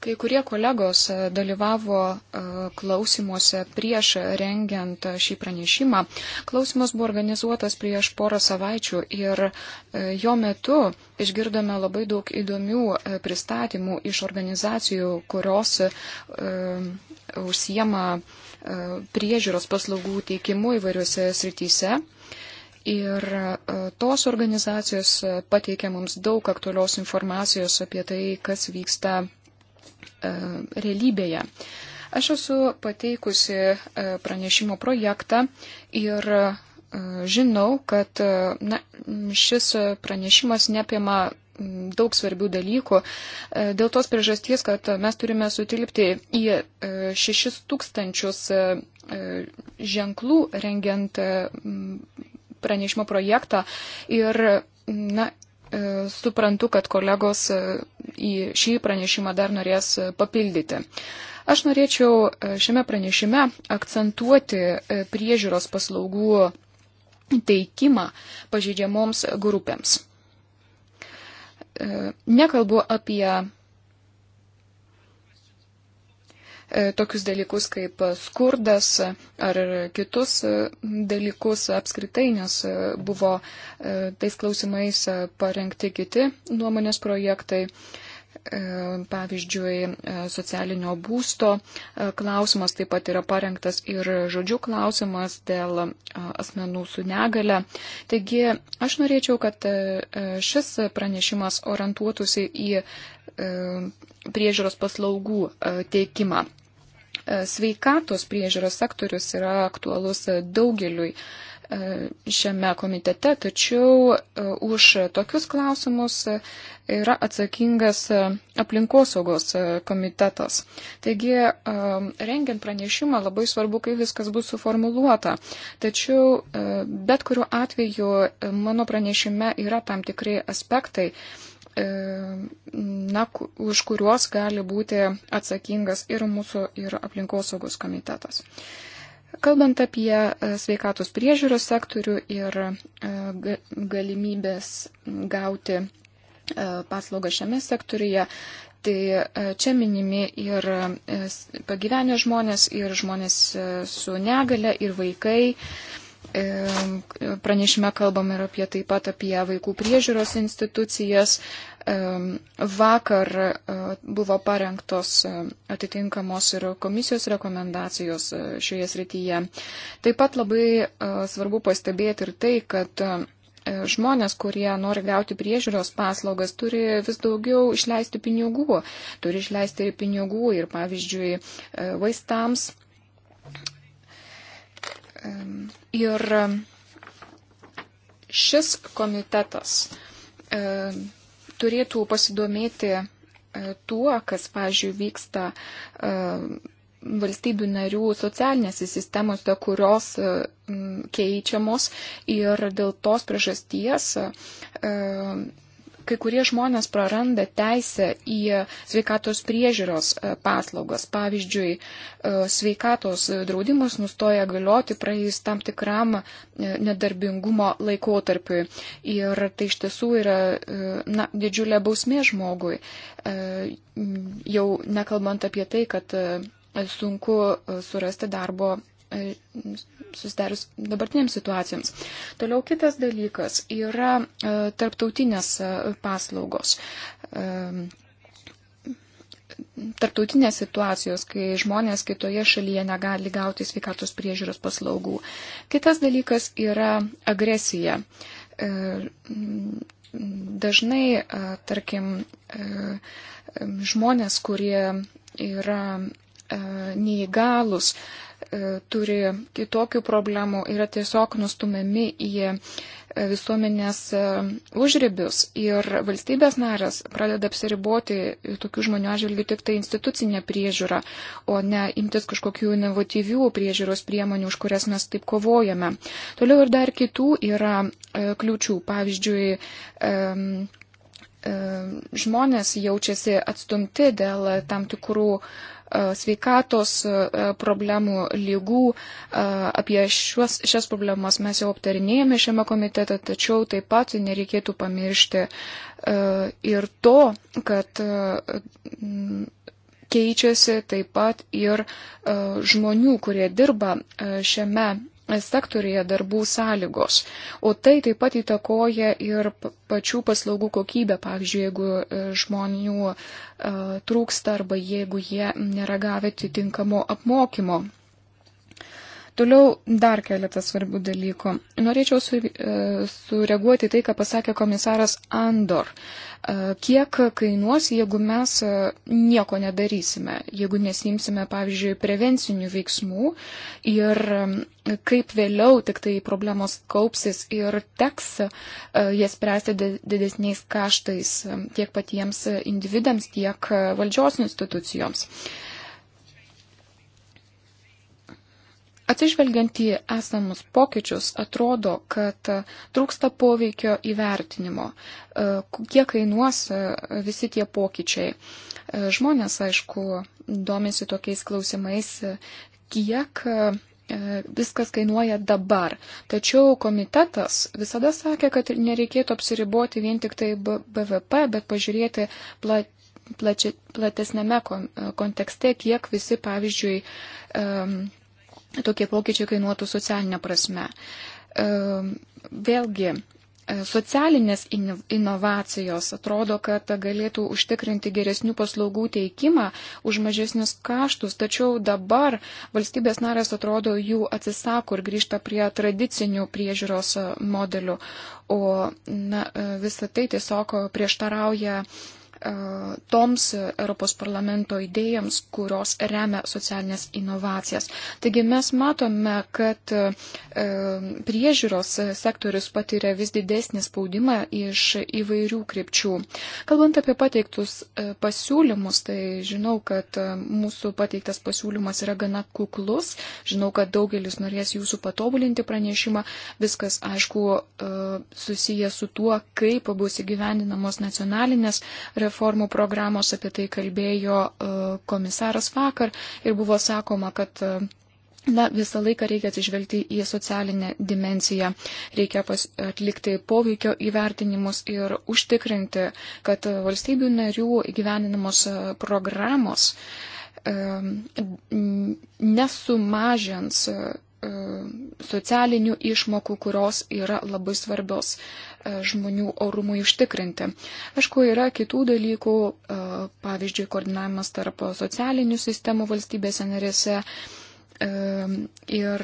S4: Kai kurie kolegos e, dalyvavo e, klausimuose prieš rengiant e, šį pranešimą. Klausimas buvo organizuotas prieš porą savaičių ir jo metu išgirdome labai daug įdomių pristatymų iš organizacijų, kurios užsiema priežiūros paslaugų teikimu įvairiuose srityse. Ir tos organizacijos pateikia mums daug aktualios informacijos apie tai, kas vyksta E, realybėje. Aš esu pateikusi e, pranešimo projektą ir e, žinau, kad na, šis pranešimas neapima daug svarbių dalykų. Dėl tos priežasties, kad mes turime sutilpti į 6000 ženklų rengiant pranešimo projektą ir na, E, suprantu, kad kolegos e, į šį pranešimą dar norės e, papildyti. Aš norėčiau šiame pranešime akcentuoti priežiūros paslaugų teikimą pažeidžiamoms grupėms. Nekalbu apie E, tokius dalykus kaip skurdas ar kitus e, dalykus apskritai, nes e, buvo tais klausimais parengti kiti nuomonės projektai. E, pavyzdžiui, e, socialinio būsto e, klausimas taip pat yra parengtas ir žodžių klausimas dėl asmenų su negale. Taigi, aš norėčiau, kad šis pranešimas orientuotųsi į priežiūros paslaugų teikimą. Sveikatos priežiūros sektorius yra aktualus daugeliui E, šiame komitete, tačiau e, už tokius klausimus e, yra atsakingas aplinkosaugos komitetas. Taigi, rengiant pranešimą, labai svarbu, kaip viskas bus suformuluota. Tačiau, bet kuriuo atveju, mano pranešime yra tam tikrai aspektai, na, už kuriuos gali būti atsakingas ir mūsų, ir aplinkosaugos komitetas. Kalbant apie e, sveikatos priežiūros sektorių ir e, galimybės gauti e, paslaugą šiame sektoriuje, tai čia minimi ir pagyvenę žmonės, ir žmonės su negale, ir vaikai. Pranešime kalbam ir apie taip pat apie vaikų priežiūros institucijas, Vakar e, buvo parengtos e, atitinkamos ir komisijos rekomendacijos e, šioje srityje. Taip pat labai svarbu pastebėti ir tai, kad žmonės, kurie nori gauti priežiūros paslaugas, turi vis daugiau išleisti pinigų. Turi išleisti pinigų ir, pavyzdžiui, vaistams. Ir šis komitetas turėtų pasidomėti e, tuo, kas, pavyzdžiui, vyksta e, valstybių narių socialinėse sistemose, kurios e, keičiamos ir dėl tos priežasties kai kurie žmonės praranda teisę į sveikatos priežiūros e, paslaugas. Pavyzdžiui, e, sveikatos draudimas nustoja galioti praėjus tam tikram e, nedarbingumo laikotarpiui. Ir tai iš tiesų yra na, didžiulė bausmė žmogui. Jau nekalbant apie tai, kad sunku surasti darbo E, susidarius dabartiniams situacijoms. Toliau kitas dalykas yra e, tarptautinės e, paslaugos. Tarptautinės situacijos, kai žmonės kitoje šalyje negali gauti sveikatos priežiūros paslaugų. Kitas dalykas yra agresija. Dažnai, tarkim, žmonės, kurie yra neįgalus, E, turi kitokių problemų, yra tiesiog nustumiami į e, visuomenės e, užribius ir valstybės narės pradeda apsiriboti tokių žmonių atžvilgių tik tai institucinė priežiūra, o ne imtis kažkokių inovatyvių priežiūros priemonių, už kurias mes taip kovojame. Toliau ir dar kitų yra kliūčių, pavyzdžiui, žmonės jaučiasi atstumti dėl tam tikrų E, sveikatos e, problemų, lygų. E, apie šios, šias problemas mes jau aptarinėjame šiame komitete, tačiau taip pat nereikėtų pamiršti ir to, kad keičiasi taip pat ir žmonių, kurie dirba šiame sektorija darbų sąlygos. O tai taip pat įtakoja ir pačių paslaugų kokybę, pavyzdžiui, jeigu e, žmonių e, trūksta arba jeigu jie nėra gavę atitinkamo apmokymo. Toliau dar keletas svarbių dalykų. Norėčiau su, e, sureaguoti tai, ką pasakė komisaras Andor. E, kiek kainuos, jeigu mes e, nieko nedarysime, jeigu nesimsime, pavyzdžiui, prevencinių veiksmų ir kaip vėliau tik tai problemos kaupsis ir teks jas spręsti didesniais kaštais tiek patiems individams, tiek valdžios institucijoms. Uh, Atsižvelgiant į esamus pokyčius, atrodo, kad e, trūksta poveikio įvertinimo, e, kiek kainuos e, visi tie pokyčiai. Žmonės, aišku, domėsi tokiais klausimais, kiek viskas kainuoja dabar. Tačiau komitetas visada sakė, kad nereikėtų apsiriboti vien tik tai BVP, bet pažiūrėti plat platesnėme kontekste, kiek visi, pavyzdžiui, tokie pokyčiai kainuotų socialinę prasme. E, vėlgi, e, socialinės inovacijos atrodo, kad galėtų užtikrinti geresnių paslaugų teikimą už mažesnius kaštus, tačiau dabar valstybės narės atrodo jų atsisako ir grįžta prie tradicinių priežiūros modelių, o na, e, visą tai tiesiog prieštarauja uh, E, toms Europos parlamento idėjams, kurios remia socialinės inovacijas. Taigi mes matome, kad e, priežiūros sektorius patiria vis didesnį spaudimą iš įvairių krypčių. Kalbant apie pateiktus e, pasiūlymus, tai žinau, kad mūsų pateiktas pasiūlymas yra gana kuklus. Žinau, kad daugelis norės jūsų patobulinti pranešimą. Viskas, aišku, susijęs su tuo, kaip bus įgyvendinamos nacionalinės reformos reformų programos, apie tai kalbėjo e, komisaras vakar ir buvo sakoma, kad e, Na, visą laiką reikia atsižvelgti į socialinę dimenciją, reikia pas, atlikti poveikio įvertinimus ir užtikrinti, kad valstybių narių įgyveninamos e, programos e, nesumažins E, socialinių išmokų, kurios yra labai svarbios e, žmonių orumui užtikrinti. Aišku, yra kitų dalykų, e, pavyzdžiui, koordinavimas tarp socialinių sistemų valstybėse narėse ir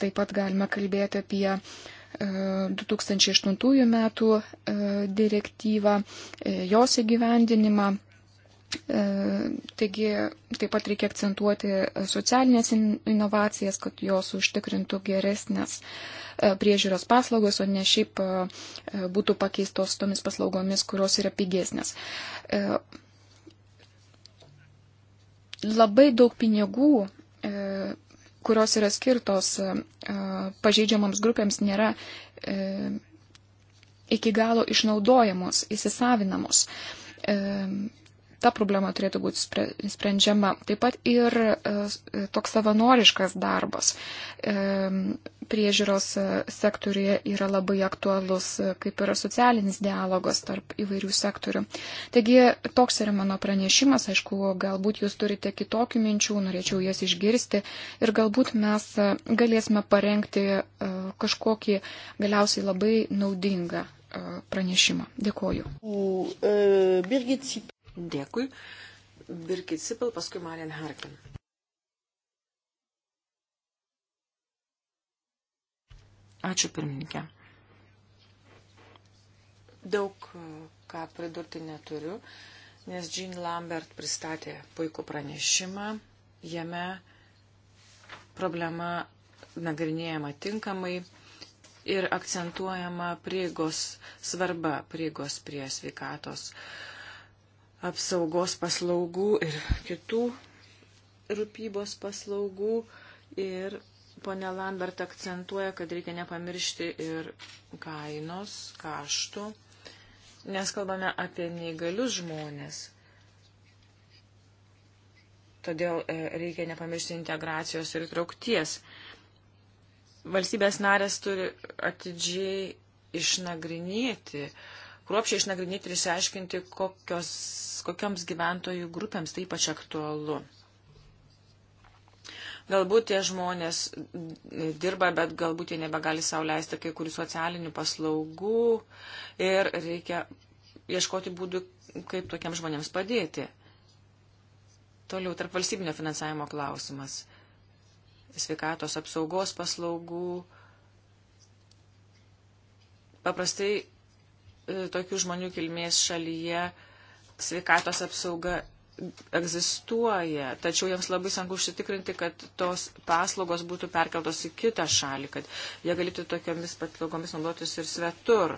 S4: taip pat galime kalbėti apie 2008 metų direktyvą, jos įgyvendinimą E, taigi taip pat reikia akcentuoti socialinės inovacijas, kad jos užtikrintų geresnės e, priežiūros paslaugos, o ne šiaip e, būtų pakeistos tomis paslaugomis, kurios yra pigesnės. Labai daug pinigų, kurios yra skirtos pažeidžiamams grupėms, nėra iki galo išnaudojamos, įsisavinamos ta problema turėtų būti sprendžiama. Taip pat ir e, e, toks savanoriškas darbas e, priežiūros sektoriuje yra labai aktualus, kaip ir socialinis dialogas tarp įvairių sektorių. Taigi toks yra mano pranešimas, aišku, galbūt jūs turite kitokių minčių, norėčiau jas išgirsti ir galbūt mes galėsime parengti kažkokį galiausiai labai naudingą pranešimą. Dėkoju.
S1: Birgit Dėkui. Birkit Sipil, paskui
S3: Marian Harkin. Ačiū pirmininkė. Daug e, ką pridurti neturiu, nes Jean Lambert pristatė puikų pranešimą. Jame problema nagrinėjama tinkamai ir akcentuojama prieigos svarba, prieigos prie sveikatos uh, apsaugos paslaugų ir kitų rūpybos paslaugų. Ir ponia Lambert akcentuoja, kad reikia nepamiršti ir kainos, kaštų, nes kalbame apie neįgalius žmonės. Todėl e, reikia nepamiršti integracijos ir traukties. Valstybės narės turi atidžiai išnagrinėti uh, kruopšiai išnagrinėti ir išsiaiškinti, kokios, kokioms gyventojų grupėms tai ypač aktualu. Galbūt tie žmonės dirba, bet galbūt jie nebegali sauliaisti kai kurių socialinių paslaugų ir reikia ieškoti būdų, kaip tokiems žmonėms padėti. Toliau tarp valstybinio finansavimo klausimas. Sveikatos apsaugos paslaugų. Paprastai E, tokių žmonių kilmės šalyje sveikatos apsauga egzistuoja, tačiau jiems labai sunku užsitikrinti, kad tos paslaugos būtų perkeltos į kitą šalį, kad jie galėtų tokiamis paslaugomis naudotis ir svetur.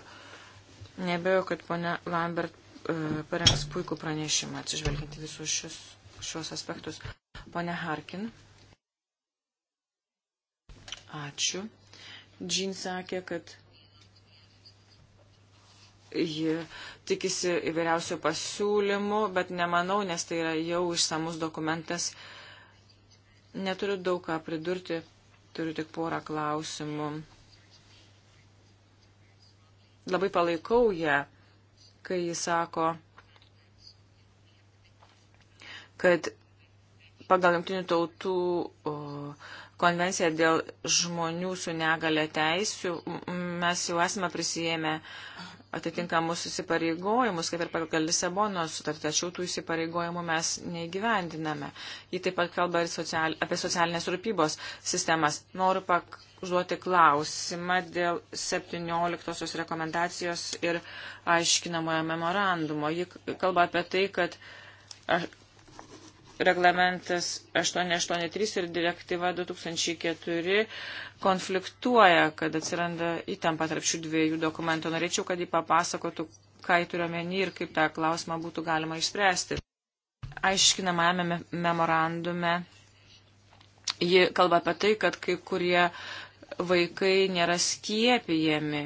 S3: Nebejoju, kad ponia Lambert e, parengs puikų pranešimą atsižvelginti visus šios, šios aspektus. Pone Harkin. Ačiū. Džin sakė, kad Ji tikisi įvairiausių pasiūlymų, bet nemanau, nes tai yra jau išsamus dokumentas. Neturiu daug ką pridurti, turiu tik porą klausimų. Labai palaikau ją, kai jis sako, kad pagal jungtinių tautų konvenciją dėl žmonių su negale teisių mes jau esame prisijėmę atitinkamus įsipareigojimus, kaip ir pagal Lisabonos sutartį, tačiau tų įsipareigojimų mes neįgyvendiname. Ji taip pat kalba ir social, apie socialinės rūpybos sistemas. Noriu pak, užduoti klausimą dėl 17 rekomendacijos ir aiškinamojo memorandumo. Ji kalba apie tai, kad reglamentas 883 ir direktyva 2004 konfliktuoja, kad atsiranda įtampa tarp šių dviejų dokumentų. Norėčiau, kad jį papasakotų, ką jį turiu menį ir kaip tą klausimą būtų galima išspręsti. Aiškinamame memorandume ji kalba apie tai, kad kai kurie vaikai nėra skiepijami.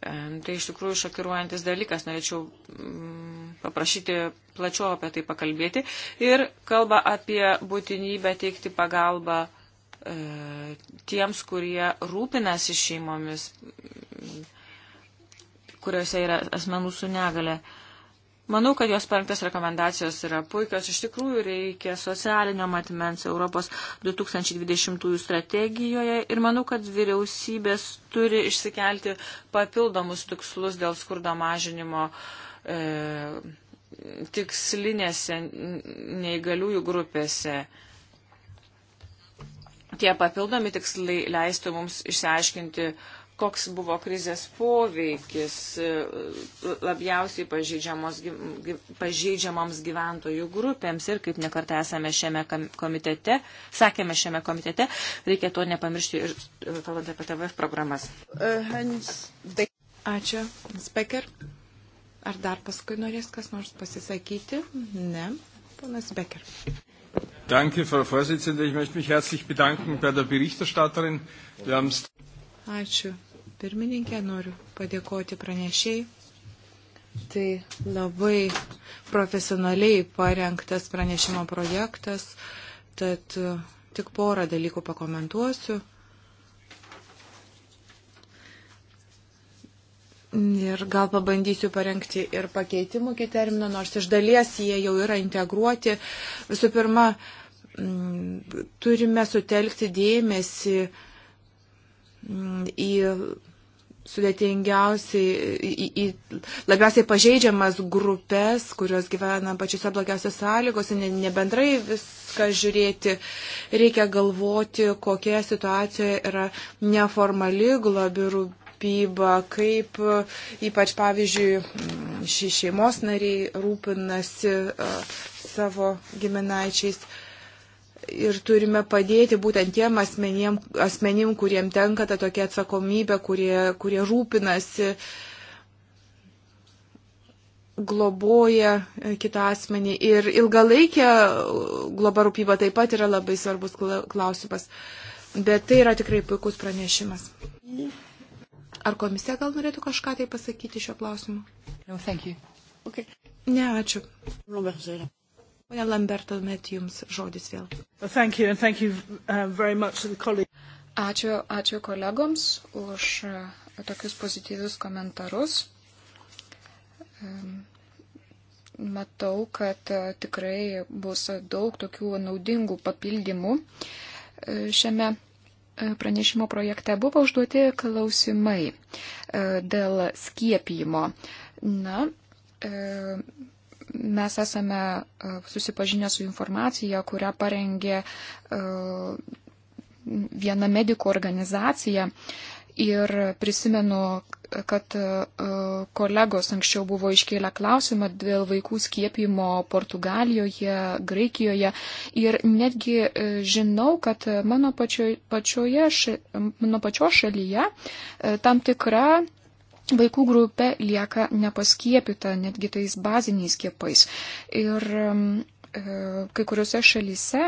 S3: Tai iš tikrųjų šokiruojantis dalykas. Norėčiau paprašyti plačiau apie tai pakalbėti ir kalba apie būtinybę teikti pagalbą e, tiems, kurie rūpinasi šeimomis, kuriuose yra asmenų su negale. Manau, kad jos parengtas rekomendacijos yra puikios. Iš tikrųjų, reikia socialinio matmens Europos 2020 strategijoje ir manau, kad vyriausybės turi išsikelti papildomus tikslus dėl skurdo mažinimo uh, E, tikslinėse neįgaliųjų grupėse. Tie papildomi tikslai leistų mums išsiaiškinti, koks buvo krizės poveikis e, labiausiai pažeidžiamoms gyventojų grupėms ir kaip nekartą esame šiame komitete, sakėme šiame komitete, reikia to nepamiršti ir e, kalbant apie
S2: TVF programas. Ačiū, Speker. Ar dar paskui norės kas nors pasisakyti? Ne. Ponas Becker.
S3: Danke, Frau Vorsitzende. Ich möchte mich herzlich bedanken bei der Berichterstatterin. Wir haben
S2: Ačiū. Pirmininkė, noriu padėkoti pranešiai. Tai labai profesionaliai parengtas pranešimo projektas, tad uh, tik porą dalykų pakomentuosiu. Ir gal pabandysiu parengti ir pakeitimų iki termino, nors iš dalies jie jau yra integruoti. Visų pirma, mm, turime sutelkti dėmesį mm, į sudėtingiausiai, į, į labiausiai pažeidžiamas grupės, kurios gyvena pačiose blogiausiose sąlygose, nebendrai ne viską žiūrėti. Reikia galvoti, kokia situacija yra neformali globi tapybą, kaip e, ypač pavyzdžiui ši šeimos nariai rūpinasi e, savo giminaičiais. Ir turime padėti būtent tiem asmenim, asmenim kuriem tenka ta tokia atsakomybė, kurie, kurie rūpinasi uh, globoja e, kitą asmenį. Ir ilgalaikė globa rūpyba taip pat yra labai svarbus klausimas. Bet tai yra tikrai puikus pranešimas. Yeah. Ar komisija gal norėtų kažką tai pasakyti šio klausimu? No, thank you. Okay. Ne, ačiū. Lambert, Pone Lamberto, met jums žodis vėl.
S4: Thank you, thank you uh, very much to the colleague. Ačiū, ačiū kolegoms už uh, tokius pozityvius komentarus. Um, matau, kad uh, tikrai bus daug tokių naudingų papildymų šiame pranešimo projekte buvo užduoti klausimai e, dėl skiepijimo. Na, e, mes esame e, susipažinę su informacija, kurią parengė viena mediko organizacija. Ir prisimenu, kad e, kolegos anksčiau buvo iškėlę klausimą dėl vaikų skiepimo Portugalijoje, Graikijoje ir netgi e, žinau, kad mano, pačio, pačioje, mano pačio šalyje e, tam tikra vaikų grupė lieka nepaskiepita netgi tais baziniais skiepais. Ir kai kuriuose šalyse,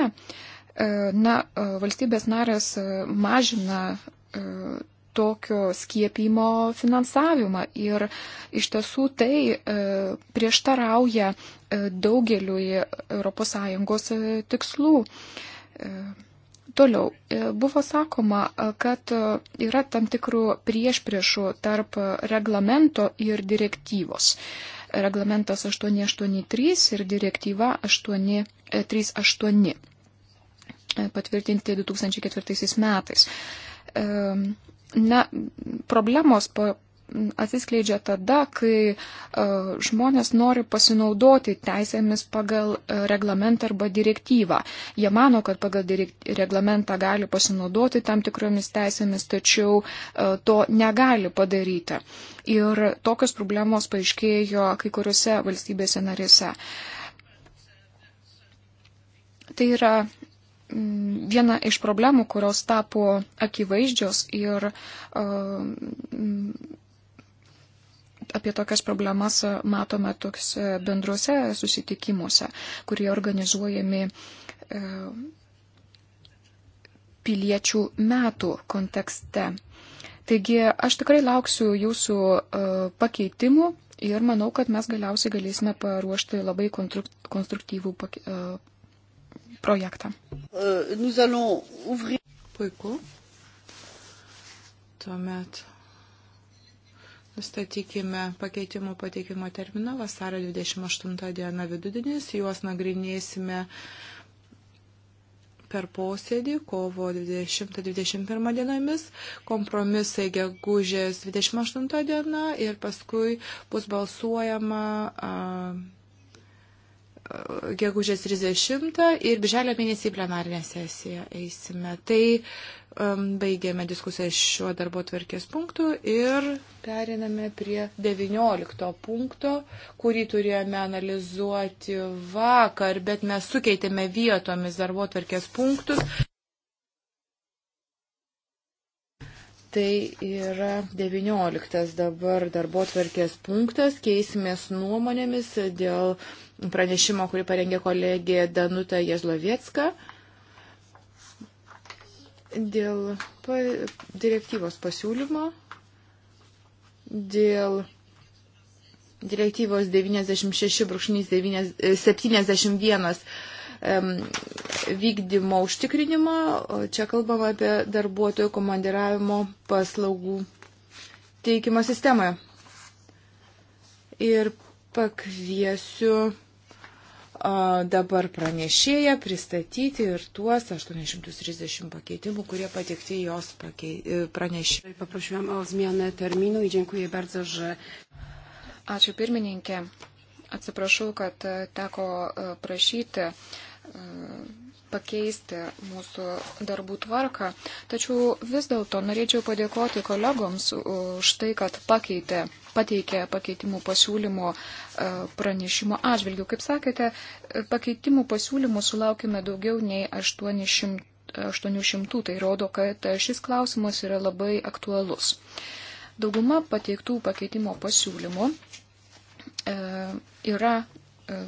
S4: na, valstybės narės mažina tokio skiepimo finansavimą. Ir iš tiesų tai e, prieštarauja e, daugeliui ES e, tikslų. E, Toliau e, buvo sakoma, e, kad yra tam tikrų priešpriešų tarp reglamento ir direktyvos. Reglamentas 883 ir direktyva 838 patvirtinti 2004 metais Na, problemos po, atsiskleidžia tada, kai uh, žmonės nori pasinaudoti teisėmis pagal uh, reglamentą arba direktyvą. Jie mano, kad pagal reglamentą gali pasinaudoti tam tikromis teisėmis, tačiau uh, to negali padaryti. Ir tokios problemos paaiškėjo kai kuriuose valstybėse narėse. Tai yra viena iš problemų, kurios tapo akivaizdžios ir e, apie tokias problemas matome toks bendruose susitikimuose, kurie organizuojami e, piliečių metų kontekste. Taigi aš tikrai lauksiu jūsų e, pakeitimų ir manau, kad mes galiausiai galėsime paruošti labai konstruktyvų projektą.
S1: E, Puiku.
S2: Tuomet nustatykime pakeitimų pateikimo terminą vasario 28 dieną vidudinis, juos nagrinėsime per posėdį kovo 20-21 dienomis, kompromisai gegužės 28 diena ir paskui bus balsuojama. Uh, gegužės 30 ir birželio mėnesį į plenarinę sesiją eisime. Tai um, baigėme diskusiją šiuo darbo tvarkės punktu ir periname prie 19 punkto, kurį turėjome analizuoti vakar, bet mes sukeitėme vietomis darbo tvarkės punktus. Tai yra 19 dabar darbo tvarkės punktas, keisimės nuomonėmis dėl uh, pranešimo, kurį parengė kolegė Danuta Jezlovietska dėl pa, direktyvos pasiūlymo, dėl direktyvos 96-71 vykdymo užtikrinimo. Čia kalbama apie darbuotojų komandiravimo paslaugų teikimo sistemoje. Ir pakviesiu dabar pranešėja pristatyti ir tuos 830 pakeitimų, kurie patikti jos pakei... E,
S4: pranešė. Paprašyvam o zmianę terminų ir dėkuoju bardzo, že. Ačiū pirmininkė. Atsiprašau, kad teko e, prašyti e, pakeisti mūsų darbų tvarką, tačiau vis dėlto norėčiau padėkoti kolegoms už tai, kad pakeitė, pateikė pakeitimų pasiūlymų e, pranešimo atžvilgių. Kaip sakėte, pakeitimų pasiūlymų sulaukime daugiau nei 800, 800, tai rodo, kad šis klausimas yra labai aktualus. Dauguma pateiktų pakeitimo pasiūlymų e, yra e,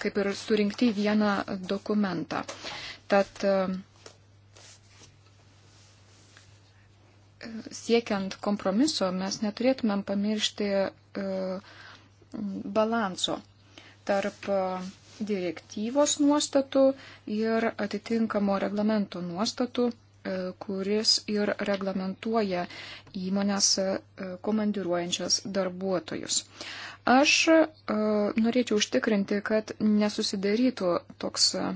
S4: kaip ir surinkti į vieną dokumentą. Tad e, siekiant kompromiso mes neturėtumėm pamiršti e, balanso tarp e, direktyvos nuostatų ir atitinkamo reglamento nuostatų, kuris ir reglamentuoja įmonės komandiruojančias darbuotojus. Aš e, norėčiau užtikrinti, kad nesusidarytų toks e,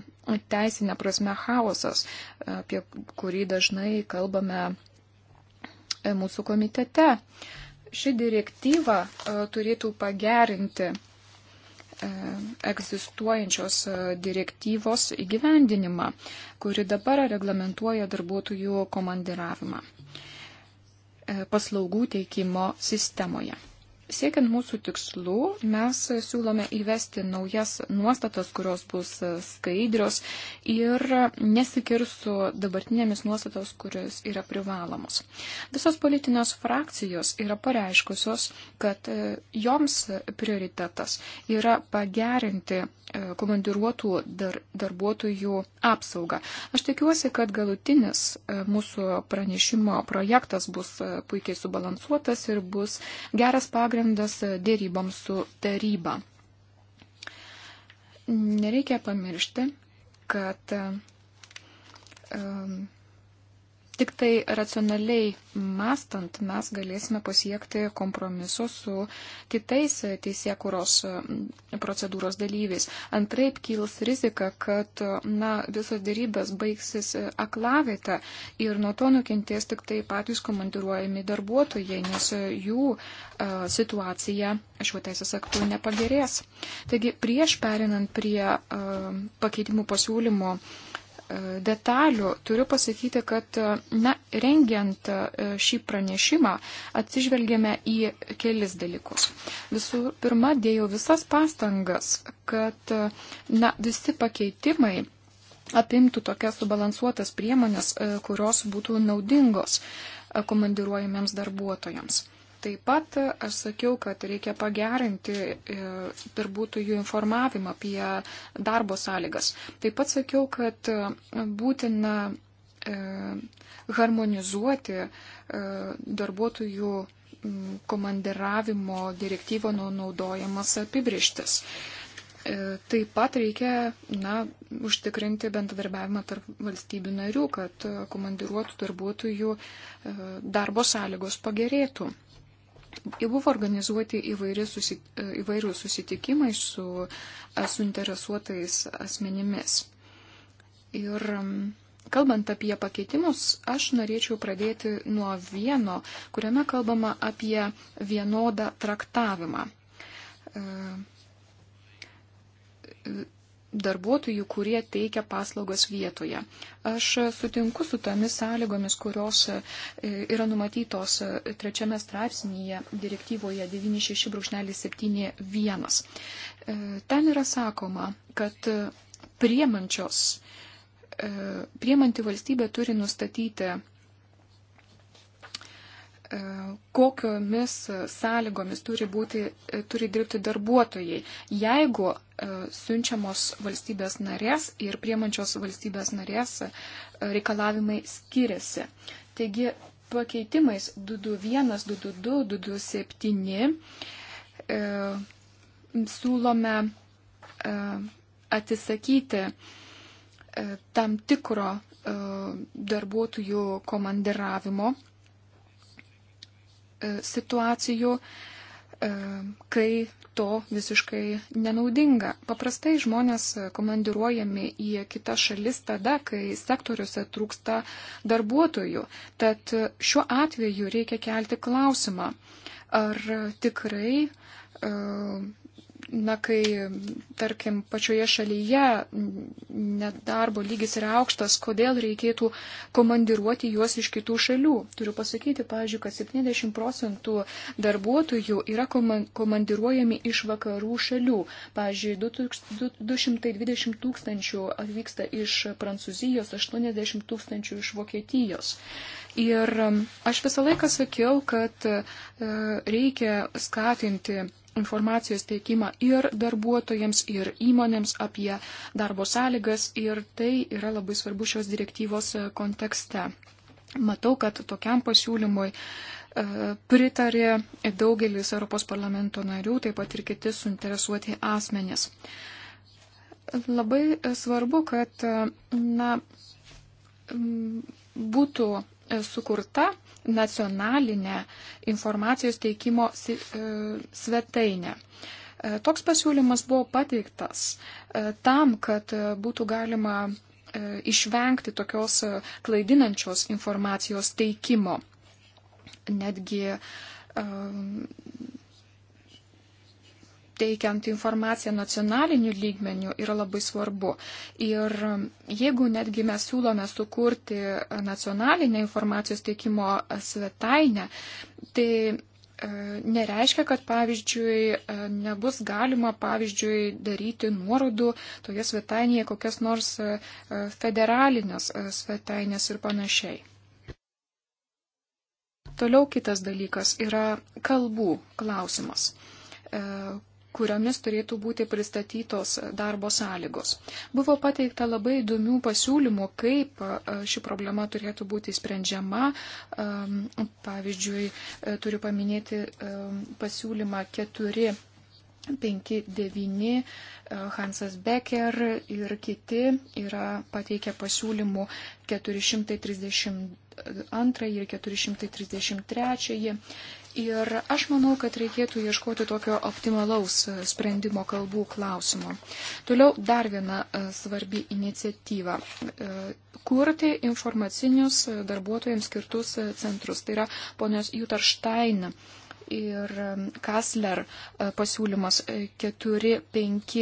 S4: teisinė prasme chaosas, e, apie kurį dažnai kalbame e, mūsų komitete. Ši direktyva e, turėtų pagerinti e, egzistuojančios direktyvos įgyvendinimą, kuri dabar reglamentuoja darbuotojų komandiravimą paslaugų teikimo sistemoje. Siekiant mūsų tikslų, mes siūlome įvesti naujas nuostatas, kurios bus skaidrios ir nesikirs su dabartinėmis nuostatos, kurios yra privalomos. Visos politinės frakcijos yra pareiškusios, kad e, joms prioritetas yra pagerinti e, komandiruotų dar, darbuotojų apsaugą. Aš tikiuosi, kad galutinis e, mūsų pranešimo projektas bus puikiai subalansuotas ir bus geras pagrindas pagrindas dėryboms su taryba. Nereikia pamiršti, kad um, Tik tai racionaliai mastant mes galėsime pasiekti kompromiso su kitais teisėkuros mm, procedūros dalyviais. Antraip kils rizika, kad na, visos dėrybės baigsis aklavėte ir nuo to nukentės tik tai patys komandiruojami darbuotojai, nes jų a, situacija šiuo teisės aktu nepagerės. Taigi prieš perinant prie a, pakeitimų pasiūlymo, E, detalių, turiu pasakyti, kad e, na, rengiant e, šį pranešimą atsižvelgėme į kelis dalykus. Visų pirma, dėjau visas pastangas, kad na, visi pakeitimai apimtų tokias subalansuotas priemonės, kurios būtų naudingos komandiruojamiems darbuotojams. Taip pat aš sakiau, kad reikia pagerinti darbuotojų e, informavimą apie darbo sąlygas. Taip pat sakiau, kad e, būtina e, harmonizuoti darbuotojų komandiravimo direktyvo naudojamas apibrištis. Taip pat reikia na, užtikrinti bendradarbiavimą tarp valstybių narių, kad komandiruotų darbuotojų darbo sąlygos pagerėtų. Buvo organizuoti įvairių susitikimai su suinteresuotais asmenimis. Ir kalbant apie pakeitimus, aš norėčiau pradėti nuo vieno, kuriame kalbama apie vienodą traktavimą e, darbuotojų, kurie teikia paslaugas vietoje. Aš sutinku su tomis sąlygomis, kurios e, yra numatytos e, trečiame straipsnėje direktyvoje 96.71. E, ten yra sakoma, kad priemančios, priemanti valstybė turi nustatyti E, kokiomis sąlygomis turi, būti, e, turi dirbti darbuotojai, jeigu e, siunčiamos valstybės narės ir priemančios valstybės narės reikalavimai skiriasi. Taigi pakeitimais 221, 222, 227 e, siūlome e, atsisakyti e, tam tikro e, darbuotojų komandiravimo E, situacijų, e, kai to visiškai nenaudinga. Paprastai žmonės komandiruojami į kitą šalis tada, kai sektoriuose trūksta darbuotojų. Tad šiuo atveju reikia kelti klausimą, ar tikrai e, na, kai, tarkim, pačioje šalyje nedarbo lygis yra aukštas, kodėl reikėtų komandiruoti juos iš kitų šalių. Turiu pasakyti, pavyzdžiui, kad 70 procentų darbuotojų yra komandiruojami iš vakarų šalių. Pavyzdžiui, 220 tūkstančių atvyksta iš Prancūzijos, 80 tūkstančių iš Vokietijos. Ir um, aš visą laiką sakiau, kad e, reikia skatinti informacijos teikimą ir darbuotojams, ir įmonėms apie darbo sąlygas ir tai yra labai svarbu šios direktyvos e, kontekste. Matau, kad tokiam pasiūlymui e, pritarė daugelis Europos parlamento narių, taip pat ir kiti suinteresuoti asmenys. Labai svarbu, kad e, na, būtų sukurta nacionalinę informacijos teikimo e, svetainę. E, toks pasiūlymas buvo pateiktas e, tam, kad būtų galima išvengti tokios klaidinančios informacijos teikimo. Netgi teikiant informaciją nacionaliniu lygmeniu yra labai svarbu. Ir jeigu netgi mes siūlome sukurti nacionalinę informacijos teikimo svetainę, tai e, nereiškia, kad pavyzdžiui e, nebus galima, pavyzdžiui, daryti nuorodų toje svetainėje kokias nors e, federalinės svetainės ir panašiai. Toliau kitas dalykas yra kalbų klausimas kuriomis turėtų būti pristatytos darbo sąlygos. Buvo pateikta labai įdomių pasiūlymų, kaip ši problema turėtų būti sprendžiama. Pavyzdžiui, turiu paminėti pasiūlymą 4. 5-9 Hansas Becker ir kiti yra pateikę pasiūlymų 432 ir 433 Ir aš manau, kad reikėtų ieškoti tokio optimalaus sprendimo kalbų klausimo. Toliau dar viena e, svarbi iniciatyva e, - kurti informacinius e, darbuotojams skirtus centrus. Tai yra ponios Jutarštain ir Kasler pasiūlymas 4, 5.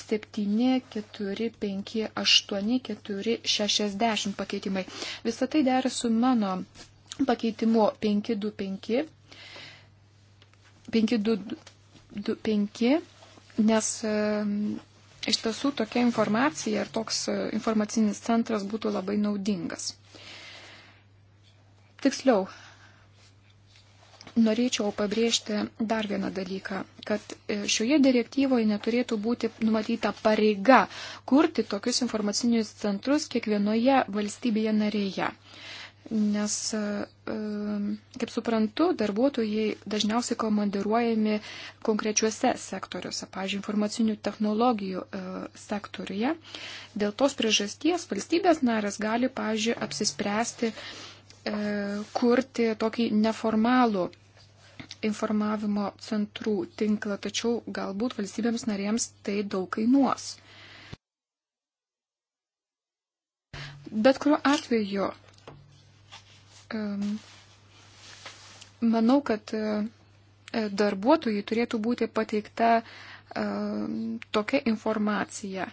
S4: 7, 4, 5, 8, 4, 60 pakeitimai. Visą tai dera su mano pakeitimu 525, 5225, nes iš tiesų tokia informacija ir toks e, informacinis centras būtų labai naudingas. Tiksliau, norėčiau pabrėžti dar vieną dalyką, kad e, šioje direktyvoje neturėtų būti numatyta pareiga kurti tokius informacinius centrus kiekvienoje valstybėje narėje nes, e, kaip suprantu, darbuotojai dažniausiai komandiruojami konkrečiuose sektoriuose, pavyzdžiui, informacinių technologijų e, sektoriuje. Dėl tos priežasties valstybės narės gali, pavyzdžiui, apsispręsti e, kurti tokį neformalų informavimo centrų tinklą, tačiau galbūt valstybėms narėms tai daug kainuos. Bet kuriuo atveju Manau, kad e, e, darbuotojai turėtų būti pateikta e, tokia informacija,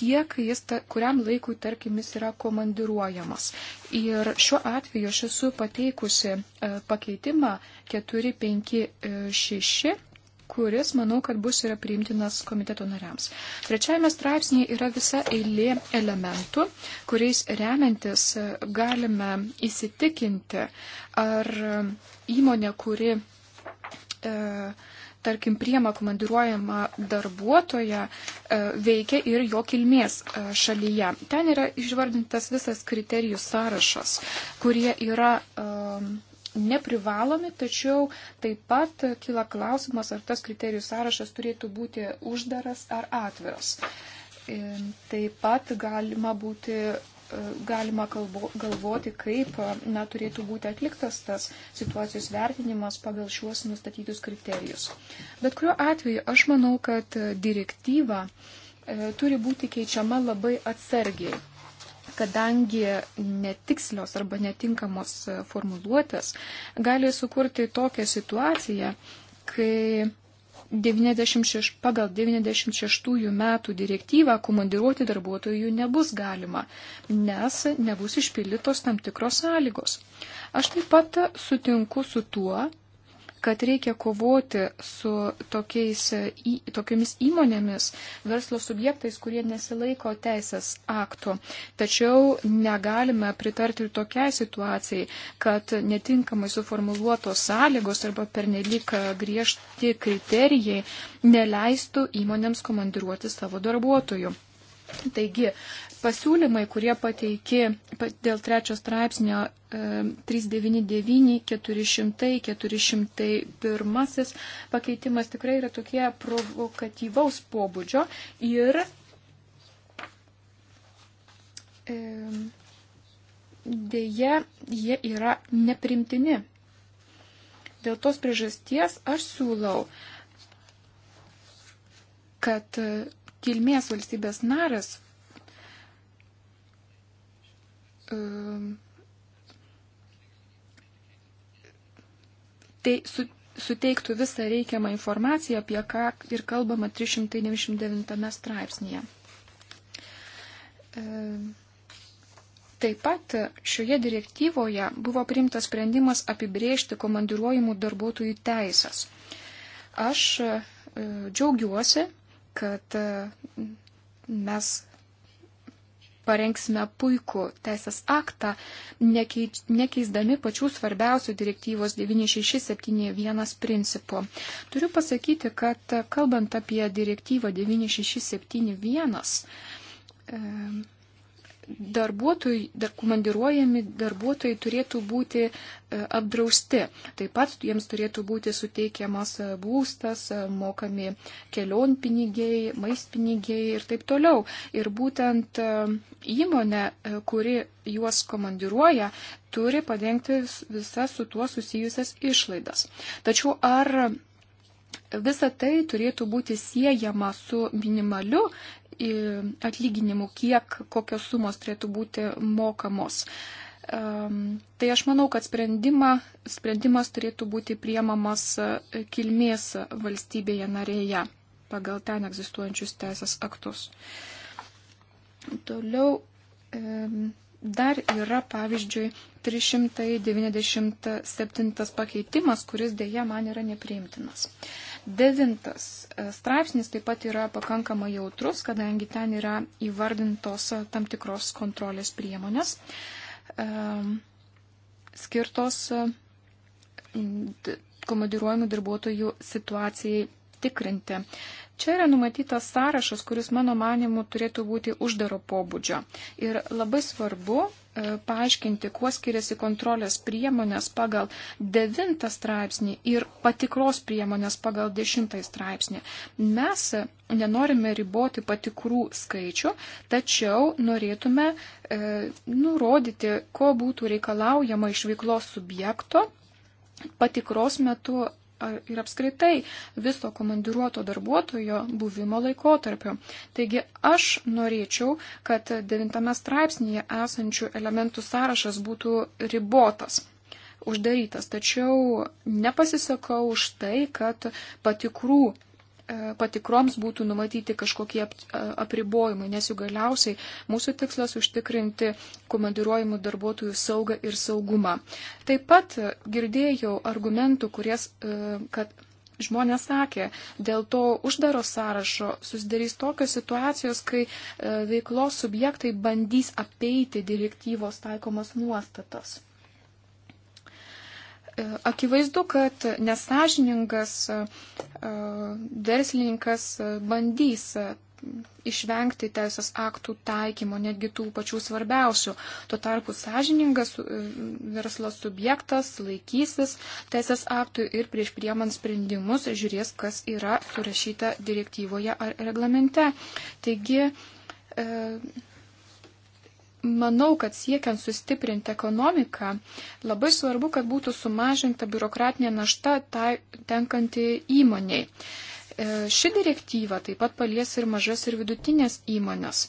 S4: kiek jis, ta, kuriam laikui, tarkim, jis yra komandiruojamas. Ir šiuo atveju aš esu pateikusi pakeitimą 456 kuris, manau, kad bus yra priimtinas komiteto nariams. Trečiajame straipsnėje yra visa eilė elementų, kuriais remiantis galime įsitikinti, ar įmonė, kuri, e, tarkim, priema komandiruojama darbuotoja, e, veikia ir jo kilmės e, šalyje. Ten yra išvardintas visas kriterijų sąrašas, kurie yra. E, neprivalomi, tačiau taip pat kila klausimas, ar tas kriterijų sąrašas turėtų būti uždaras ar atviras. E, taip pat galima būti e, galima kalbo, galvoti, kaip na, turėtų būti atliktas tas situacijos vertinimas pagal šiuos nustatytus kriterijus. Bet kuriuo atveju aš manau, kad direktyva e, turi būti keičiama labai atsargiai kadangi netikslios arba netinkamos e, formuluotės gali sukurti tokią situaciją, kai 96, pagal 96 metų direktyvą komandiruoti darbuotojų nebus galima, nes nebus išpildytos tam tikros sąlygos. Aš taip pat sutinku su tuo, kad reikia kovoti su tokiais, į, tokiamis įmonėmis, verslo subjektais, kurie nesilaiko teisės aktų. Tačiau negalime pritarti ir tokiai situacijai, kad netinkamai suformuluotos sąlygos arba pernelik griežti kriterijai neleistų įmonėms komandiruoti savo darbuotojų. Taigi, pasiūlymai, kurie pateikė dėl trečio straipsnio 399, 400, 401 pakeitimas tikrai yra tokie provokatyvaus pobūdžio ir e, dėje jie yra neprimtini. Dėl tos priežasties aš siūlau, kad e, kilmės valstybės narės Ehm, tai su, suteiktų visą reikiamą informaciją, apie ką ir kalbama 399 straipsnėje. Ehm, taip pat šioje direktyvoje buvo priimtas sprendimas apibriežti komandiruojimų darbuotojų teisės. Aš e, džiaugiuosi, kad e, mes parengsime puikų teisės aktą, nekeisdami pačių svarbiausių direktyvos 9671 principų. Turiu pasakyti, kad kalbant apie direktyvą 9671, darbuotojai, dar komandiruojami darbuotojai turėtų būti e, apdrausti. Taip pat jiems turėtų būti suteikiamas e, būstas, e, mokami kelionpinigiai, maistpinigiai ir taip toliau. Ir būtent įmonė, kuri juos komandiruoja, turi padengti visas su tuo susijusias išlaidas. Tačiau ar Visa tai turėtų būti siejama su minimaliu atlyginimų, kiek kokios sumos turėtų būti mokamos. Ehm, tai aš manau, kad sprendima, sprendimas turėtų būti priemamas e, kilmės valstybėje narėje pagal ten egzistuojančius teisės aktus. Toliau ehm, Dar yra, pavyzdžiui, 397 pakeitimas, kuris dėja man yra nepriimtinas. Devintas e, straipsnis taip pat yra pakankamai jautrus, kadangi ten yra įvardintos e, tam tikros kontrolės priemonės e, skirtos e, komandiruojamų darbuotojų situacijai užtikrinti. Čia yra numatytas sąrašas, kuris mano manimu turėtų būti uždaro pobūdžio. Ir labai svarbu e, paaiškinti, kuo skiriasi kontrolės priemonės pagal 9 straipsnį ir patikros priemonės pagal 10 straipsnį. Mes nenorime riboti patikrų skaičių, tačiau norėtume e, nurodyti, ko būtų reikalaujama iš veiklos subjekto patikros metu ir apskritai viso komandiruoto darbuotojo buvimo laikotarpio. Taigi aš norėčiau, kad devintame straipsnėje esančių elementų sąrašas būtų ribotas. Uždarytas, tačiau nepasisakau už tai, kad patikrų E, patikroms būtų numatyti kažkokie e, apribojimai, nes jų galiausiai mūsų tikslas užtikrinti komandiruojimų darbuotojų saugą ir saugumą. Taip pat e, girdėjau argumentų, kuries, kad Žmonės sakė, dėl to uždaro sąrašo susidarys tokios situacijos, kai veiklos subjektai bandys apeiti direktyvos taikomas nuostatas. E, akivaizdu, kad nesažiningas e, e, verslininkas bandys išvengti teisės aktų taikymo, netgi tų pačių svarbiausių. Tuo tarpu sąžiningas verslo subjektas laikysis teisės aktų ir prieš priemant sprendimus žiūrės, kas yra surašyta direktyvoje ar reglamente. Taigi, e, Manau, kad siekiant sustiprinti ekonomiką, labai svarbu, kad būtų sumažinta biurokratinė našta tai tenkanti įmoniai. E, ši direktyva taip pat palies ir mažas ir vidutinės įmonės.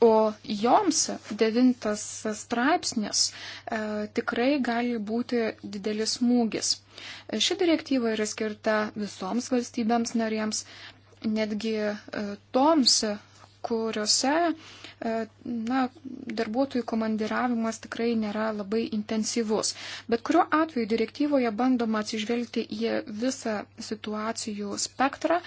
S4: O joms devintas straipsnis e, tikrai gali būti didelis smūgis. E, ši direktyva yra skirta visoms valstybėms narėms, netgi e, toms, kuriuose e, na, darbuotojų komandiravimas tikrai nėra labai intensyvus. Bet kuriuo atveju direktyvoje bandoma atsižvelgti į visą situacijų spektrą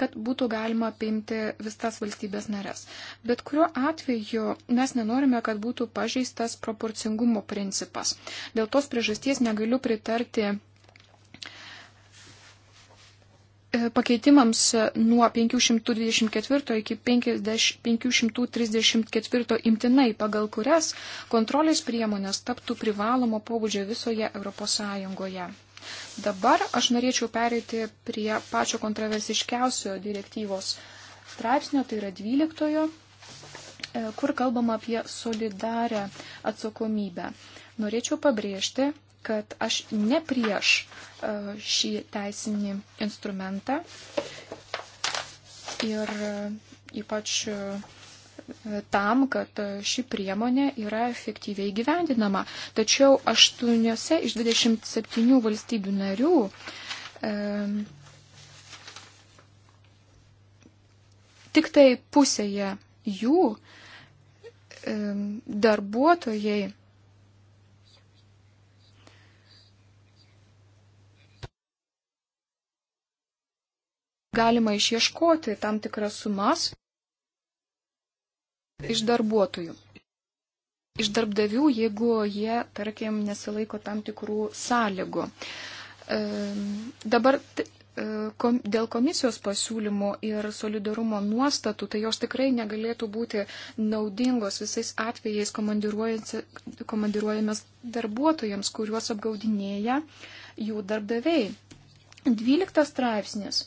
S4: kad būtų galima apimti visas valstybės narės. Bet kuriuo atveju mes nenorime, kad būtų pažeistas proporcingumo principas. Dėl tos priežasties negaliu pritarti E, pakeitimams nuo 524 iki 534 imtinai, pagal kurias kontrolės priemonės taptų privalomo pobūdžio visoje ES. Dabar aš norėčiau pereiti prie pačio kontroversiškiausio direktyvos straipsnio, tai yra 12, e, kur kalbama apie solidarę atsakomybę. Norėčiau pabrėžti, kad aš ne prieš e, šį teisinį instrumentą ir e, ypač e, tam, kad ši priemonė yra efektyviai gyvendinama. Tačiau 8 iš 27 valstybių narių e, tik tai pusėje jų e, darbuotojai galima išieškoti tam tikras sumas iš darbuotojų. Iš darbdavių, jeigu jie, tarkim, nesilaiko tam tikrų sąlygų. E, dabar e, kom, dėl komisijos pasiūlymų ir solidarumo nuostatų, tai jos tikrai negalėtų būti naudingos visais atvejais komandiruojamės darbuotojams, kuriuos apgaudinėja jų darbdaviai. 12 straipsnis.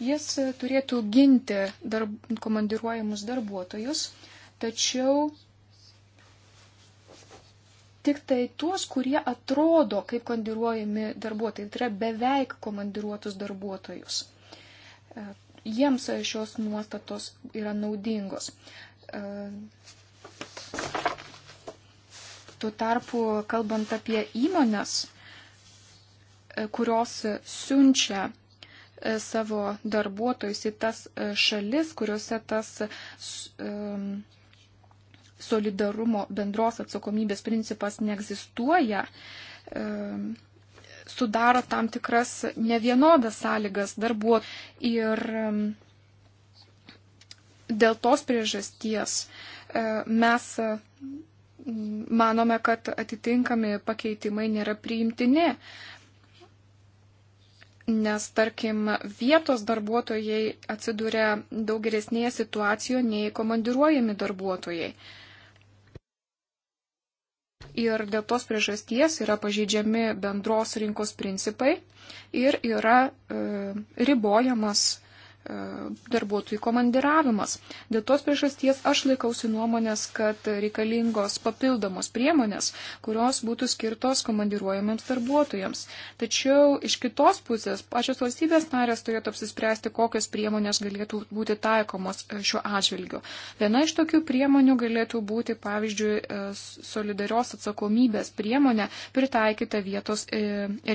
S4: Jis turėtų ginti darb, komandiruojamus darbuotojus, tačiau tik tai tuos, kurie atrodo kaip komandiruojami darbuotojai, tai yra beveik komandiruotus darbuotojus. E, jiems šios nuostatos yra naudingos. E, tuo tarpu, kalbant apie įmonės, e, kurios siunčia E, savo darbuotojus į tas e, šalis, kuriuose tas e, solidarumo bendros atsakomybės principas neegzistuoja, sudaro tam tikras nevienodas sąlygas darbuotojų ir dėl tos priežasties mes manome, kad atitinkami pakeitimai nėra priimtini. Nes, tarkim, vietos darbuotojai atsiduria daug geresnėje situacijoje nei komandiruojami darbuotojai. Ir dėl tos priežasties yra pažeidžiami bendros rinkos principai ir yra e, ribojamas E, darbuotojų komandiravimas. Dėl tos priežasties aš laikausi nuomonės, kad reikalingos papildomos priemonės, kurios būtų skirtos komandiruojamiems darbuotojams. Tačiau iš kitos pusės pačios valstybės narės turėtų apsispręsti, kokios priemonės galėtų būti taikomos e, šiuo atžvilgiu. Viena iš tokių priemonių galėtų būti, pavyzdžiui, e, solidarios atsakomybės priemonė pritaikyta vietos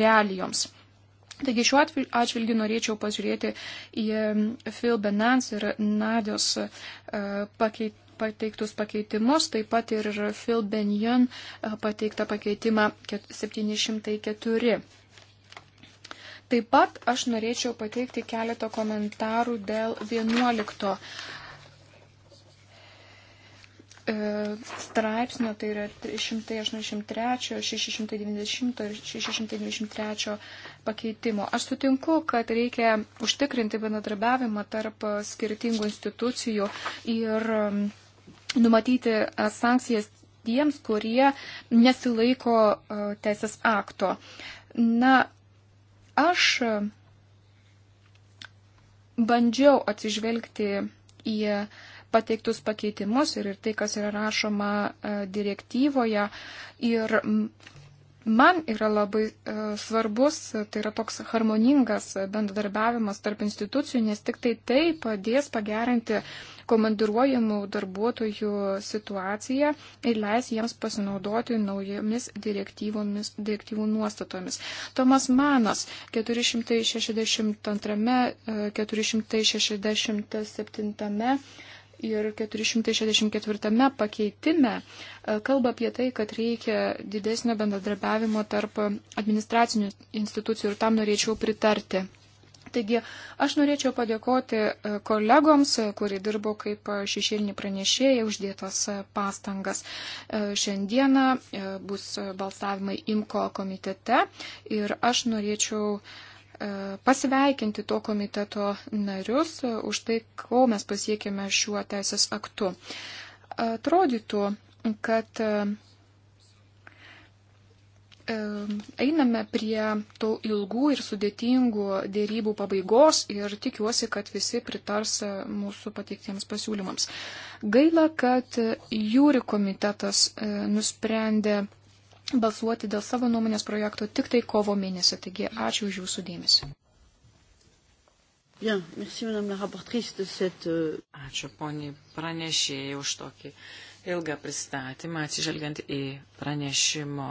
S4: realijoms. Taigi šiuo atžvilgiu norėčiau pažiūrėti į Phil Benance ir Nadios e, pakeit, pateiktus pakeitimus, taip pat ir Phil Benjon e, pateiktą pakeitimą 704. Taip pat aš norėčiau pateikti keletą komentarų dėl 11 E, straipsnio, tai yra 383, 690 ir 693 pakeitimo. Aš sutinku, kad reikia užtikrinti bendradarbiavimą tarp skirtingų institucijų ir numatyti e, sankcijas tiems, kurie nesilaiko e, teisės akto. Na, aš bandžiau atsižvelgti į uh, pateiktus pakeitimus ir, ir tai, kas yra rašoma e, direktyvoje. Ir man yra labai e, svarbus, tai yra toks harmoningas bendradarbiavimas tarp institucijų, nes tik tai tai padės pagerinti komandiruojamų darbuotojų situaciją ir leis jiems pasinaudoti naujomis direktyvų nuostatomis. Tomas Manas 462, 467 ir 464 pakeitime e, kalba apie tai, kad reikia didesnio bendradarbiavimo tarp administracinių institucijų ir tam norėčiau pritarti. Taigi aš norėčiau padėkoti e, kolegoms, e, kurie dirbo kaip šešėlinį pranešėją uždėtas pastangas. Šiandieną bus balsavimai IMKO komitete ir aš norėčiau uh, E, pasveikinti to komiteto narius e, už tai, ko mes pasiekėme šiuo teisės aktu. Atrodytų, kad e, einame prie tų ilgų ir sudėtingų dėrybų pabaigos ir tikiuosi, kad visi pritars mūsų pateiktiems pasiūlymams. Gaila, kad jūri komitetas nusprendė balsuoti dėl savo nuomonės projekto tik tai kovo mėnesį. Taigi ačiū už jūsų dėmesį.
S1: Bien, merci, madame la rapportrice, de cette...
S3: Euh, ačiū poniai pranešėjai už tokį ilgą pristatymą, atsižvelgiant į pranešimo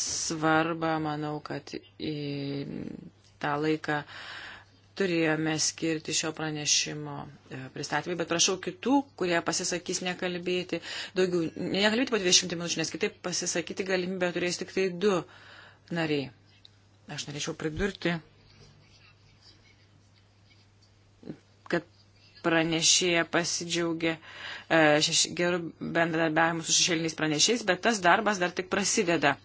S3: svarbą, manau, kad į tą laiką uh, turėjome skirti šio pranešimo e, pristatymui, bet prašau kitų, kurie pasisakys nekalbėti daugiau, nekalbėti po 20 minučių, nes kitaip pasisakyti galimybę turės tik tai du nariai. Aš norėčiau pridurti, kad pranešėja pasidžiaugė e, šeš, gerų bendradarbiavimų su šešėliniais pranešiais, bet tas darbas dar tik prasideda.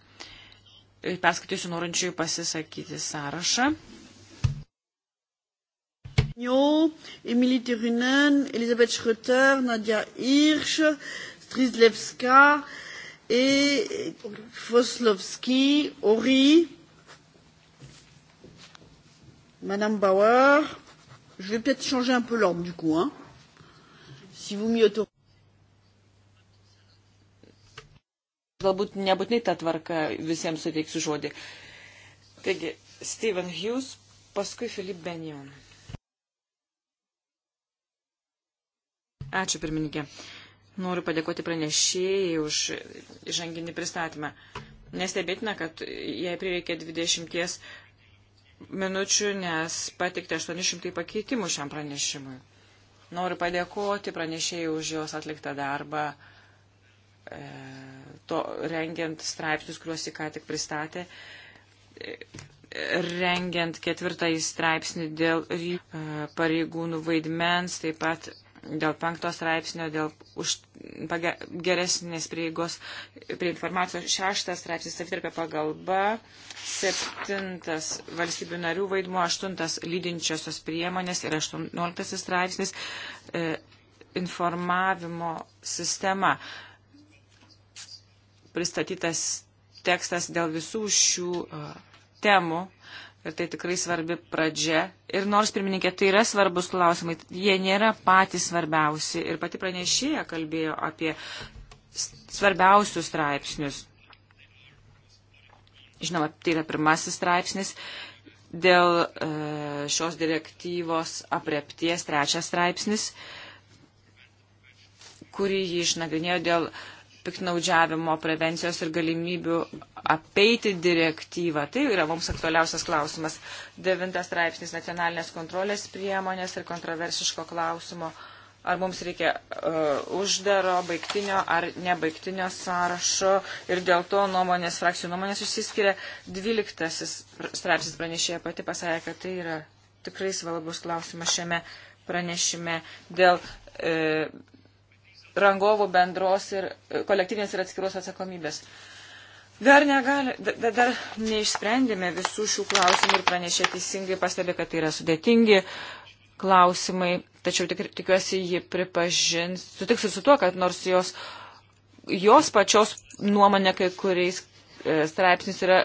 S3: E, perskaitysiu norinčiųjų
S1: pasisakyti sąrašą. Emilie Turunen, Elisabeth Schröter, Nadia Hirsch, Strislevska et Foslovski, Ori, Madame Bauer. Je vais peut-être changer un peu l'ordre du coup, hein, si vous m'y autorisez.
S3: Galbūt nebūtinai ta tvarka visiems suteiksiu žodį. Taigi, Steven Hughes, paskui Filip Benjon. Ačiū, pirmininkė. Noriu padėkoti pranešėjai už žanginį pristatymą. Nestebėtina, kad jai prireikė 20 minučių, nes patikti 800 pakeitimų šiam pranešimui. Noriu padėkoti pranešėjai už jos atliktą darbą, e, to, rengiant straipsnius, kuriuos jį ką tik pristatė, e, rengiant ketvirtąjį straipsnį dėl e, pareigūnų vaidmens, taip pat dėl penktos straipsnio, dėl už, page, geresnės prieigos prie informacijos, šeštas straipsnis savitarpė pagalba, septintas valstybių narių vaidmuo, aštuntas lydinčiosios priemonės ir aštuonioliktasis straipsnis e, informavimo sistema. Pristatytas tekstas dėl visų šių e, temų Ir tai tikrai svarbi pradžia. Ir nors, pirmininkė, tai yra svarbus klausimai, jie nėra patys svarbiausi. Ir pati pranešėja kalbėjo apie svarbiausius straipsnius. Žinoma, tai yra pirmasis straipsnis. Dėl e, šios direktyvos aprepties trečias straipsnis, kurį jį išnagrinėjo dėl uh, piknaudžiavimo prevencijos ir galimybių apeiti direktyvą. Tai yra mums aktualiausias klausimas. Devintas straipsnis nacionalinės kontrolės priemonės ir kontroversiško klausimo. Ar mums reikia uh, uždaro, baigtinio ar nebaigtinio sąrašo ir dėl to nuomonės, frakcijų nuomonės išsiskiria. Dvyliktasis straipsnis pranešėja pati pasakė, kad tai yra tikrai svarbus klausimas šiame pranešime dėl e, rangovų bendros ir e, kolektyvinės ir atskiros atsakomybės. Dar, negali, dar, dar neišsprendėme visų šių klausimų ir pranešė teisingai pastebė, kad tai yra sudėtingi klausimai, tačiau tik, tikiuosi jį pripažins, sutiksiu su tuo, kad nors jos, jos pačios nuomonė kai kuriais e, straipsnis yra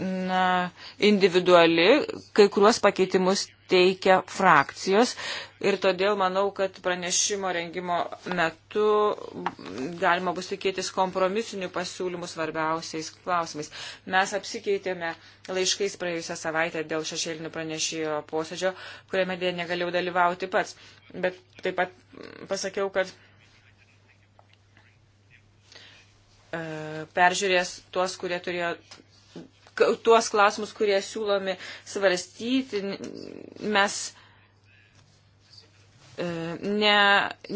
S3: na, individuali, kai kuriuos pakeitimus teikia frakcijos ir todėl manau, kad pranešimo rengimo metu galima bus tikėtis kompromisinių pasiūlymų svarbiausiais klausimais. Mes apsikeitėme laiškais praėjusią savaitę dėl šešėlinių pranešėjo posėdžio, kuriame dėl negalėjau dalyvauti pats, bet taip pat pasakiau, kad e, peržiūrės tuos, kurie turėjo tuos klausimus, kurie siūlomi svarstyti, mes e, ne,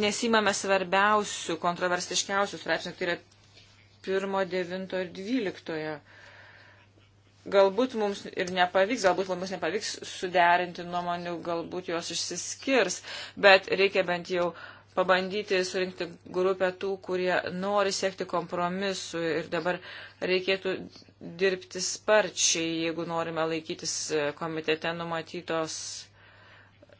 S3: nesimame svarbiausių, kontroversiškiausių straipsnių, tai yra 1, 9 ir 12. Galbūt mums ir nepavyks, galbūt mums nepavyks suderinti nuomonių, galbūt jos išsiskirs, bet reikia bent jau uh, pabandyti surinkti grupę tų, kurie nori siekti kompromisų ir dabar reikėtų dirbti sparčiai, jeigu norime laikytis e, komitete numatytos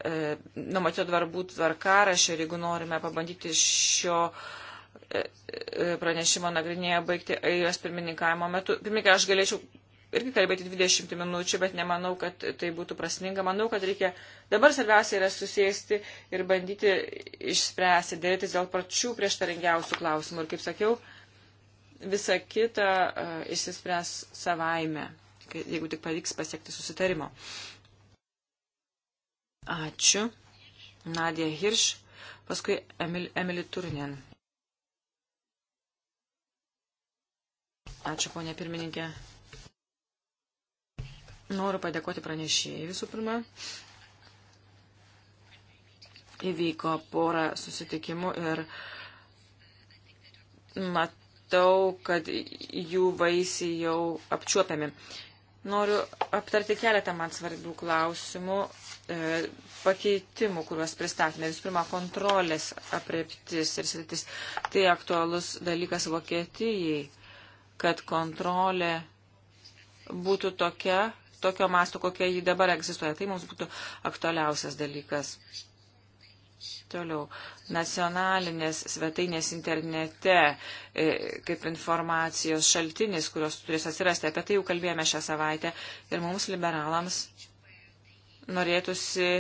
S3: e, numatyto darbų tvarkarašio ir jeigu norime pabandyti šio e, e, pranešimo nagrinėje baigti airijos pirmininkavimo metu. Pirmininkai, aš galėčiau irgi kalbėti 20 minučių, bet nemanau, kad tai būtų prasminga. Manau, kad reikia dabar svarbiausia yra susėsti ir bandyti išspręsti, dėrėtis dėl pačių prieštaringiausių klausimų. Ir kaip sakiau, visa kita uh, išsispręs savaime, jeigu tik pavyks pasiekti susitarimo. Ačiū. Nadija Hirš, paskui Emil, Emily Turinen. Ačiū, ponė pirmininkė. Noriu padėkoti pranešėjai visų pirma. Įvyko porą susitikimų ir matau, kad jų vaisiai jau apčiuopiami. Noriu aptarti keletą man svarbių klausimų, e, pakeitimų, kuriuos pristatėme. Visų pirma, kontrolės apreptis ir sritis. Tai aktualus dalykas Vokietijai, kad kontrolė būtų tokia, tokio masto, kokia jį dabar egzistuoja. Tai mums būtų aktualiausias dalykas. Toliau, nacionalinės svetainės internete e, kaip informacijos šaltinis, kurios turės atsirasti, apie tai jau kalbėjome šią savaitę ir mums liberalams norėtųsi,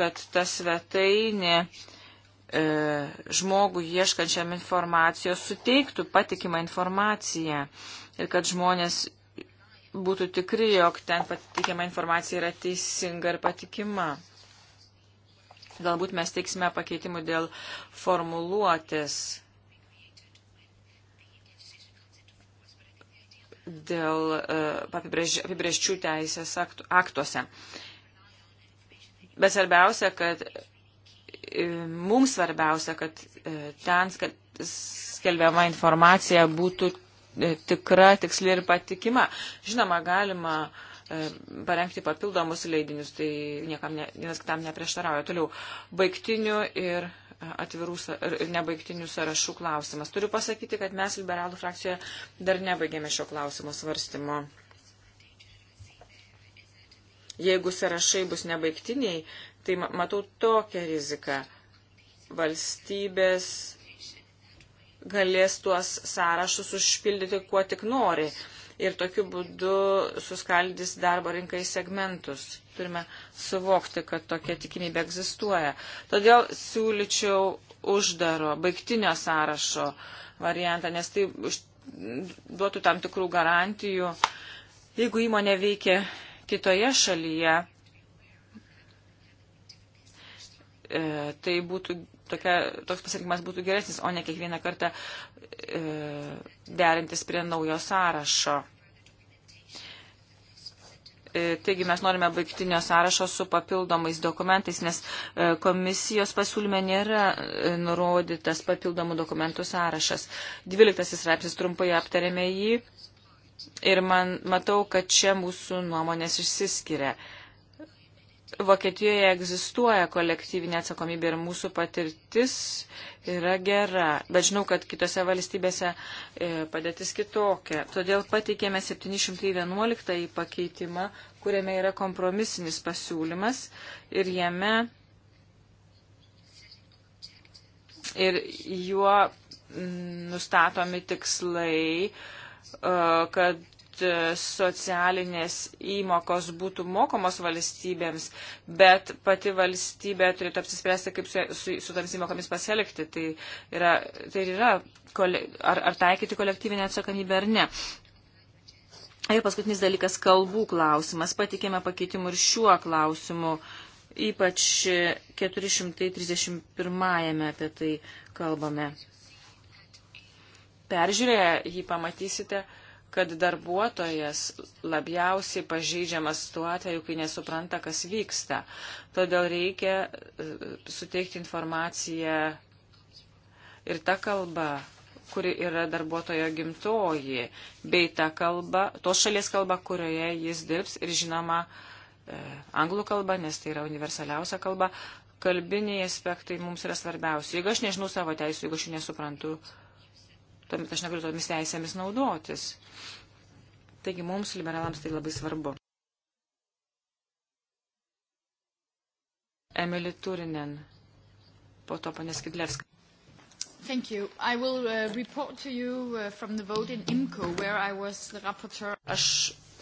S3: kad ta svetainė e, žmogų ieškančiam informacijos suteiktų patikimą informaciją ir kad žmonės būtų tikri, jog ten patikima informacija yra teisinga ir patikima. Galbūt mes teiksime pakeitimų dėl formuluotės, dėl e, apibrėžčių teisės aktu, aktuose. Bet svarbiausia, kad e, mums svarbiausia, kad e, ten skelbiama informacija būtų tikra, tiksli ir patikima. Žinoma, galima e, parengti papildomus leidinius, tai niekam ne, vienas kitam neprieštarauja. Toliau, baigtinių ir atvirų ir nebaigtinių sąrašų klausimas. Turiu pasakyti, kad mes liberalų frakcijoje dar nebaigėme šio klausimo svarstymo. Jeigu sąrašai bus nebaigtiniai, tai matau tokią riziką. Valstybės galės tuos sąrašus užpildyti kuo tik nori. Ir tokiu būdu suskaldys darbo rinkai segmentus. Turime suvokti, kad tokia tikimybė egzistuoja. Todėl siūlyčiau uždaro, baigtinio sąrašo variantą, nes tai duotų tam tikrų garantijų. Jeigu įmonė veikia kitoje šalyje, e, tai būtų tokia, toks pasirinkimas būtų geresnis, o ne kiekvieną kartą e, derintis prie naujo sąrašo. E, taigi mes norime baigtinio sąrašo su papildomais dokumentais, nes e, komisijos pasiūlyme nėra e, nurodytas papildomų dokumentų sąrašas. 12 straipsnis trumpai aptarėme jį ir man matau, kad čia mūsų nuomonės išsiskiria. E, Vokietijoje egzistuoja kolektyvinė atsakomybė ir mūsų patirtis yra gera, bet žinau, kad kitose valstybėse e, padėtis kitokia. Todėl pateikėme 711 pakeitimą, kuriame yra kompromisinis pasiūlymas ir jame ir juo mm, nustatomi tikslai, e, kad E, socialinės įmokos būtų mokamos valstybėms, bet pati valstybė turėtų apsispręsti, kaip su, su, su tomis įmokomis pasielgti. Tai yra, tai yra ar, ar taikyti kolektyvinę atsakomybę ar ne. Ir paskutinis dalykas - kalbų klausimas. Patikėme pakeitimų ir šiuo klausimu. Ypač 431-ame apie tai kalbame. Peržiūrėję jį pamatysite, kad darbuotojas labiausiai pažeidžiamas tuo atveju, kai nesupranta, kas vyksta. Todėl reikia e, suteikti informaciją ir tą kalbą, kuri yra darbuotojo gimtoji, bei tą kalbą, tos šalies kalbą, kurioje jis dirbs ir žinoma e, anglų kalba, nes tai yra universaliausia kalba. Kalbiniai aspektai mums yra svarbiausi. Jeigu aš nežinau savo teisų, jeigu aš jų nesuprantu, tuomet aš negaliu tomis teisėmis naudotis. Taigi mums, liberalams, tai labai svarbu. Emily Turinen, po to ponė Skidlevska.
S4: Thank you. I will uh, report to you uh, from the vote in IMCO, where I was the rapporteur.
S3: Aš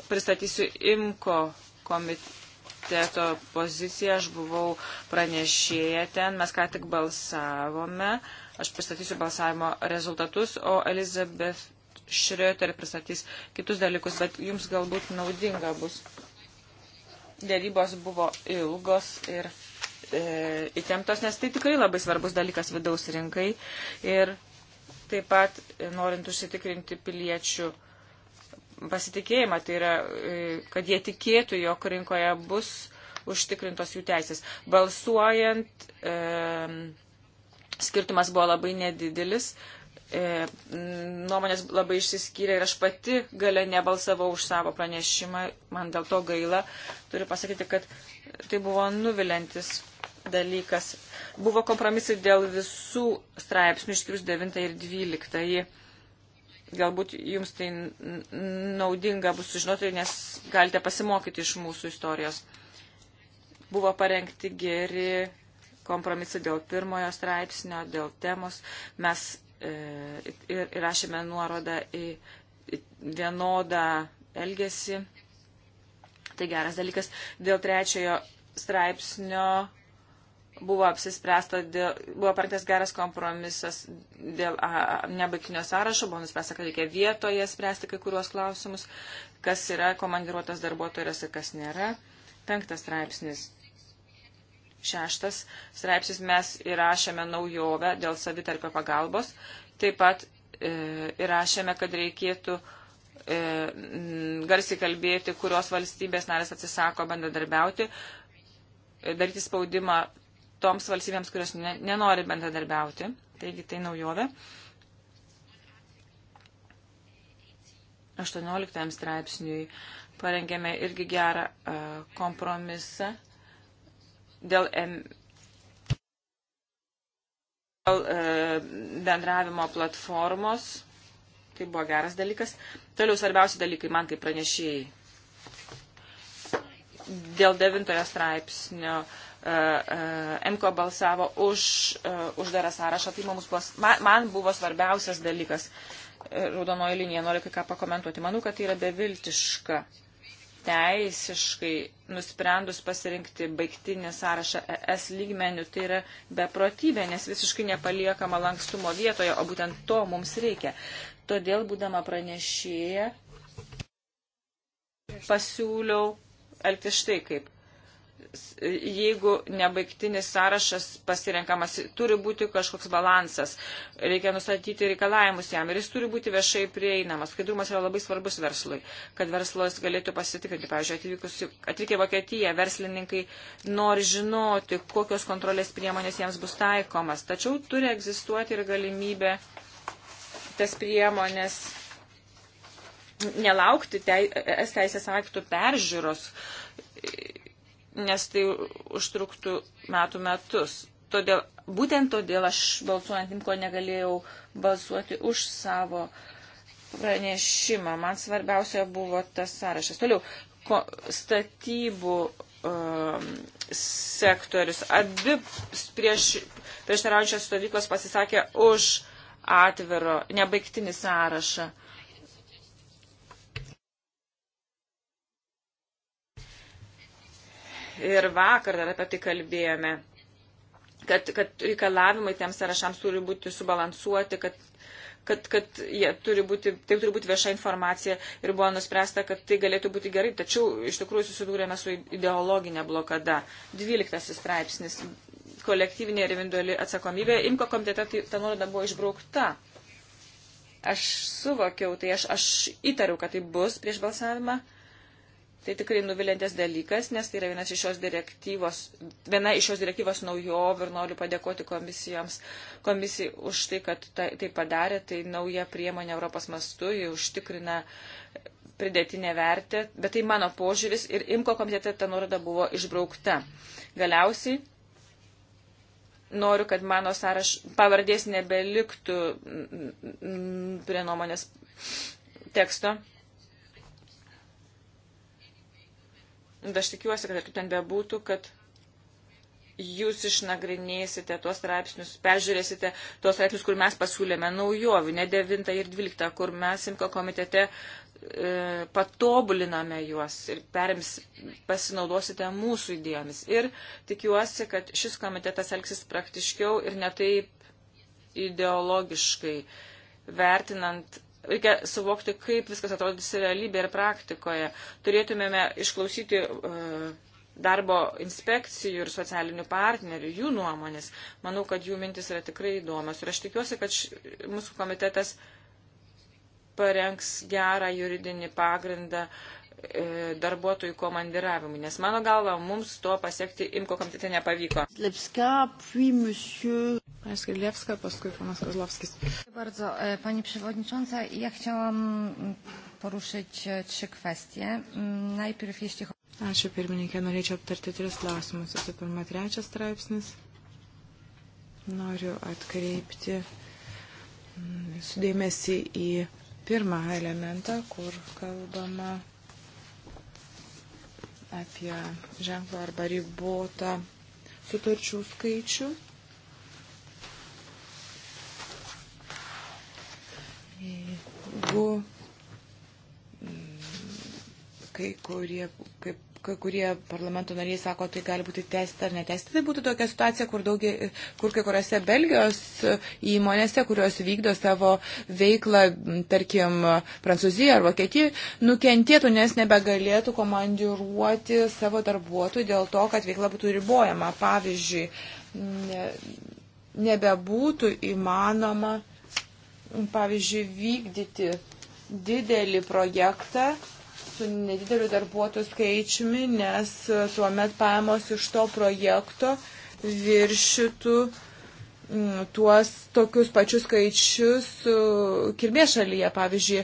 S3: pristatysiu IMCO komiteto poziciją, aš buvau pranešėję ten, mes ką tik balsavome. Uh, Aš pristatysiu balsavimo rezultatus, o Elizabeth Šrioter pristatys kitus dalykus, bet jums galbūt naudinga bus. Dėrybos buvo ilgos ir e, įtemptos, nes tai tikrai labai svarbus dalykas vidaus rinkai ir taip pat e, norint užsitikrinti piliečių pasitikėjimą, tai yra, e, kad jie tikėtų, jog rinkoje bus užtikrintos jų teisės. Balsuojant e, Skirtumas buvo labai nedidelis, e, nuomonės labai išsiskyrė ir aš pati gale nebalsavau už savo pranešimą, man dėl to gaila. Turiu pasakyti, kad tai buvo nuvilintis dalykas. Buvo kompromisai dėl visų straipsnių, išskyrus 9 ir 12. Galbūt jums tai naudinga bus sužinoti, nes galite pasimokyti iš mūsų istorijos. Buvo parengti geri kompromisų dėl pirmojo straipsnio, dėl temos. Mes e, ir įrašėme nuorodą į vienodą elgesį. Tai geras dalykas. Dėl trečiojo straipsnio buvo apsispręsta, dėl, buvo parengtas geras kompromisas dėl nebaigtinio sąrašo, buvo nuspręsta, kad reikia vietoje spręsti kai kuriuos klausimus, kas yra komandiruotas darbuotojas ir kas nėra. Penktas straipsnis šeštas straipsnis mes įrašėme naujovę dėl savitarpio pagalbos. Taip pat e, įrašėme, kad reikėtų e, garsiai kalbėti, kurios valstybės narės atsisako bendradarbiauti, e, daryti spaudimą toms valstybėms, kurios ne, nenori bendradarbiauti. Taigi tai naujovė. 18 straipsniui parengėme irgi gerą e, kompromisą dėl e, bendravimo platformos. Tai buvo geras dalykas. Toliau svarbiausi dalykai man kaip pranešėjai. Dėl devintojo straipsnio e, e, MKO balsavo už uždarą sąrašą. Tai mums buvo, man, man buvo svarbiausias dalykas. Raudonoji linija nori kai ką pakomentuoti. Manau, kad tai yra beviltiška teisiškai nusprendus pasirinkti baigtinį sąrašą ES lygmenių, tai yra beprotybė, nes visiškai nepaliekama lankstumo vietoje, o būtent to mums reikia. Todėl, būdama pranešėja, pasiūliau elgti štai kaip jeigu nebaigtinis sąrašas pasirenkamas, turi būti kažkoks balansas, reikia nustatyti reikalavimus jam ir jis turi būti viešai prieinamas. Skaidrumas yra labai svarbus verslui, kad verslas galėtų pasitikrinti. Pavyzdžiui, atvykę Vokietiją, verslininkai nori žinoti, kokios kontrolės priemonės jiems bus taikomas, tačiau turi egzistuoti ir galimybė tas priemonės nelaukti es teisės aktų peržiūros nes tai užtruktų metų metus. Todėl, būtent todėl aš balsuojant imko negalėjau balsuoti už savo pranešimą. Man svarbiausia buvo tas sąrašas. Toliau, ko, statybų um, sektorius. Abi prieš, prieštaraujančios stovyklos pasisakė už atviro, nebaigtinį sąrašą. Uh, ir vakar dar apie tai kalbėjome, kad, kad reikalavimai tiems sąrašams turi būti subalansuoti, kad, kad, kad jie turi būti, taip turi būti vieša informacija ir buvo nuspręsta, kad tai galėtų būti gerai, tačiau iš tikrųjų susidūrėme su ideologinė blokada. 12 straipsnis kolektyvinė ir individuali atsakomybė. Imko komitete tai, ta nuoroda buvo išbraukta. Aš suvokiau, tai aš, aš įtariu, kad tai bus prieš balsavimą Tai tikrai nuvilintis dalykas, nes tai yra vienas iš šios direktyvos, viena iš šios direktyvos naujovių ir noriu padėkoti komisijoms, komisijai už tai, kad tai, tai padarė, tai nauja priemonė Europos mastu, ji užtikrina pridėtinę vertę, bet tai mano požiūris ir imko komitete ta nuoroda buvo išbraukta. Galiausiai noriu, kad mano sąraš pavardės nebeliktų prie nuomonės teksto Bet aš tikiuosi, kad kaip ten bebūtų, kad jūs išnagrinėsite tuos straipsnius, peržiūrėsite tuos straipsnius, kur mes pasiūlėme naujovių, ne 9 ir 12, kur mes Simko komitete e, patobuliname juos ir perims, pasinaudosite mūsų idėjomis. Ir tikiuosi, kad šis komitetas elgsis praktiškiau ir netaip ideologiškai vertinant reikia suvokti, kaip viskas atrodys realybėje ir praktikoje. Turėtumėme išklausyti e, darbo inspekcijų ir socialinių partnerių, jų nuomonės. Manau, kad jų mintis yra tikrai įdomios. Ir aš tikiuosi, kad š, mūsų komitetas parengs gerą juridinį pagrindą E, darbuotojų komandiravimui, nes mano galva mums to pasiekti imko komitete nepavyko.
S2: Lepska, puis monsieur. Paskui Lepska, paskui panas Kozlovskis. Bardzo, e, pani przewodnicząca, ja chciałam mm, poruszyć e, trzy kwestie. Mm, najpierw, jeśli chodzi. Ačiū pirmininkė, norėčiau aptarti tris klausimus. Visų pirma, trečias straipsnis. Noriu atkreipti mm, sudėmėsi į pirmą elementą, kur kalbama apie ženklą arba ribotą sutarčių skaičių. Jeigu mm, kai kurie, kaip kai kurie parlamento nariai sako, tai gali būti teisėta ar neteisėta, tai būtų tokia situacija, kur, daugia, kur kai kuriuose Belgijos įmonėse, kurios vykdo savo veiklą, tarkim, Prancūzija ar Vokietija, nukentėtų, nes nebegalėtų komandiruoti savo darbuotojų dėl to, kad veikla būtų ribojama. Pavyzdžiui, ne, nebebūtų įmanoma, pavyzdžiui, vykdyti didelį projektą su nedideliu darbuotojų skaičiumi, nes e, tuomet pajamos iš to projekto viršytų mm, tuos tokius pačius skaičius e, kilmės šalyje. Pavyzdžiui,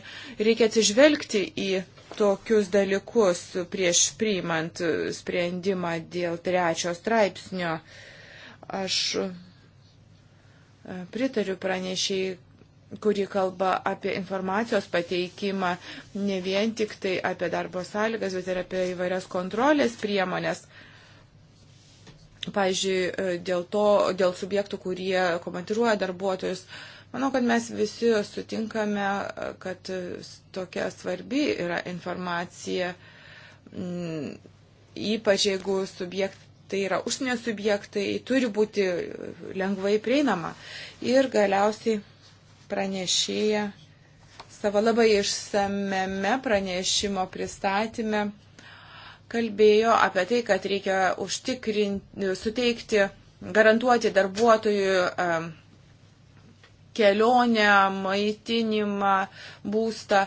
S2: reikia atsižvelgti į tokius dalykus prieš priimant sprendimą dėl trečio straipsnio. Aš e, pritariu pranešėjai, kuri kalba apie informacijos pateikimą, ne vien tik tai apie darbo sąlygas, bet ir apie įvairias kontrolės priemonės. Pavyzdžiui, e, dėl, to, dėl subjektų, kurie komandiruoja darbuotojus. Manau, kad mes visi sutinkame, e, kad tokia svarbi yra informacija, ypač jeigu subjektai tai yra užsienio subjektai, turi būti lengvai prieinama. Ir galiausiai pranešėja savo labai išsameme pranešimo pristatymė kalbėjo apie tai, kad reikia užtikrinti, suteikti, garantuoti darbuotojų kelionę, maitinimą, būstą.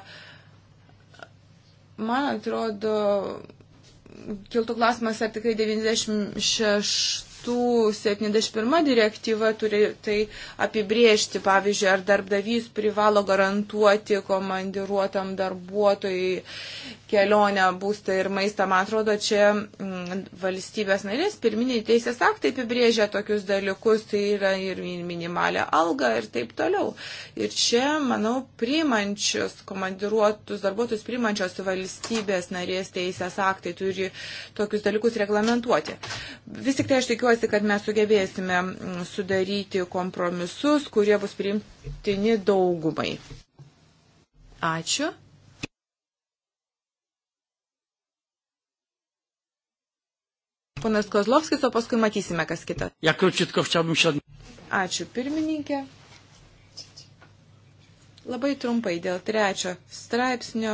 S2: Man atrodo, kiltų klausimas, ar tikrai 96 vaistų 71 direktyva turi tai apibriežti, pavyzdžiui, ar darbdavys privalo garantuoti komandiruotam darbuotojui kelionę, būstą ir maistą. Man atrodo, čia mm, valstybės narės pirminiai teisės aktai apibrėžia tokius dalykus, tai yra ir minimalę algą ir taip toliau. Ir čia, manau, priimančios, komandiruotus darbuotojus priimančios valstybės narės teisės aktai turi tokius dalykus reglamentuoti. Vis tik tai aš tikiuosi, kad mes sugebėsime mm, sudaryti kompromisus, kurie bus priimtini daugumai. Ačiū. ponas Kozlovskis, o paskui matysime, kas kita. Ačiū pirmininkė. Labai trumpai dėl trečio straipsnio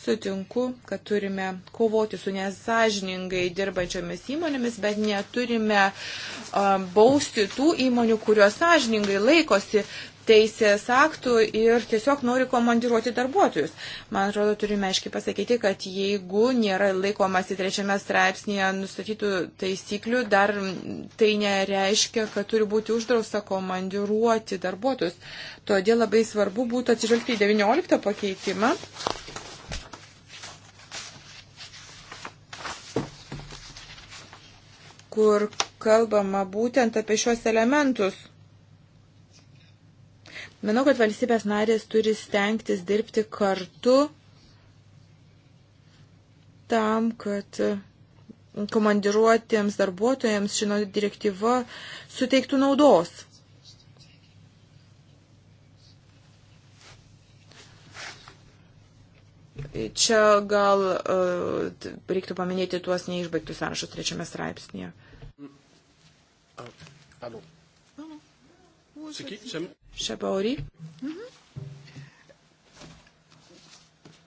S2: sutinku, kad turime kovoti su nesažiningai dirbančiomis įmonėmis, bet neturime um, bausti tų įmonių, kurios sažiningai laikosi teisės aktų ir tiesiog nori komandiruoti darbuotojus. Man atrodo, turime aiškiai pasakyti, kad jeigu nėra laikomasi trečiame straipsnėje nustatytų taisyklių, dar tai nereiškia, kad turi būti uždrausta komandiruoti darbuotojus. Todėl labai svarbu būtų atsižvelgti į 19 pakeitimą. kur kalbama būtent apie šios elementus. Manau, kad valstybės narės turi stengtis dirbti kartu tam, kad komandiruotėms darbuotojams šino direktyva suteiktų naudos. Čia gal uh, reiktų paminėti tuos neišbaigtus sąrašus trečiame straipsnėje.
S4: Allô. C'est qui Jamais
S2: Šebauri. Mhm.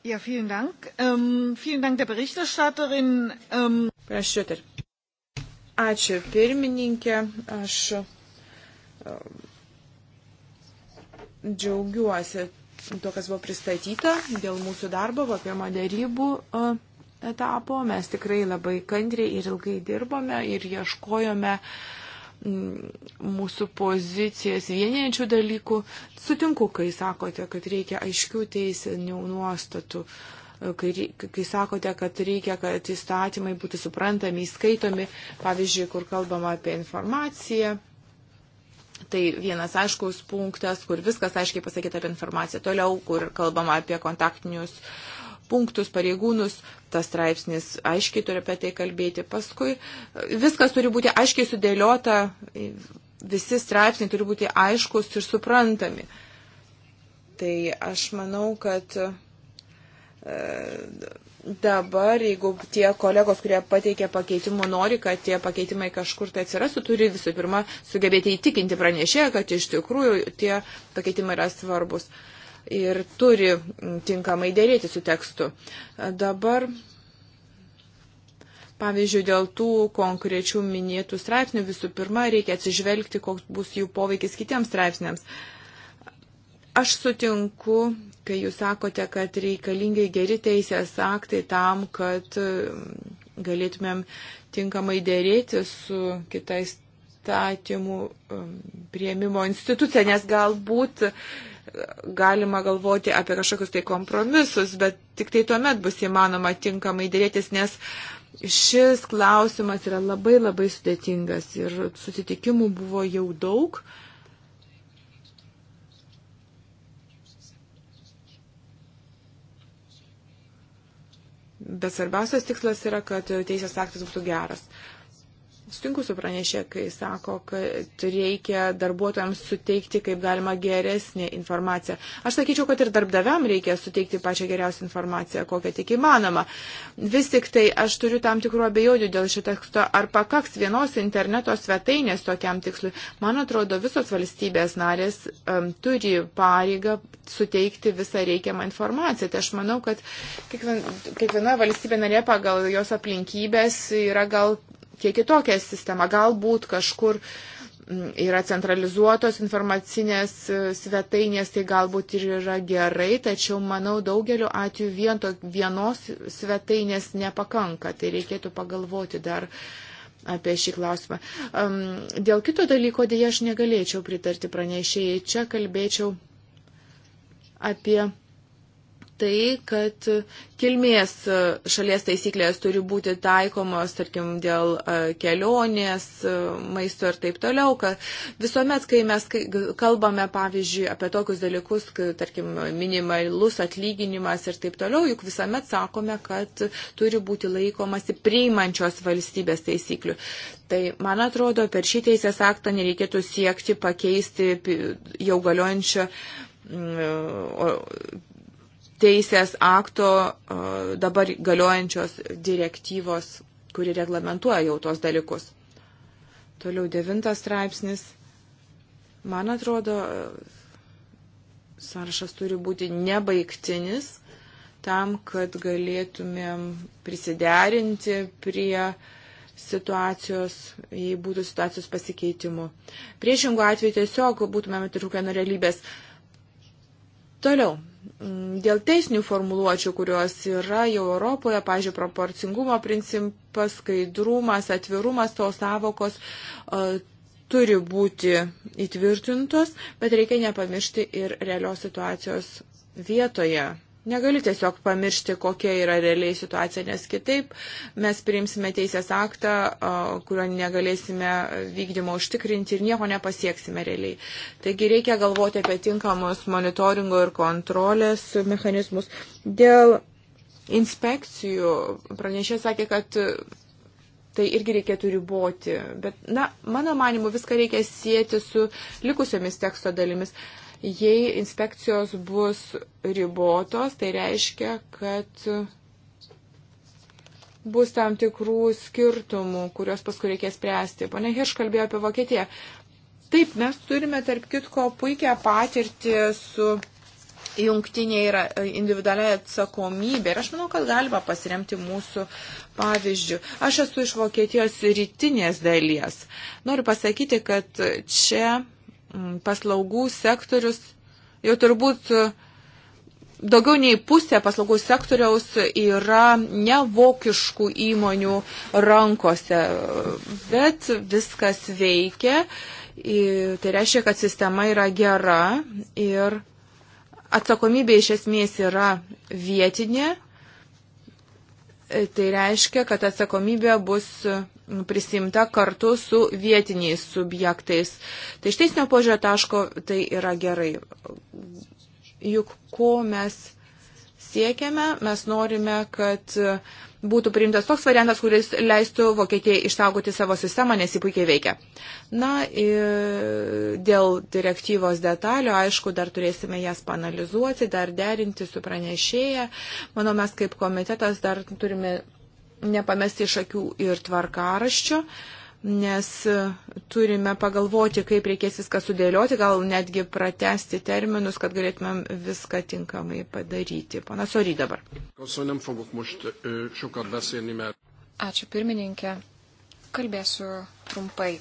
S1: Ja, vielen Dank. Ähm, vielen Dank der Berichterstatterin.
S2: Ähm Prašyter. Ačiū pirmininkė. Aš um, džiaugiuosi to, kas buvo pristatyta dėl mūsų darbo, pirmo dėrybų etapo. Mes tikrai labai kantriai ir ilgai dirbome ir ieškojome uh, Mm, mūsų pozicijas vieninčių dalykų. Sutinku, kai sakote, kad reikia aiškių teisinių nuostatų, kai, kai sakote, kad reikia, kad įstatymai būtų suprantami, įskaitomi, pavyzdžiui, kur kalbama apie informaciją. Tai vienas aiškus punktas, kur viskas aiškiai pasakyta apie informaciją. Toliau, kur kalbama apie kontaktinius uh, punktus, pareigūnus, tas straipsnis aiškiai turi apie tai kalbėti. Paskui e, viskas turi būti aiškiai sudėliota, e, visi straipsniai turi būti aiškus ir suprantami. Tai aš manau, kad e, dabar, jeigu tie kolegos, kurie pateikė pakeitimų, nori, kad tie pakeitimai kažkur tai atsirastų, turi visų pirma sugebėti įtikinti pranešėją, kad iš tikrųjų tie pakeitimai yra svarbus. Uh, ir turi tinkamai dėrėti su tekstu. Dabar Pavyzdžiui, dėl tų konkrečių minėtų straipsnių visų pirma reikia atsižvelgti, koks bus jų poveikis kitiems straipsniams. Aš sutinku, kai jūs sakote, kad reikalingai geri teisės aktai tam, kad mm, galėtumėm tinkamai dėrėti su kitais statymų mm, prieimimo institucija, nes galbūt uh, galima galvoti apie kažkokius tai kompromisus, bet tik tai tuomet bus įmanoma tinkamai dėrėtis, nes šis klausimas yra labai labai sudėtingas ir susitikimų buvo jau daug. Bet svarbiausias tikslas yra, kad teisės aktas būtų geras. Uh, Sutinku su pranešė, kai sako, kad reikia darbuotojams suteikti kaip galima geresnį informaciją. Aš sakyčiau, kad ir darbdaviam reikia suteikti pačią geriausią informaciją, kokią tik įmanoma. Vis tik tai aš turiu tam tikrų abejonių dėl šio teksto, ar pakaks vienos interneto svetainės tokiam tikslui. Man atrodo, visos valstybės narės um, turi pareigą suteikti visą reikiamą informaciją. Tai aš manau, kad kiekvien, kiekviena valstybė narė pagal jos aplinkybės yra gal kiek kitokią sistemą. Galbūt kažkur mm, yra centralizuotos informacinės e, svetainės, tai galbūt ir yra gerai, tačiau manau daugeliu atveju vien to, vienos svetainės nepakanka. Tai reikėtų pagalvoti dar apie šį klausimą. Um, dėl kito dalyko dėja aš negalėčiau pritarti pranešėjai. Čia kalbėčiau apie tai, kad kilmės e, šalies taisyklės turi būti taikomos, tarkim, dėl e, kelionės, e, maisto ir taip toliau. Visuomet, kai mes kalbame, pavyzdžiui, apie tokius dalykus, kai, tarkim, minimalus atlyginimas ir taip toliau, juk visuomet sakome, kad turi būti laikomasi priimančios valstybės taisyklių. Tai, man atrodo, per šį teisės aktą nereikėtų siekti pakeisti jau galiojančio teisės akto dabar galiojančios direktyvos, kuri reglamentuoja jau tos dalykus. Toliau devintas straipsnis. Man atrodo, sąrašas turi būti nebaigtinis tam, kad galėtumėm prisiderinti prie situacijos, jei būtų situacijos pasikeitimų. Priešingų atveju tiesiog būtumėm atitrūkę nuo realybės. Uh, Toliau. Mm, dėl teisinių formuluočių, kurios yra jau Europoje, pažiūrėjau, proporcingumo principas, skaidrumas, atvirumas, tos savokos e, turi būti įtvirtintos, bet reikia nepamiršti ir realios situacijos vietoje Negali tiesiog pamiršti, kokia yra realiai situacija, nes kitaip mes priimsime teisės aktą, kurio negalėsime vykdymo užtikrinti ir nieko nepasieksime realiai. Taigi reikia galvoti apie tinkamus monitoringo ir kontrolės mechanizmus. Dėl inspekcijų pranešė sakė, kad tai irgi reikėtų riboti. Bet, na, mano manimu, viską reikia sieti su likusiomis teksto dalimis. Uh, Jei inspekcijos bus ribotos, tai reiškia, kad bus tam tikrų skirtumų, kuriuos paskui reikės spręsti. Pane Hirš kalbėjo apie Vokietiją. Taip, mes turime, tarp kitko, puikią patirtį su jungtinė yra e, individualiai atsakomybė. Ir aš manau, kad galima pasiremti mūsų pavyzdžių. Aš esu iš Vokietijos rytinės dalies. Noriu pasakyti, kad čia Mm, paslaugų sektorius jau turbūt e, daugiau nei pusė paslaugų sektoriaus yra ne vokiškų įmonių rankose, bet viskas veikia. Tai reiškia, kad sistema yra gera ir atsakomybė iš esmės yra vietinė. E, tai reiškia, kad atsakomybė bus prisimta kartu su vietiniais subjektais. Tai iš teisinio požiūrio taško tai yra gerai. Juk ko mes siekiame, mes norime, kad būtų priimtas toks variantas, kuris leistų Vokietijai išsaugoti savo sistemą, nes jį puikiai veikia. Na, dėl direktyvos detalių, aišku, dar turėsime jas panalizuoti, dar derinti su pranešėja. Manau, mes kaip komitetas dar turime nepamesti iš akių ir tvarkaraščio, nes e, turime pagalvoti, kaip reikės viską sudėlioti, gal netgi pratesti terminus, kad galėtumėm viską tinkamai padaryti. Pana Sory dabar. E,
S4: Ačiū pirmininkė. Kalbėsiu trumpai.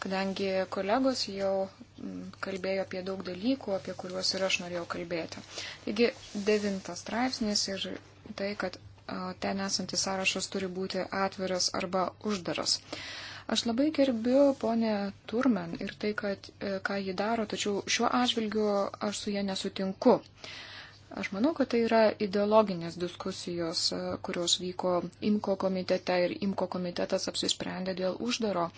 S4: Kadangi kolegos jau kalbėjo apie daug dalykų, apie kuriuos ir aš norėjau kalbėti. Taigi, devintas straipsnis ir tai, kad ten esantis sąrašas turi būti atviras arba uždaras. Aš labai gerbiu ponę Turmen ir tai, kad, e, ką ji daro, tačiau šiuo atžvilgiu aš su ja nesutinku. Uh, Aš manau, kad tai yra ideologinės diskusijos, e, kurios vyko IMKO komitete ir IMKO komitetas apsisprendė dėl uždaro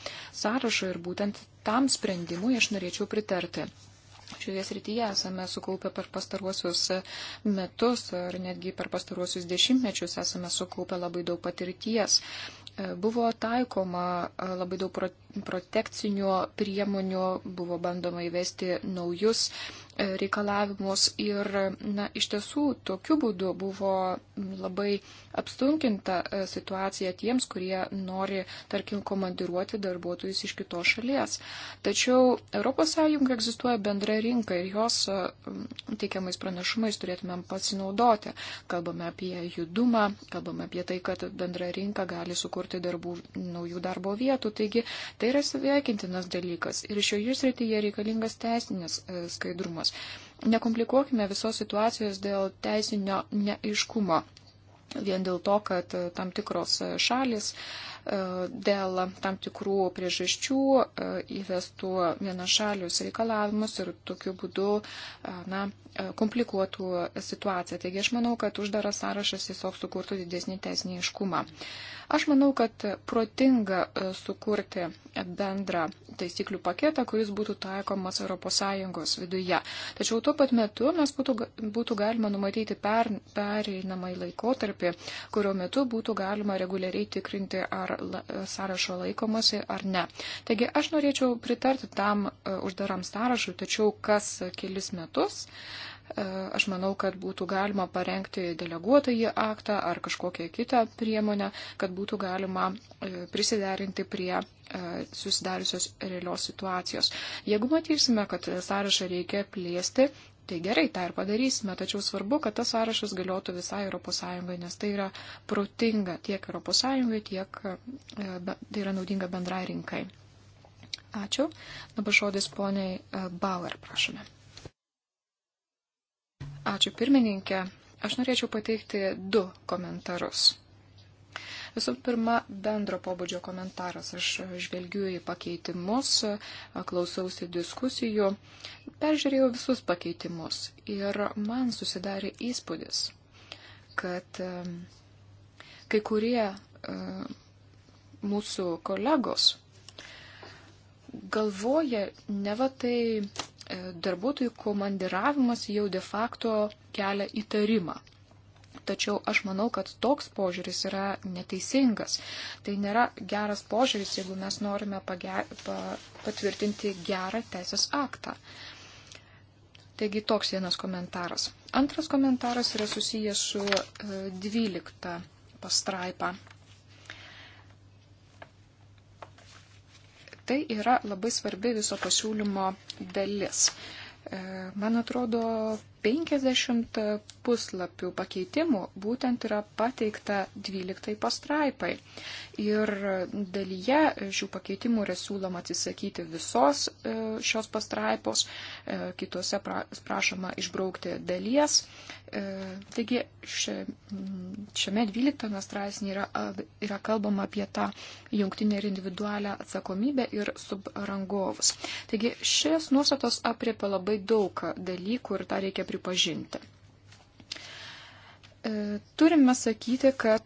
S4: sąrašo ir būtent tam sprendimui aš norėčiau pritarti. Šioje srityje esame sukaupę per pastaruosius metus ar netgi per pastaruosius dešimtmečius esame sukaupę labai daug patirties. E, buvo taikoma e, labai daug protekcinių priemonių, buvo bandoma įvesti naujus uh, reikalavimus ir na, iš tiesų tokiu būdu buvo labai apsunkinta e, situacija tiems, kurie nori, tarkim, komandiruoti darbuotojus iš kitos šalies. Tačiau ES egzistuoja bendra rinka ir jos e, teikiamais pranašumais turėtumėm pasinaudoti. Kalbame apie judumą, kalbame apie tai, kad bendra rinka gali sukurti darbų, naujų darbo vietų. Taigi tai yra sveikintinas dalykas ir šioje srityje reikalingas teisinės e, skaidrumas. Nekomplikuokime visos situacijos dėl teisinio neaiškumo vien dėl to, kad e, tam tikros e, šalis e, dėl tam tikrų priežasčių įvestų vienašalius reikalavimus ir tokiu būdu na, komplikuotų situaciją. Taigi aš manau, kad uždaras sąrašas tiesiog sukurtų didesnį teisinį iškumą. Aš manau, kad protinga e, sukurti bendrą taisyklių paketą, kuris būtų taikomas ES viduje. Tačiau tuo pat metu mes būtų, būtų galima numatyti per, pereinamą į laikotarpį, kurio metu būtų galima reguliariai tikrinti, ar la, sąrašo laikomasi ar ne. Taigi aš norėčiau pritarti tam e, uždaram sąrašui, tačiau kas kelis metus. Uh, E, aš manau, kad būtų galima parengti deleguotąjį aktą ar kažkokią kitą priemonę, kad būtų galima e, prisiderinti prie e, susidariusios realios situacijos. Jeigu matysime, kad sąrašą reikia plėsti, tai gerai, tą ir padarysime, tačiau svarbu, kad tas sąrašas galiotų visai ES, nes tai yra protinga tiek ES, tiek tai yra naudinga bendrai rinkai. Ačiū. Dabar žodis poniai Bauer, prašome. Ačiū pirmininkė. Aš norėčiau pateikti du komentarus. Visų pirma, bendro pobūdžio komentaras. Aš žvelgiu į pakeitimus, klausausi diskusijų, peržiūrėjau visus pakeitimus ir man susidarė įspūdis, kad kai kurie mūsų kolegos galvoja, ne va tai E, darbuotojų komandiravimas jau de facto kelia įtarimą. Tačiau aš manau, kad toks požiūris yra neteisingas. Tai nėra geras požiūris, jeigu mes norime pager... pa... patvirtinti gerą teisės aktą. Taigi toks vienas komentaras. Antras komentaras yra susijęs su 12 e, pastraipa. Tai yra labai svarbi viso pasiūlymo dalis. E, man atrodo, 50 puslapių pakeitimų būtent yra pateikta 12 pastraipai. Ir dalyje šių pakeitimų yra siūloma atsisakyti visos e, šios pastraipos, e, kitose prašoma išbraukti dalies. E, taigi šiame 12 straipsnėje yra, yra kalbama apie tą jungtinę ir individualią atsakomybę ir subrangovus. Taigi šis nuostatos apriepia labai daug dalykų ir tą reikia pripažinti. E, turime sakyti, kad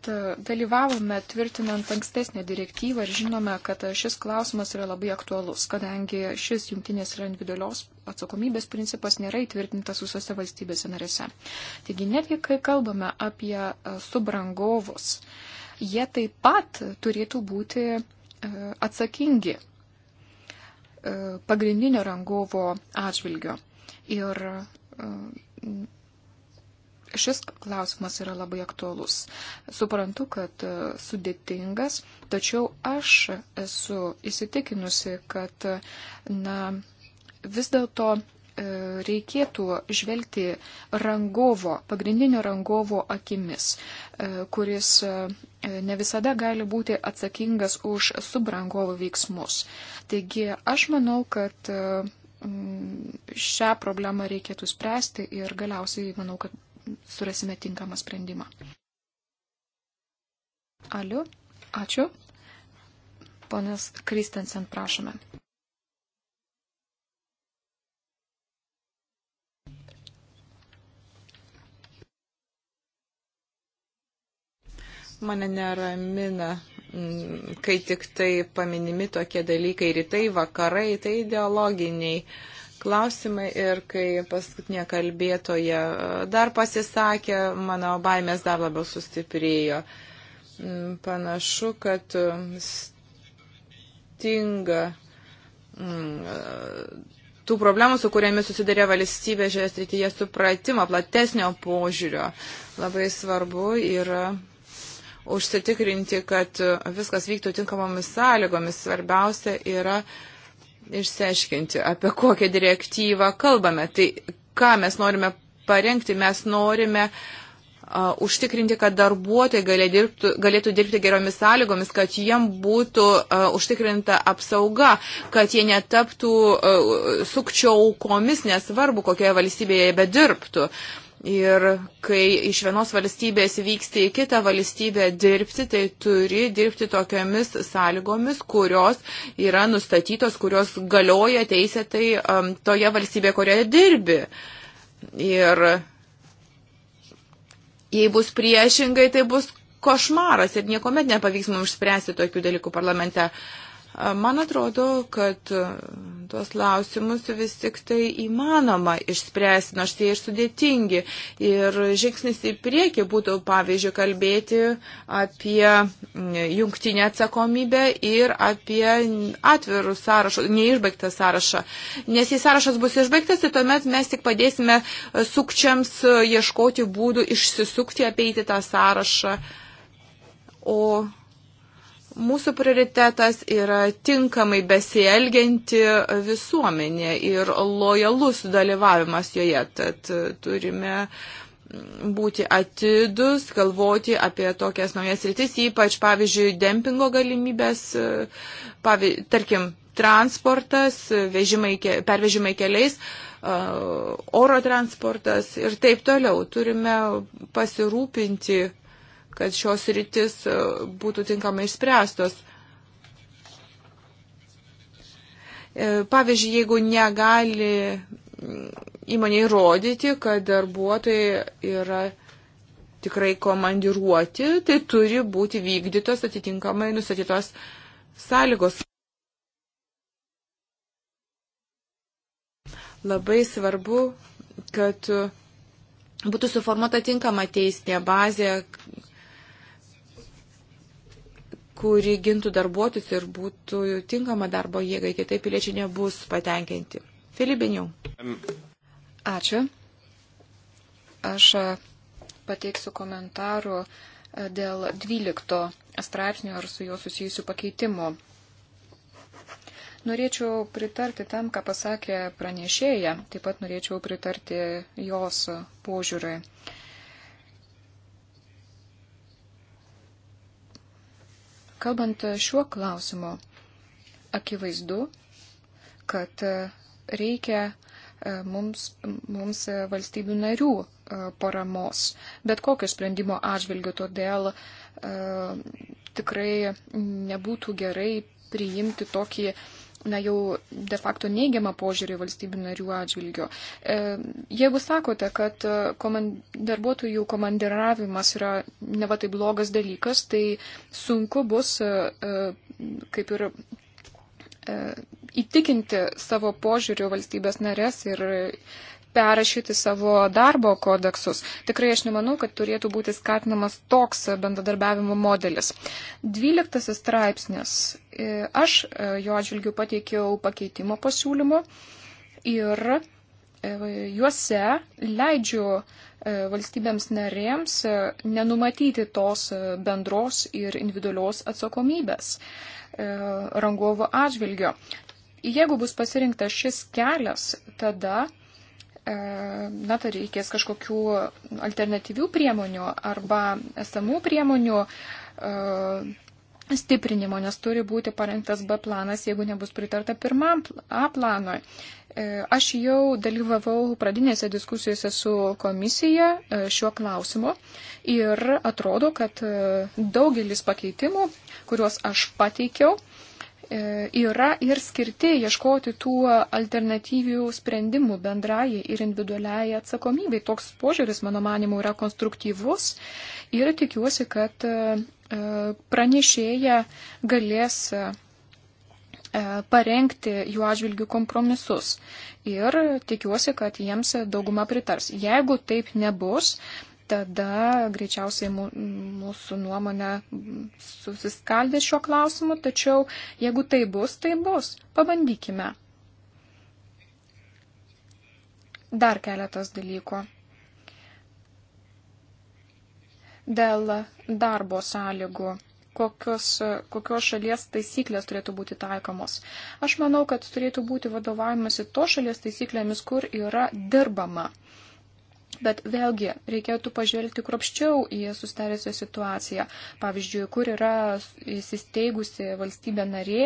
S4: dalyvavome tvirtinant ankstesnę direktyvą ir žinome, kad šis klausimas yra labai aktualus, kadangi šis jungtinės ir individualios atsakomybės principas nėra įtvirtintas visose valstybėse narėse. Taigi netgi, kai kalbame apie e, subrangovus, jie taip pat turėtų būti e, atsakingi pagrindinio rangovo atžvilgio. Ir Ehm, šis klausimas yra labai aktuolus. Suprantu, kad e, sudėtingas, tačiau aš esu įsitikinusi, kad na, vis dėlto e, reikėtų žvelgti rangovo, pagrindinio rangovo akimis, e, kuris ne visada gali būti atsakingas už subrangovo veiksmus. Taigi aš manau, kad Mm, šią problemą reikėtų spręsti ir galiausiai manau, kad surasime tinkamą sprendimą. Aliu, ačiū. Ponas Kristensen, prašome.
S2: Mane neramina Mm, kai tik tai paminimi tokie dalykai rytai, vakarai, tai ideologiniai klausimai ir kai paskutinė kalbėtoja e, dar pasisakė, mano baimės dar labiau sustiprėjo. Mm, panašu, kad e, stinga mm, e, tų problemų, su kuriamis susidarė valstybė šioje srityje supratimą, platesnio požiūrio. Labai svarbu yra. Ir užsitikrinti, kad viskas vyktų tinkamomis sąlygomis. Svarbiausia yra išsiaiškinti, apie kokią direktyvą kalbame. Tai ką mes norime parengti, mes norime uh, užtikrinti, kad darbuotojai galė dirbtų, galėtų dirbti geromis sąlygomis, kad jiem būtų uh, užtikrinta apsauga, kad jie netaptų uh, sukčiaukomis, nesvarbu, kokioje valstybėje jie bedirbtų. Uh, Ir kai iš vienos valstybės vyksti į kitą valstybę dirbti, tai turi dirbti tokiomis sąlygomis, kurios yra nustatytos, kurios galioja teisėtai um, toje valstybėje, kurioje dirbi. Ir jei bus priešingai, tai bus košmaras ir niekuomet nepavyks mums išspręsti tokių dalykų parlamente. Uh, Man atrodo, kad e, tuos klausimus vis tik tai įmanoma išspręsti, nors jie ir sudėtingi. Ir žingsnis į priekį būtų, pavyzdžiui, kalbėti apie jungtinę atsakomybę ir apie atvirų sąrašą, neišbaigtą sąrašą. Nes jei sąrašas bus išbaigtas, tai tuomet mes tik padėsime sukčiams ieškoti būdų išsisukti, apeiti tą sąrašą. O Mūsų prioritetas yra tinkamai besielgianti visuomenė ir lojalus dalyvavimas joje. Tad e, turime būti atidus, galvoti apie tokias naujas rytis, ypač, pavyzdžiui, dempingo galimybės, e, pavyzdžiui, tarkim, transportas, vežimai, pervežimai keliais, e, oro transportas ir taip toliau. Turime pasirūpinti kad šios rytis e, būtų tinkamai išspręstos. E, pavyzdžiui, jeigu negali mm, įmonė įrodyti, kad darbuotojai yra tikrai komandiruoti, tai turi būti vykdytos atitinkamai nustatytos sąlygos. Labai svarbu, kad būtų suformuota tinkama teisinė bazė, kuri gintų darbuotojus ir būtų tinkama darbo jėgai, kitaip tai
S4: piliečiai nebus patenkinti. Filibiniau. Ačiū. Aš e, pateiksiu komentarų e, dėl 12 straipsnio ar su juo susijusių pakeitimų. Norėčiau pritarti tam, ką pasakė pranešėja, taip pat norėčiau pritarti jos požiūriui. kalbant šiuo klausimu, akivaizdu, kad reikia e, mums, mums valstybių narių e, paramos, bet kokio sprendimo atžvilgiu, todėl e, tikrai nebūtų gerai priimti tokį na jau de facto neigiamą požiūrį valstybių narių atžvilgiu. E, jeigu sakote, kad e, komand... darbuotojų komandiravimas yra neva tai blogas dalykas, tai sunku bus e, kaip ir įtikinti savo požiūrių valstybės narės ir perrašyti savo darbo kodeksus. Tikrai aš nemanau, kad turėtų būti skatinamas toks bendradarbiavimo modelis. Dvyliktasis straipsnis. E, aš e, jo atžvilgiu pateikiau pakeitimo pasiūlymo ir e, juose leidžiu valstybėms narėms nenumatyti tos bendros ir individualios atsakomybės rangovo atžvilgio. Jeigu bus pasirinktas šis kelias, tada E, na, tai reikės kažkokių alternatyvių priemonių arba esamų priemonių e, stiprinimo, nes turi būti parengtas B planas, jeigu nebus pritarta pirmam A planui. E, aš jau dalyvavau pradinėse diskusijose su komisija šiuo klausimu ir atrodo, kad daugelis pakeitimų, kuriuos aš pateikiau, E, yra ir skirti ieškoti tų alternatyvių sprendimų bendrajai ir individualiai atsakomybei. Toks požiūris, mano manimu, yra konstruktyvus ir tikiuosi, kad e, e, pranešėja galės parengti jų atžvilgių kompromisus. Ir tikiuosi, kad jiems dauguma pritars. Jeigu taip nebus, tada greičiausiai mūsų nuomonė susiskaldė šiuo klausimu, tačiau jeigu tai bus, tai bus. Pabandykime. Dar keletas dalykų. Dėl darbo sąlygų, kokios, kokios šalies taisyklės turėtų būti taikomos. Aš manau, kad turėtų būti vadovavimasi to šalies taisyklėmis, kur yra dirbama. Uh, Bet vėlgi reikėtų pažvelgti kropščiau į sustarėsią situaciją. Pavyzdžiui, kur yra įsisteigusi valstybė narė.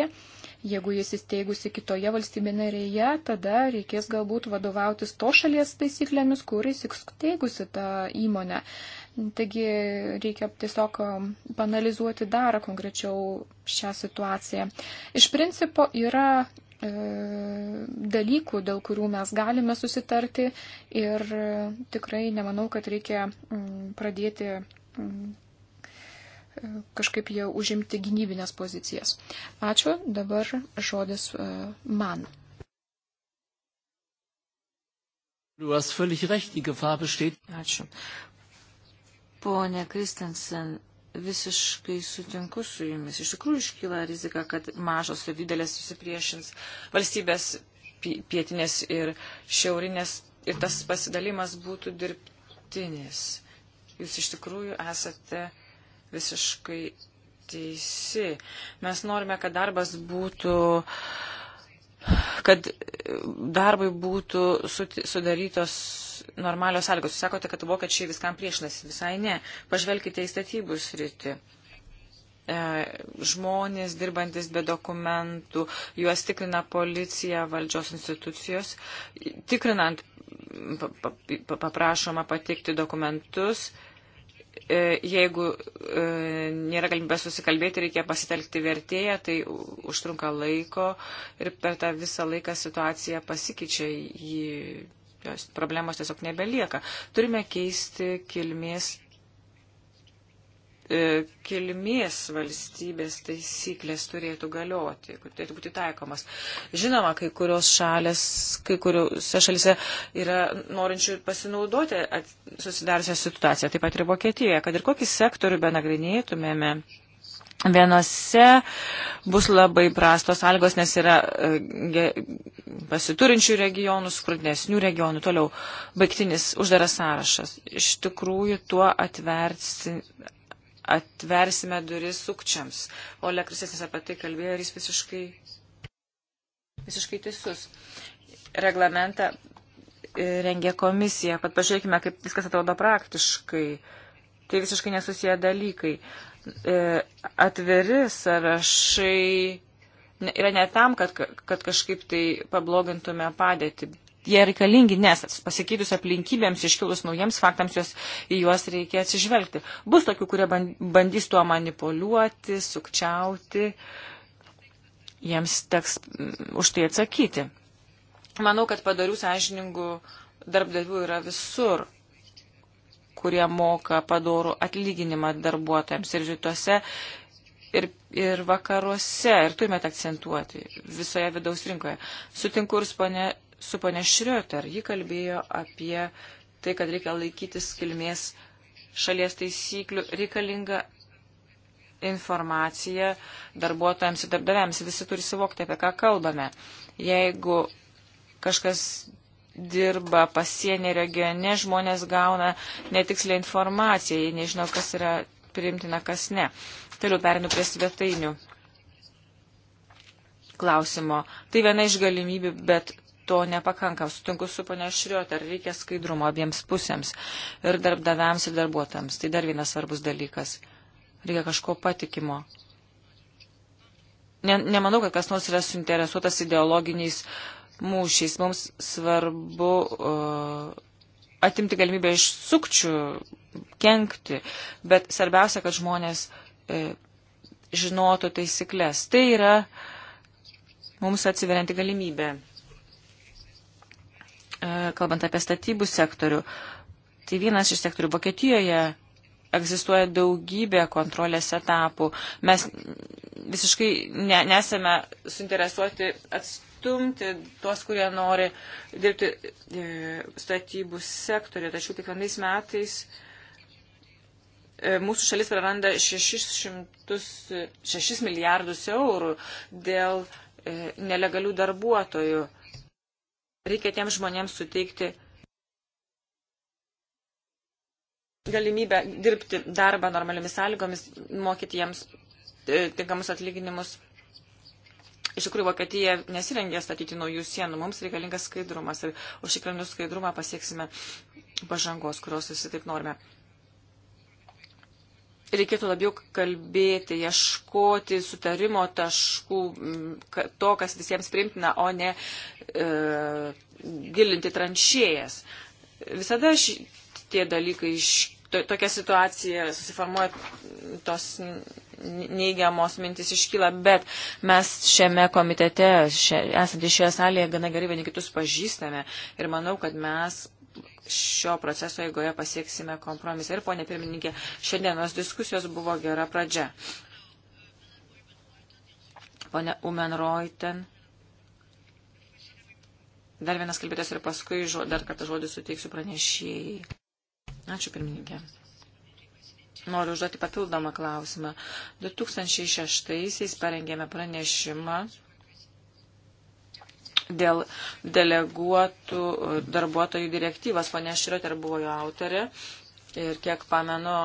S4: Jeigu jis įsteigusi kitoje valstybė narėje, tada reikės galbūt vadovautis to šalies taisyklėmis, kur įsisteigusi ta įmonė. Taigi reikia tiesiog um, panalizuoti dar konkrečiau šią situaciją. Iš principo yra E, dalykų, dėl kurių mes galime susitarti ir e, tikrai nemanau, kad reikia pradėti e, kažkaip jau užimti gynybinės pozicijas. Ačiū, dabar žodis man.
S1: Ačiū.
S3: Pone Kristensen, Visiškai sutinku su jumis. Iš tikrųjų iškyla rizika, kad mažos ir didelės susipriešins valstybės pietinės ir šiaurinės ir tas pasidalimas būtų dirbtinis. Jūs iš tikrųjų esate visiškai teisi. Mes norime, kad darbas būtų uh, kad darbui būtų sudarytos normalios sąlygos. Jūs sakote, kad vokiečiai viskam priešinasi. Visai ne. Pažvelkite į statybų sritį. E, žmonės dirbantis be dokumentų, juos tikrina policija, valdžios institucijos. Tikrinant paprašoma pateikti dokumentus, E, jeigu e, nėra galimybė susikalbėti, reikia pasitelkti vertėją, tai užtrunka laiko ir per tą visą laiką situacija pasikeičia, jį, jos problemos tiesiog nebelieka. Turime keisti kilmės E, kilmės valstybės taisyklės turėtų galioti, kur turėtų būti taikomas. Žinoma, kai kurios šalės, kai kuriuose šalise yra norinčių pasinaudoti susidariusią situaciją, taip pat ir Vokietijoje, kad ir kokį sektorių benagrinėtumėme. Vienose bus labai prastos algos, nes yra e, ge, pasiturinčių regionų, skrudnesnių regionų, toliau baigtinis uždaras sąrašas. Iš tikrųjų, tuo atversi, atversime duris sukčiams. O Lekrisėsnis apie tai kalbėjo ir jis visiškai, visiškai teisus. Reglamentą e, rengė komisija, pat pažiūrėkime, kaip viskas atrodo praktiškai. Tai visiškai nesusiję dalykai. E, atviri sąrašai yra ne tam, kad, kad kažkaip tai pablogintume padėtį, jie reikalingi, nes pasikeitus aplinkybėms, iškilus naujiems faktams, juos, į juos reikia atsižvelgti. Bus tokių, kurie bandys tuo manipuliuoti, sukčiauti, jiems teks mm, už tai atsakyti. Manau, kad padarių sąžiningų darbdavių yra visur kurie moka padorų atlyginimą darbuotojams ir rytuose, ir, ir vakaruose, ir turime akcentuoti visoje vidaus rinkoje. Sutinku ir su ponė su ponė Šrioter. Ji kalbėjo apie tai, kad reikia laikytis kilmės šalies taisyklių, reikalinga informacija darbuotojams ir darbdaviams. Visi turi suvokti, apie ką kalbame. Jeigu kažkas dirba pasienė regione, žmonės gauna netikslę informaciją, jie nežino, kas yra priimtina, kas ne. Toliau perinu prie svetainių klausimo. Tai viena iš galimybių, bet to nepakanka. Sutinku su ponia Šriot, ar reikia skaidrumo abiems pusėms ir darbdaviams ir darbuotams. Tai dar vienas svarbus dalykas. Reikia kažko patikimo. Ne, nemanau, kad kas nors yra suinteresuotas ideologiniais mūšiais. Mums svarbu uh, atimti galimybę iš sukčių, kenkti, bet svarbiausia, kad žmonės uh, žinotų taisyklės. Tai yra mums atsiverinti galimybę. E, kalbant apie statybų sektorių, tai vienas iš sektorių Vokietijoje egzistuoja daugybė kontrolės etapų. Mes visiškai ne, nesame suinteresuoti atstumti tuos, kurie nori dirbti e, statybų sektoriu, tačiau kiekvienais metais e, Mūsų šalis praranda 600, 6 milijardus eurų dėl e, nelegalių darbuotojų. E, Reikia tiem žmonėms suteikti galimybę dirbti darbą normaliomis sąlygomis, mokyti jiems e, tinkamus atlyginimus. Iš tikrųjų, Vokietija nesirengė statyti naujų sienų, mums reikalingas skaidrumas ir užtikrinus skaidrumą pasieksime pažangos, kurios visi taip norime. Reikėtų labiau kalbėti, ieškoti sutarimo taškų, to, kas visiems primtina, o ne e, gilinti tranšėjas. Visada ši, tie dalykai, iš, to, tokia situacija susiformuoja, tos neigiamos mintis iškyla, bet mes šiame komitete, šia, esant iš šioje salėje, gana gerai vieni kitus pažįstame ir manau, kad mes šio proceso eigoje pasieksime kompromisą. Ir, ponė pirmininkė, šiandienos diskusijos buvo gera pradžia. Pone Umenroiten Dar vienas kalbėtas ir paskui žo, dar kartą žodį suteiksiu pranešėjai. Ačiū pirmininkė. Noriu užduoti papildomą klausimą. 2006-aisiais parengėme pranešimą dėl deleguotų darbuotojų direktyvas. Pane Šrioter buvo jo autorė ir kiek pamenu,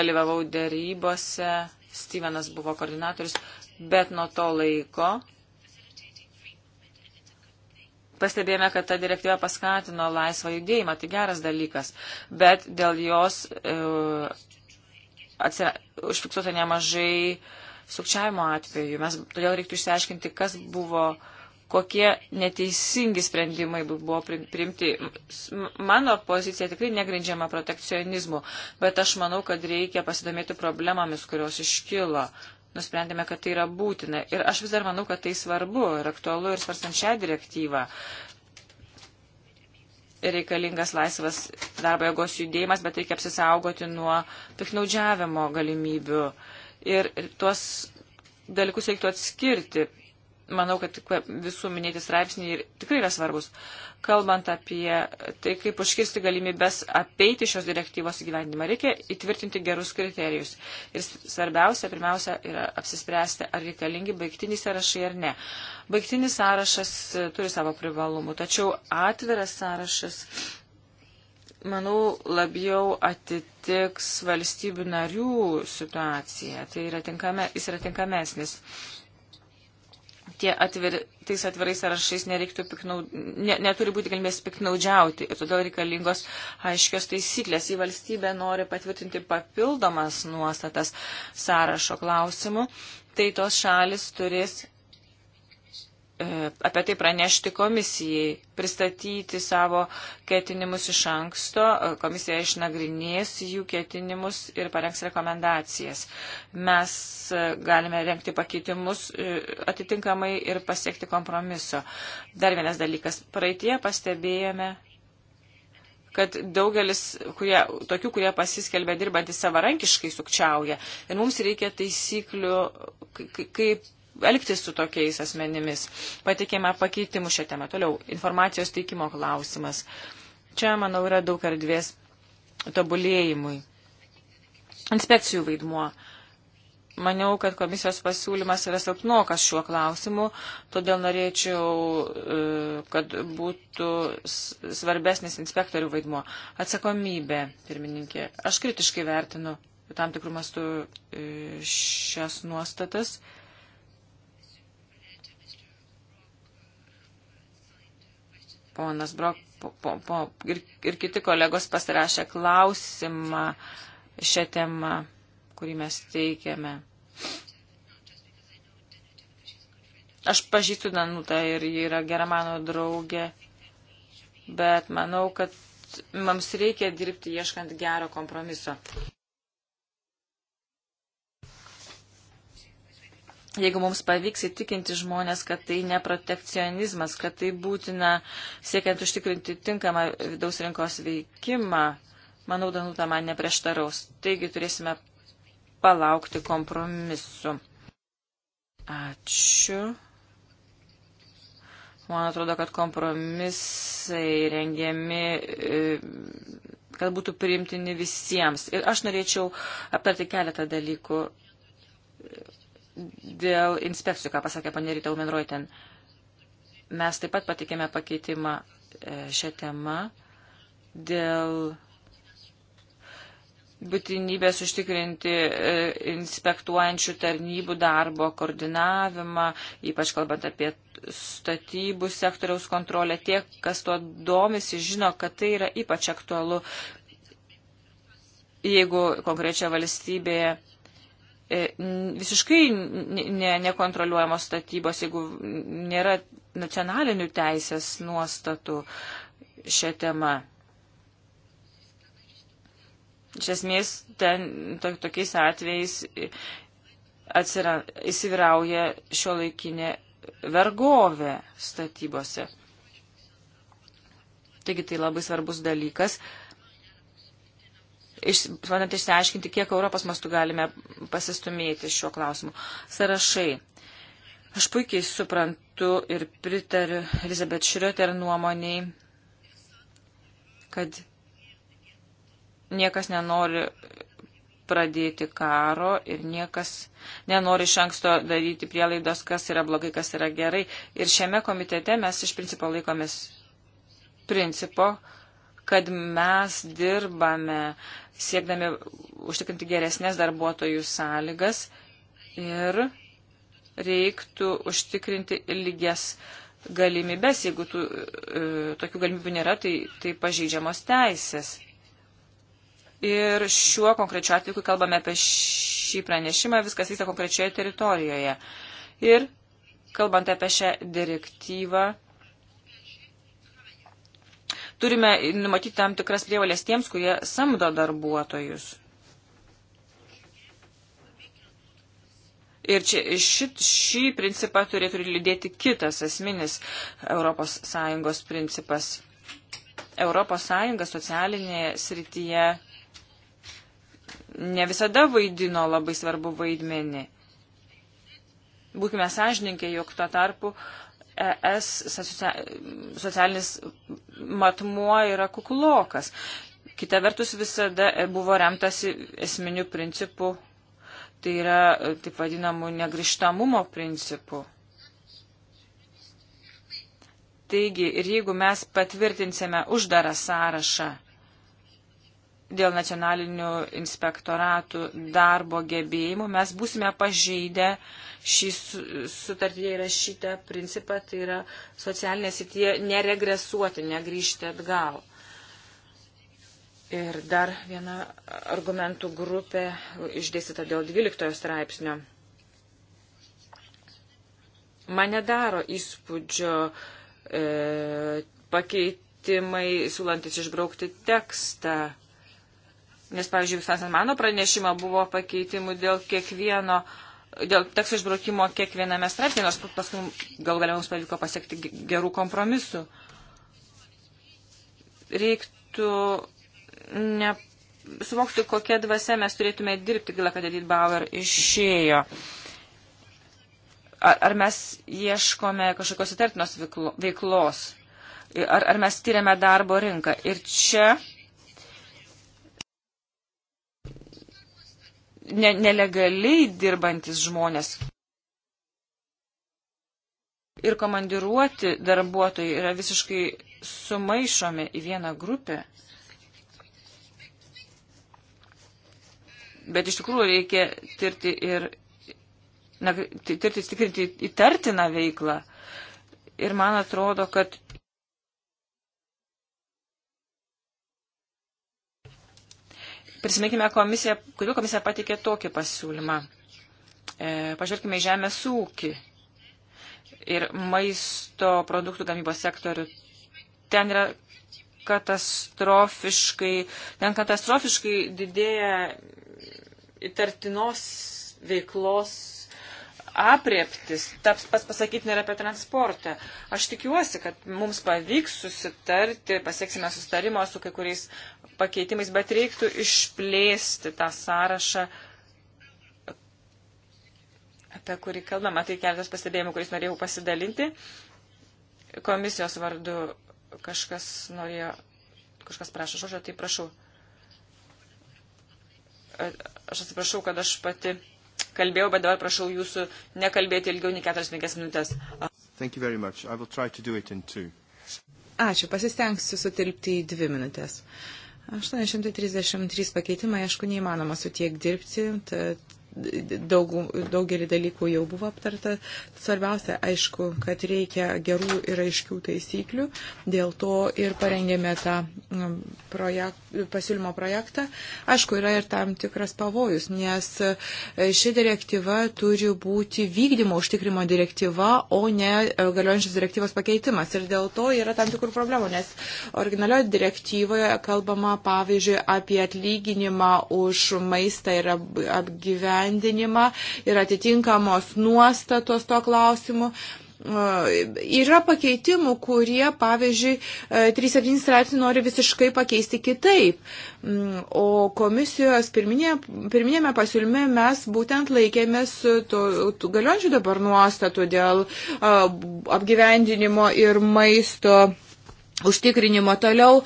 S3: dalyvavau dėrybose, Stevenas buvo koordinatorius, bet nuo to laiko pastebėjome, kad ta direktyva paskatino laisvą judėjimą, tai geras dalykas, bet dėl jos uh, e, atsira, užfiksuota nemažai sukčiavimo atveju. Mes todėl reiktų išsiaiškinti, kas buvo, kokie neteisingi sprendimai buvo priimti. Mano pozicija tikrai negrindžiama protekcionizmu, bet aš manau, kad reikia pasidomėti problemomis, kurios iškilo nusprendėme, kad tai yra būtina. Ir aš vis dar manau, kad tai svarbu ir aktualu ir svarstant šią direktyvą. Reikalingas laisvas darbo jėgos judėjimas, bet reikia apsisaugoti nuo piknaudžiavimo galimybių. Ir tuos dalykus reiktų atskirti manau, kad visų minėti straipsniai tikrai yra svarbus. Kalbant apie tai, kaip užkirsti galimybės apeiti šios direktyvos įgyvendimą, reikia įtvirtinti gerus kriterijus. Ir svarbiausia, pirmiausia, yra apsispręsti, ar reikalingi baigtiniai sąrašai ar ne. Baigtinis sąrašas e, turi savo privalumų, tačiau atviras sąrašas. Manau, labiau atitiks valstybių narių situaciją. Tai yra tinkame, jis yra tinkamesnis tie atvir, tais atvirais sąrašais nereiktų piknaud, ne, neturi būti galimės piknaudžiauti ir todėl reikalingos aiškios taisyklės. Į valstybę nori patvirtinti papildomas nuostatas sąrašo klausimų, tai tos šalis turės E, apie tai pranešti komisijai, pristatyti savo ketinimus iš anksto, e, komisija išnagrinės jų ketinimus ir parengs rekomendacijas. Mes e, galime renkti pakeitimus atitinkamai ir pasiekti kompromiso. Dar vienas dalykas. Praeitie pastebėjome kad daugelis kurie, tokių, kurie pasiskelbė dirbantys savarankiškai, sukčiauja. Ir mums reikia taisyklių, kaip elgtis su tokiais asmenimis. Patikėme pakeitimų šią temą. Toliau, informacijos teikimo klausimas. Čia, manau, yra daug erdvės tobulėjimui. Inspekcijų vaidmuo. Maniau, kad komisijos pasiūlymas yra silpnokas šiuo klausimu, todėl norėčiau, e, kad būtų svarbesnis inspektorių vaidmuo. Atsakomybė, pirmininkė. Aš kritiškai vertinu tam tikrų mastų e, šias nuostatas. ponas Brok po, po, po, ir, ir kiti kolegos pasirašė klausimą šią temą, kurį mes teikėme. Aš pažįstu Danutą ir ji yra gera mano draugė, bet manau, kad mums reikia dirbti ieškant gero kompromiso. jeigu mums pavyks įtikinti žmonės, kad tai ne protekcionizmas, kad tai būtina siekiant užtikrinti tinkamą vidaus rinkos veikimą, manau, Danuta man neprieštaraus. Taigi turėsime palaukti kompromisu. Ačiū. Man atrodo, kad kompromisai rengiami, e, kad būtų priimtini visiems. Ir aš norėčiau aptarti keletą dalykų dėl inspekcijų, ką pasakė panė Rita Umenroiten. Mes taip pat patikėme pakeitimą e, šią temą dėl būtinybės užtikrinti e, inspektuojančių tarnybų darbo koordinavimą, ypač kalbant apie statybų sektoriaus kontrolę. Tie, kas tuo domisi, žino, kad tai yra ypač aktualu, jeigu konkrečia valstybėje E, visiškai ne, nekontroliuojamos statybos, jeigu nėra nacionalinių teisės nuostatų šią temą. Iš esmės, ten to, tokiais atvejais atsira, įsivyrauja šio laikinė vergovė statybose. Taigi tai labai svarbus dalykas. E, bandant išsiaiškinti, kiek Europos mastu galime pasistumėti šiuo klausimu. Sarašai. Aš puikiai suprantu ir pritariu Elizabeth Schroeder nuomoniai, kad niekas nenori pradėti karo ir niekas nenori iš anksto daryti prielaidos, kas yra blogai, kas yra gerai. Ir šiame komitete mes iš principo laikomės principo, kad mes dirbame siekdami užtikrinti geresnės darbuotojų sąlygas ir reiktų užtikrinti lygias galimybės. Jeigu tų, e, tokių galimybių nėra, tai, tai pažeidžiamos teisės. Ir šiuo konkrečiu atveju, kai kalbame apie šį pranešimą, viskas vyksta konkrečioje teritorijoje. Ir kalbant apie šią direktyvą, turime numatyti tam tikras prievalės tiems, kurie samdo darbuotojus. Ir čia, šit, šį principą turėtų lydėti kitas esminis ES principas. ES socialinėje srityje ne visada vaidino labai svarbu vaidmenį. Būkime sąžininkai, jog tuo tarpu ES socialinis matmuo yra kuklokas. Kita vertus visada e, buvo remtasi esminių principų, tai yra e, taip vadinamų negrižtamumo principų. Taigi, ir jeigu mes patvirtinsime uždarą sąrašą dėl nacionalinių inspektoratų darbo gebėjimų mes būsime pažeidę šį sutartyje įrašytą principą, tai yra socialinė sitie neregresuoti, negryžti atgal. Ir dar viena argumentų grupė išdėstyta dėl 12 straipsnio. Mane daro įspūdžio e, pakeitimai, siūlantis išbraukti tekstą Nes, pavyzdžiui, visą mano pranešimą buvo pakeitimų dėl kiekvieno, dėl teksto išbraukimo kiekviename straipsnėje, nors paskui gal galia mums pavyko pasiekti gerų kompromisų. Reiktų ne, suvokti, kokia dvasia mes turėtume dirbti, gila, kad Edith Bauer išėjo. Ar, ar mes ieškome kažkokios įtartinos veiklos? Ar, ar mes tyriame darbo rinką? Ir čia ne, nelegaliai dirbantis žmonės. Ir komandiruoti darbuotojai yra visiškai sumaišomi į vieną grupę. Bet iš tikrųjų reikia tirti ir na, tirti, tikrinti įtartiną veiklą. Ir man atrodo, kad Prisiminkime, komisija, kodėl komisija patikė tokį pasiūlymą. E, pažvelkime į žemės ūkį ir maisto produktų gamybos sektorių. Ten yra katastrofiškai, ten katastrofiškai didėja įtartinos veiklos apreptis, taps pas pasakyti nėra apie transportą. Aš tikiuosi, kad mums pavyks susitarti, pasieksime sustarimo su kai kuriais pakeitimais, bet reiktų išplėsti tą sąrašą, apie kurį kalbama. Tai keletas pastebėjimų, kuriais norėjau pasidalinti. Komisijos vardu kažkas norėjo, kažkas prašo žodžio, tai prašau. Aš atsiprašau, kad aš pati kalbėjau, bet dabar prašau jūsų nekalbėti ilgiau nei 45 minutės.
S2: Ačiū, pasistengsiu sutilpti į dvi minutės. Uh, 833 pakeitimai, aišku, neįmanoma su tiek dirbti, tad daug, daugelį dalykų jau buvo aptarta. Svarbiausia, aišku, kad reikia gerų ir aiškių taisyklių. Dėl to ir parengėme tą mm, projekt, pasiūlymo projektą. Aišku, yra ir tam tikras pavojus, nes e, ši direktyva turi būti vykdymo užtikrimo direktyva, o ne e, galiojančios direktyvos pakeitimas. Ir dėl to yra tam tikrų problemų, nes originalioje direktyvoje kalbama, pavyzdžiui, apie atlyginimą už maistą ir apgyvenimą įgyvendinimą ir atitinkamos nuostatos to klausimu. E, yra pakeitimų, kurie, pavyzdžiui, 37 e, straipsnį nori visiškai pakeisti kitaip. Mm, o komisijos pirminė, pirminėme pasiūlyme mes būtent laikėmės galiojančių dabar nuostatų dėl e, apgyvendinimo ir maisto užtikrinimo toliau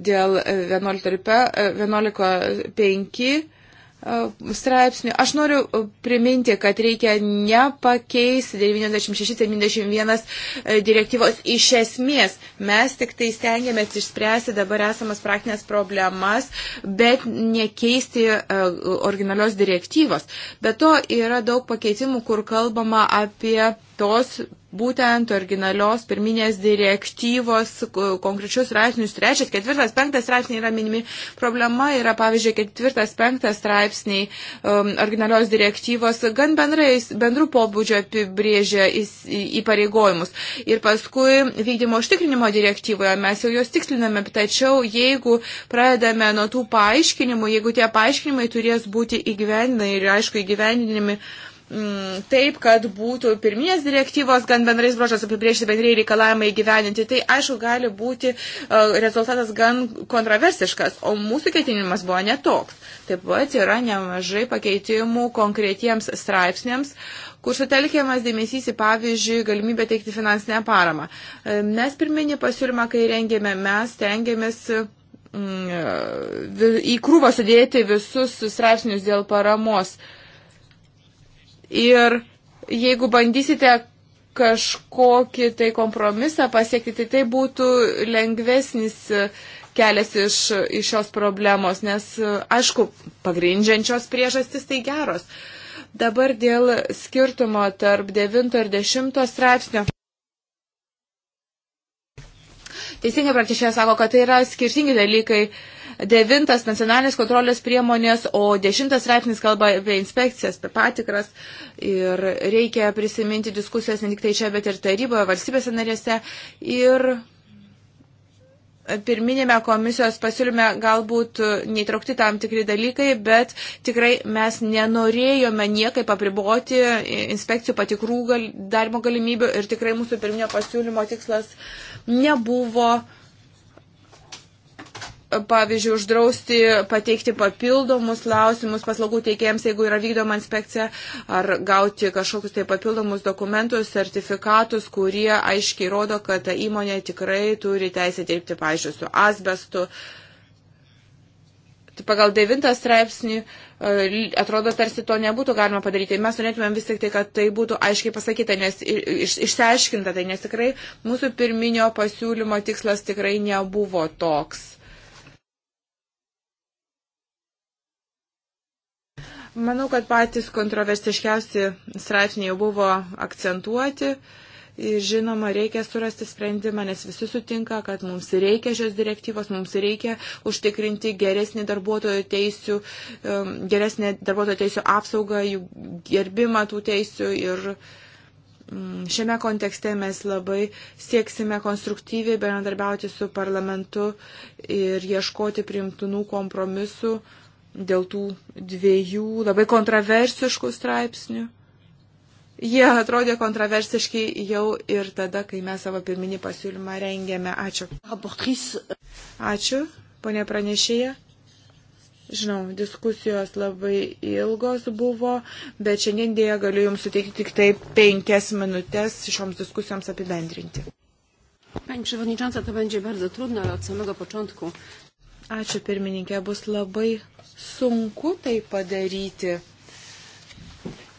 S2: dėl 11.5 straipsnių. Aš noriu e, priminti, kad reikia nepakeisti 96-71 e, direktyvos iš esmės. Mes tik tai stengiamės išspręsti dabar esamas praktinės problemas, bet nekeisti e, originalios direktyvos. Be to yra daug pakeitimų, kur kalbama apie tos būtent originalios pirminės direktyvos konkrečius straipsnius. Trečias, ketvirtas, penktas straipsniai yra minimi. Problema yra, pavyzdžiui, ketvirtas, penktas straipsniai um, originalios direktyvos gan bendrais, bendrų pobūdžio apibrėžia įpareigojimus. Ir paskui vykdymo užtikrinimo direktyvoje mes jau juos tiksliname, tačiau jeigu pradedame nuo tų paaiškinimų, jeigu tie paaiškinimai turės būti įgyvendinami ir aišku įgyvendinami, uh, mm, taip, kad būtų pirminės direktyvos gan bendrais brožas apibriežti bendrėjai reikalavimai gyveninti, tai aišku gali būti uh, rezultatas gan kontroversiškas, o mūsų ketinimas buvo netoks. Taip pat yra nemažai pakeitimų konkretiems straipsniams, kur sutelkiamas dėmesys į, pavyzdžiui, galimybę teikti finansinę paramą. E, mes pirminį pasiūlymą, kai rengėme, mes tengiamės mm, e, į krūvą sudėti visus straipsnius dėl paramos. Uh, Ir jeigu bandysite kažkokį tai kompromisą pasiekti, tai tai būtų lengvesnis kelias iš, iš šios problemos, nes, aišku, pagrindžiančios priežastis tai geros. Dabar dėl skirtumo tarp 9 ir 10 straipsnio. Teisingai pratešė sako, kad tai yra skirtingi dalykai. Uh, devintas nacionalinės kontrolės priemonės, o dešimtas straipsnis kalba apie inspekcijas, apie patikras. Ir reikia prisiminti diskusijas ne tik tai čia, bet ir taryboje, valstybėse narėse. Ir pirminėme komisijos pasiūlyme galbūt neįtraukti tam tikri dalykai, bet tikrai mes nenorėjome niekaip apriboti inspekcijų patikrų gal, darbo galimybių ir tikrai mūsų pirminio pasiūlymo tikslas nebuvo pavyzdžiui, uždrausti pateikti papildomus klausimus paslaugų teikėjams, jeigu yra vykdoma inspekcija, ar gauti kažkokius tai papildomus dokumentus, sertifikatus, kurie aiškiai rodo, kad ta įmonė tikrai turi teisę dirbti, pavyzdžiui, su asbestu. Tai pagal devintą straipsnį e, atrodo, tarsi to nebūtų galima padaryti. Mes norėtumėm vis tik tai, kad tai būtų aiškiai pasakyta, nes iš, išsiaiškinta tai, nes tikrai mūsų pirminio pasiūlymo tikslas tikrai nebuvo toks. Manau, kad patys kontroversiškiausi straipsniai jau buvo akcentuoti. Ir žinoma, reikia surasti sprendimą, nes visi sutinka, kad mums reikia šios direktyvos, mums reikia užtikrinti geresnį darbuotojų teisių, geresnį darbuotojų teisių apsaugą, jų gerbimą tų teisių. Ir mm, šiame kontekste mes labai sieksime konstruktyviai bendradarbiauti su parlamentu ir ieškoti primtinų kompromisų dėl tų dviejų labai kontroversiškų straipsnių. Jie atrodė kontroversiški jau ir tada, kai mes savo pirminį pasiūlymą rengėme. Ačiū. Ačiū, ponė pranešėja. Žinau, diskusijos labai ilgos buvo, bet šiandien dėja galiu Jums suteikti tik tai penkias minutės šioms diskusijoms apibendrinti.
S1: Pani Przewodnicząca, to będzie bardzo trudne, ale od samego początku.
S2: Ačiū pirmininkė, bus labai sunku tai padaryti.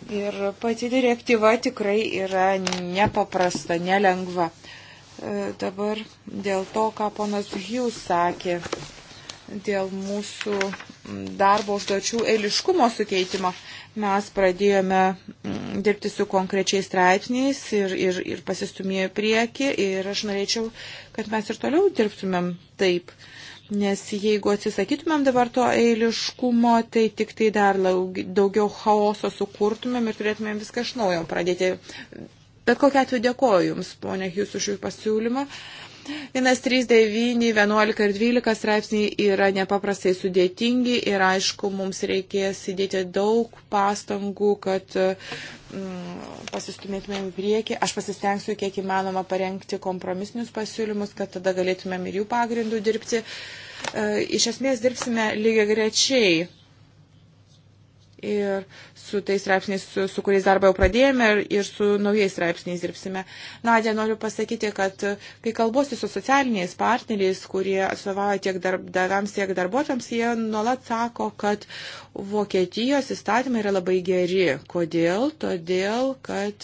S2: Ir pati direktyva tikrai yra nepaprasta, nelengva. E, dabar dėl to, ką ponas Hughes sakė, dėl mūsų darbo užduočių eiliškumo sukeitimo. Mes pradėjome mm, dirbti su konkrečiais straipsniais ir, ir, ir pasistumėjo prieki ir aš norėčiau, kad mes ir toliau dirbtumėm taip. Uh, Nes jeigu atsisakytumėm dabar to eiliškumo, tai tik tai dar daugiau chaoso sukurtumėm ir turėtumėm viską iš naujo pradėti. Bet kokia atveju dėkoju Jums, ponė Jūs, už Jų pasiūlymą. Uh, 1, 3, 9, 11 ir 12 straipsniai yra nepaprastai sudėtingi ir aišku, mums reikės įdėti daug pastangų, kad mm, pasistumėtumėm į priekį. Aš pasistengsiu kiek įmanoma parengti kompromisinius pasiūlymus, kad tada galėtumėm ir jų pagrindų dirbti. E, iš esmės dirbsime lygiai grečiai ir su tais straipsniais, su, su kuriais darbą jau pradėjome ir, ir su naujais straipsniais dirbsime. Nadė, noriu pasakyti, kad e, kai kalbuosi su socialiniais partneriais, kurie atstovauja tiek darbdaviams, tiek darbuotojams, jie nuolat sako, kad Vokietijos įstatymai yra labai geri. Kodėl? Todėl, kad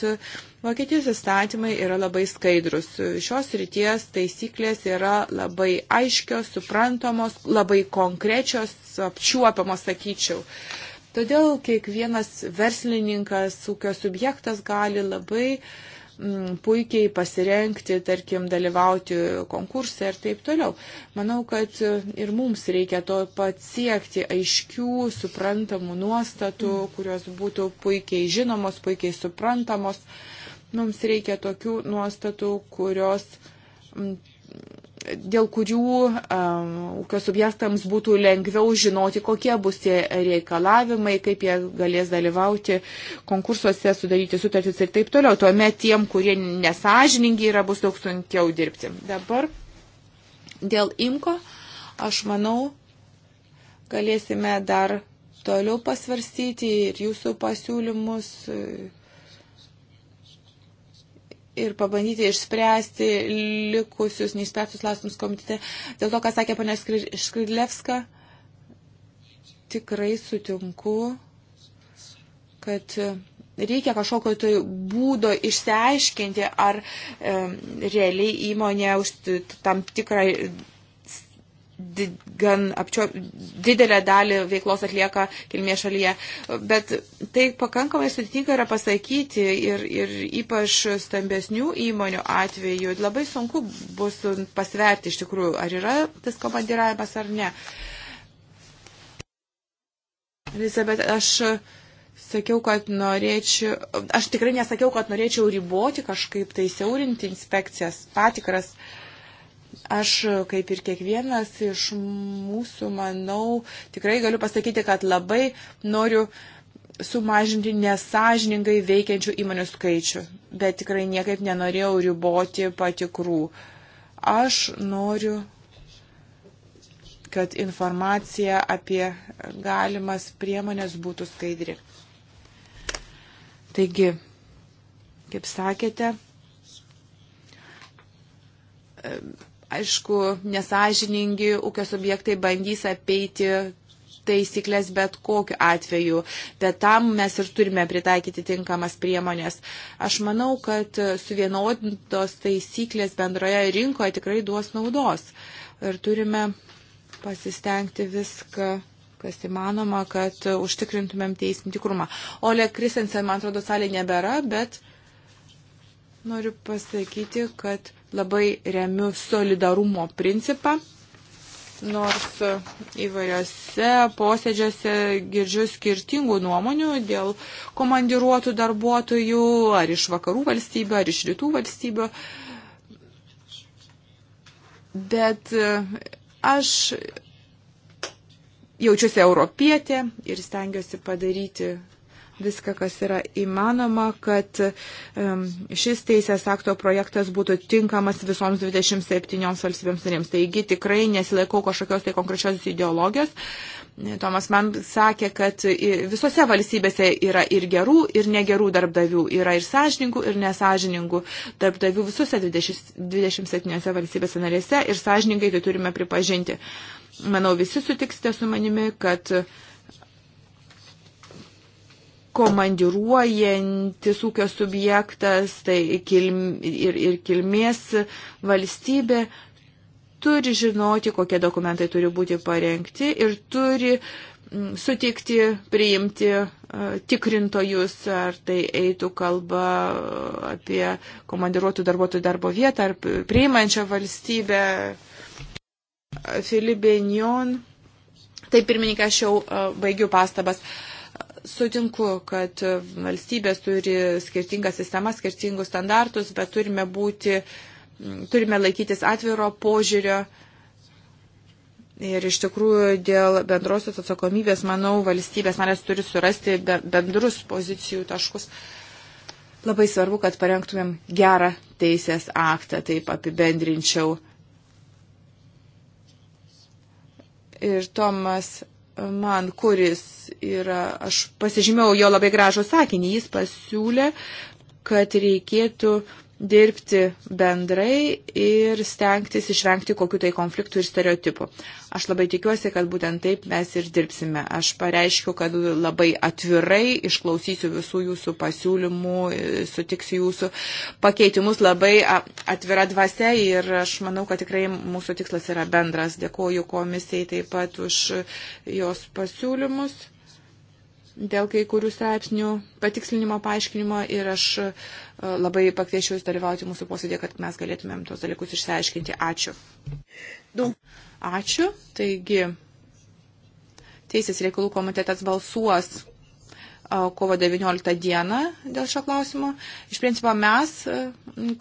S2: Vokietijos įstatymai yra labai skaidrus. Šios ryties taisyklės yra labai aiškios, suprantamos, labai konkrečios, apčiuopamos, sakyčiau. Uh, Todėl kiekvienas verslininkas, ūkio subjektas gali labai mm, puikiai pasirenkti, tarkim, dalyvauti konkursą ir taip toliau. Manau, kad ir mums reikia to pasiekti aiškių, suprantamų nuostatų, mm. kurios būtų puikiai žinomos, puikiai suprantamos. Mums reikia tokių nuostatų, kurios mm, dėl kurių um, ūkio subjektams būtų lengviau žinoti, kokie bus tie reikalavimai, kaip jie galės dalyvauti konkursuose, sudaryti sutartis ir taip toliau. Tuomet tiem, kurie nesažiningi yra, bus daug sunkiau dirbti. Dabar dėl imko, aš manau, galėsime dar toliau pasvarstyti ir jūsų pasiūlymus. Ir ir pabandyti išspręsti likusius neįspręstus klausimus komitete. Dėl to, ką sakė ponia Skridlevska, tikrai sutinku, kad e, reikia kažkokio tai būdo išsiaiškinti, ar e, realiai įmonė už tam tikrą gan apčio, didelę dalį veiklos atlieka kilmės šalyje. Bet tai pakankamai sudėtinga yra pasakyti ir, ir ypač stambesnių įmonių atveju labai sunku bus pasverti iš tikrųjų, ar yra tas komandiravimas ar ne. Elizabet, aš sakiau, kad norėčiau, aš tikrai nesakiau, kad norėčiau riboti kažkaip tai siaurinti inspekcijas, patikras. Uh, Aš, kaip ir kiekvienas iš mūsų, manau, tikrai galiu pasakyti, kad labai noriu sumažinti nesažiningai veikiančių įmonių skaičių, bet tikrai niekaip nenorėjau riboti patikrų. Aš noriu, kad informacija apie galimas priemonės būtų skaidri. Taigi, kaip sakėte, Aišku, nesažiningi ūkio subjektai bandys apeiti taisyklės bet kokiu atveju, bet tam mes ir turime pritaikyti tinkamas priemonės. Aš manau, kad suvienodintos taisyklės bendroje rinkoje tikrai duos naudos ir turime pasistengti viską kas įmanoma, kad užtikrintumėm teisinį tikrumą. Ole Kristensen, man atrodo, salė nebėra, bet noriu pasakyti, kad Labai remiu solidarumo principą nors įvairiose posėdžiuose girdžiu skirtingų nuomonių dėl komandiruotų darbuotojų ar iš vakarų valstybių, ar iš rytų valstybių. Bet e, aš jaučiuosi europietė ir stengiuosi padaryti viską, kas yra įmanoma, kad šis teisės akto projektas būtų tinkamas visoms 27 valstybėms narėms. Taigi tikrai nesilaikau kažkokios tai konkrečios ideologijos. Tomas man sakė, kad visose valstybėse yra ir gerų, ir negerų darbdavių, yra ir sąžininkų, ir nesažininkų darbdavių visose 20, 27 valstybėse narėse ir sąžininkai tai turime pripažinti. Manau, visi sutiksite su manimi, kad uh, komandiruojantis ūkio subjektas tai kilm, ir, ir kilmės valstybė turi žinoti, kokie dokumentai turi būti parengti ir turi mm, sutikti, priimti e, tikrintojus, ar tai eitų kalba apie komandiruotų darbuotojų darbo vietą ar priimančią valstybę. Filip Benjon. Tai pirmininkė, aš jau e, baigiu pastabas. Uh, Sutinku, kad valstybės turi skirtingas sistemas, skirtingus standartus, bet turime, būti, turime laikytis atviro požiūrio. Ir iš tikrųjų dėl bendrosios atsakomybės, manau, valstybės narės turi surasti bendrus pozicijų taškus. Labai svarbu, kad parengtumėm gerą teisės aktą, taip apibendrinčiau. Ir Tomas man, kuris yra, aš pasižymėjau jo labai gražų sakinį, jis pasiūlė, kad reikėtų uh, dirbti bendrai ir stengtis išvengti kokių tai konfliktų ir stereotipų. Aš labai tikiuosi, kad būtent taip mes ir dirbsime. Aš pareiškiu, kad labai atvirai išklausysiu visų jūsų pasiūlymų, sutiksiu jūsų pakeitimus labai atvira dvasia ir aš manau, kad tikrai mūsų tikslas yra bendras. Dėkoju komisijai taip pat už jos pasiūlymus dėl kai kurių straipsnių patikslinimo paaiškinimo ir aš labai pakviečiu jūs dalyvauti mūsų posėdėje, kad mes galėtumėm tos dalykus išsiaiškinti. Ačiū. Ačiū. Taigi, Teisės reikalų komitetas balsuos kovo 19 dieną dėl šio klausimo. Iš principo mes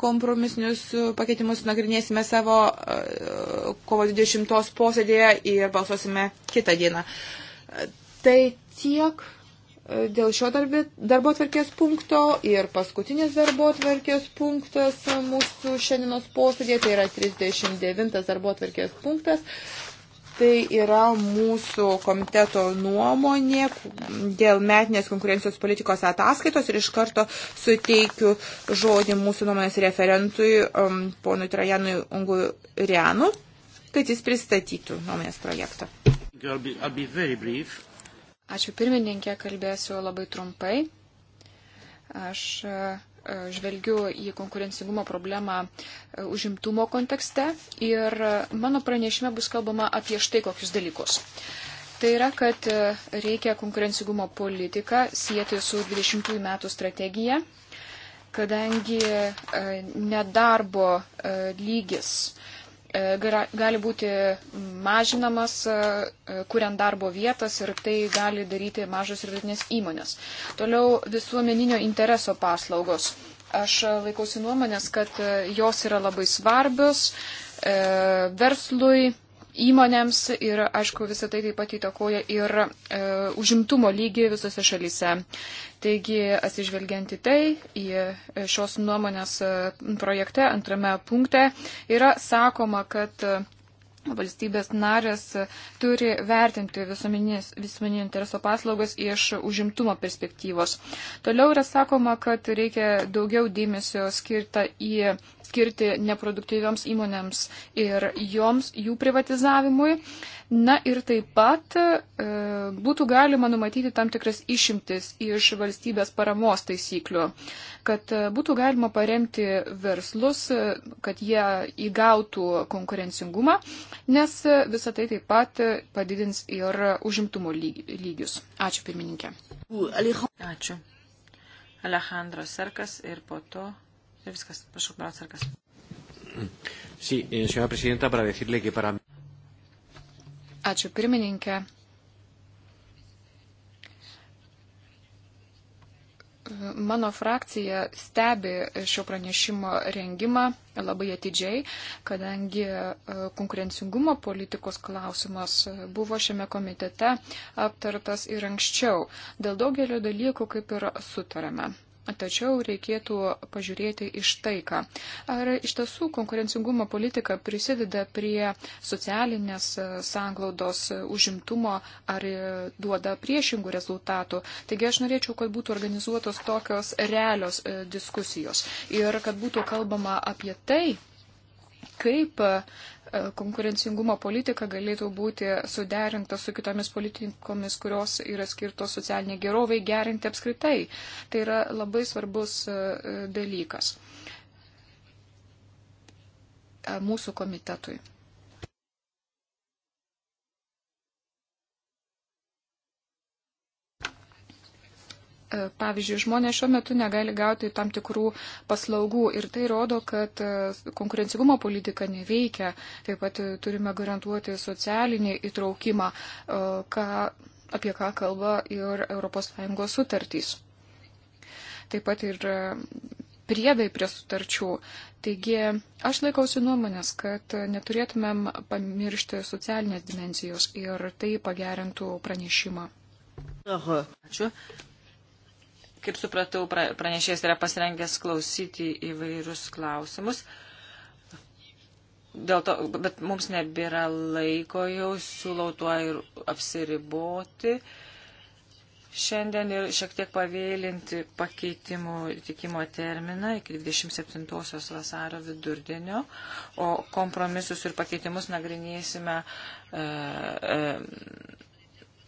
S2: kompromisinius pakeitimus nagrinėsime savo kovo 20 posėdėje ir balsuosime kitą dieną. Tai tiek dėl šio darbė, darbo atverkės punkto ir paskutinis darbo atverkės punktas mūsų šiandienos posėdėje, tai yra 39 darbo atverkės punktas. Tai yra mūsų komiteto nuomonė dėl metinės konkurencijos politikos ataskaitos ir iš karto suteikiu žodį mūsų nuomonės referentui, um, ponui Trajanui Ungurianu, kad jis pristatytų nuomonės
S4: projektą. I'll be, I'll be Ačiū pirmininkė, kalbėsiu labai trumpai. Aš e, e, žvelgiu į konkurencingumo problemą e, užimtumo kontekste ir mano pranešime bus kalbama apie štai kokius dalykus. Tai yra, kad reikia konkurencingumo politiką sieti su 20 metų strategija, kadangi nedarbo lygis E, gali būti mažinamas, e, e, kuriant darbo vietas ir tai gali daryti mažos ir vidutinės įmonės. Toliau visuomeninio intereso paslaugos. Aš laikausi nuomonės, kad jos yra labai svarbios verslui, įmonėms ir, aišku, visą tai taip pat įtakoja ir e, užimtumo lygį visose šalyse. Taigi, atsižvelgiant į tai, į e, šios nuomonės e, projekte, antrame punkte, yra sakoma, kad valstybės narės turi vertinti visuomeninio intereso paslaugas iš užimtumo perspektyvos. Toliau yra sakoma, kad reikia daugiau dėmesio skirta į, skirti neproduktyvioms įmonėms ir joms jų privatizavimui. E, Na ir taip pat e, būtų galima numatyti tam tikras išimtis iš valstybės paramos taisyklių, kad e, būtų galima paremti verslus, e, kad jie įgautų konkurencingumą, nes e, visą tai taip pat padidins ir užimtumo lygius. Ačiū pirmininkė. Ačiū.
S3: Alejandro Serkas ir po to. Ir viskas, prašau, bravo Serkas.
S1: Sí, eh, señora presidenta, para decirle que para mí.
S4: Ačiū pirmininkė. Mano frakcija stebi šio pranešimo rengimą labai atidžiai, kadangi e, konkurencingumo politikos klausimas buvo šiame komitete aptartas ir anksčiau. Dėl daugelio dalykų kaip ir sutarėme. Tačiau reikėtų pažiūrėti iš tai, ką. Ar iš tiesų konkurencingumo politika prisideda prie socialinės e, sanglaudos e, užimtumo, ar e, duoda priešingų rezultatų. Taigi aš norėčiau, kad būtų organizuotos tokios realios diskusijos ir kad būtų kalbama apie tai, kaip konkurencingumo politika galėtų būti suderinta su kitomis politikomis, kurios yra skirtos socialiniai geroviai gerinti apskritai. Tai yra labai svarbus e, dalykas e, mūsų komitetui. E, pavyzdžiui, žmonės šiuo metu negali gauti tam tikrų paslaugų ir tai rodo, kad e, konkurencingumo politika neveikia. Taip pat e, turime garantuoti socialinį įtraukimą, ką, apie ką kalba ir ES sutartys. Taip pat ir priedai prie sutarčių. Taigi aš laikausi nuomonės, kad neturėtumėm pamiršti socialinės dimensijos ir tai pagerintų pranešimą.
S1: Aha. Ačiū
S3: kaip supratau, pranešėjas yra pasirengęs klausyti įvairius klausimus. Dėl to, bet mums nebėra laiko jau, siūlau tuo ir apsiriboti. Šiandien ir šiek tiek pavėlinti pakeitimų tikimo terminą iki 27 vasario vidurdienio, o kompromisus ir pakeitimus nagrinėsime. E, e,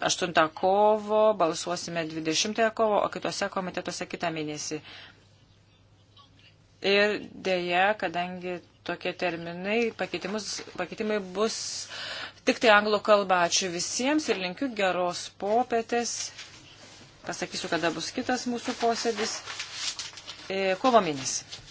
S3: 8 kovo, balsuosime 20 kovo, o kitose komitetuose kitą mėnesį. Ir dėja, kadangi tokie terminai, pakeitimai bus tik tai anglų kalba. Ačiū visiems ir linkiu geros popietės. Pasakysiu, kada bus kitas mūsų posėdis. E, kovo mėnesį.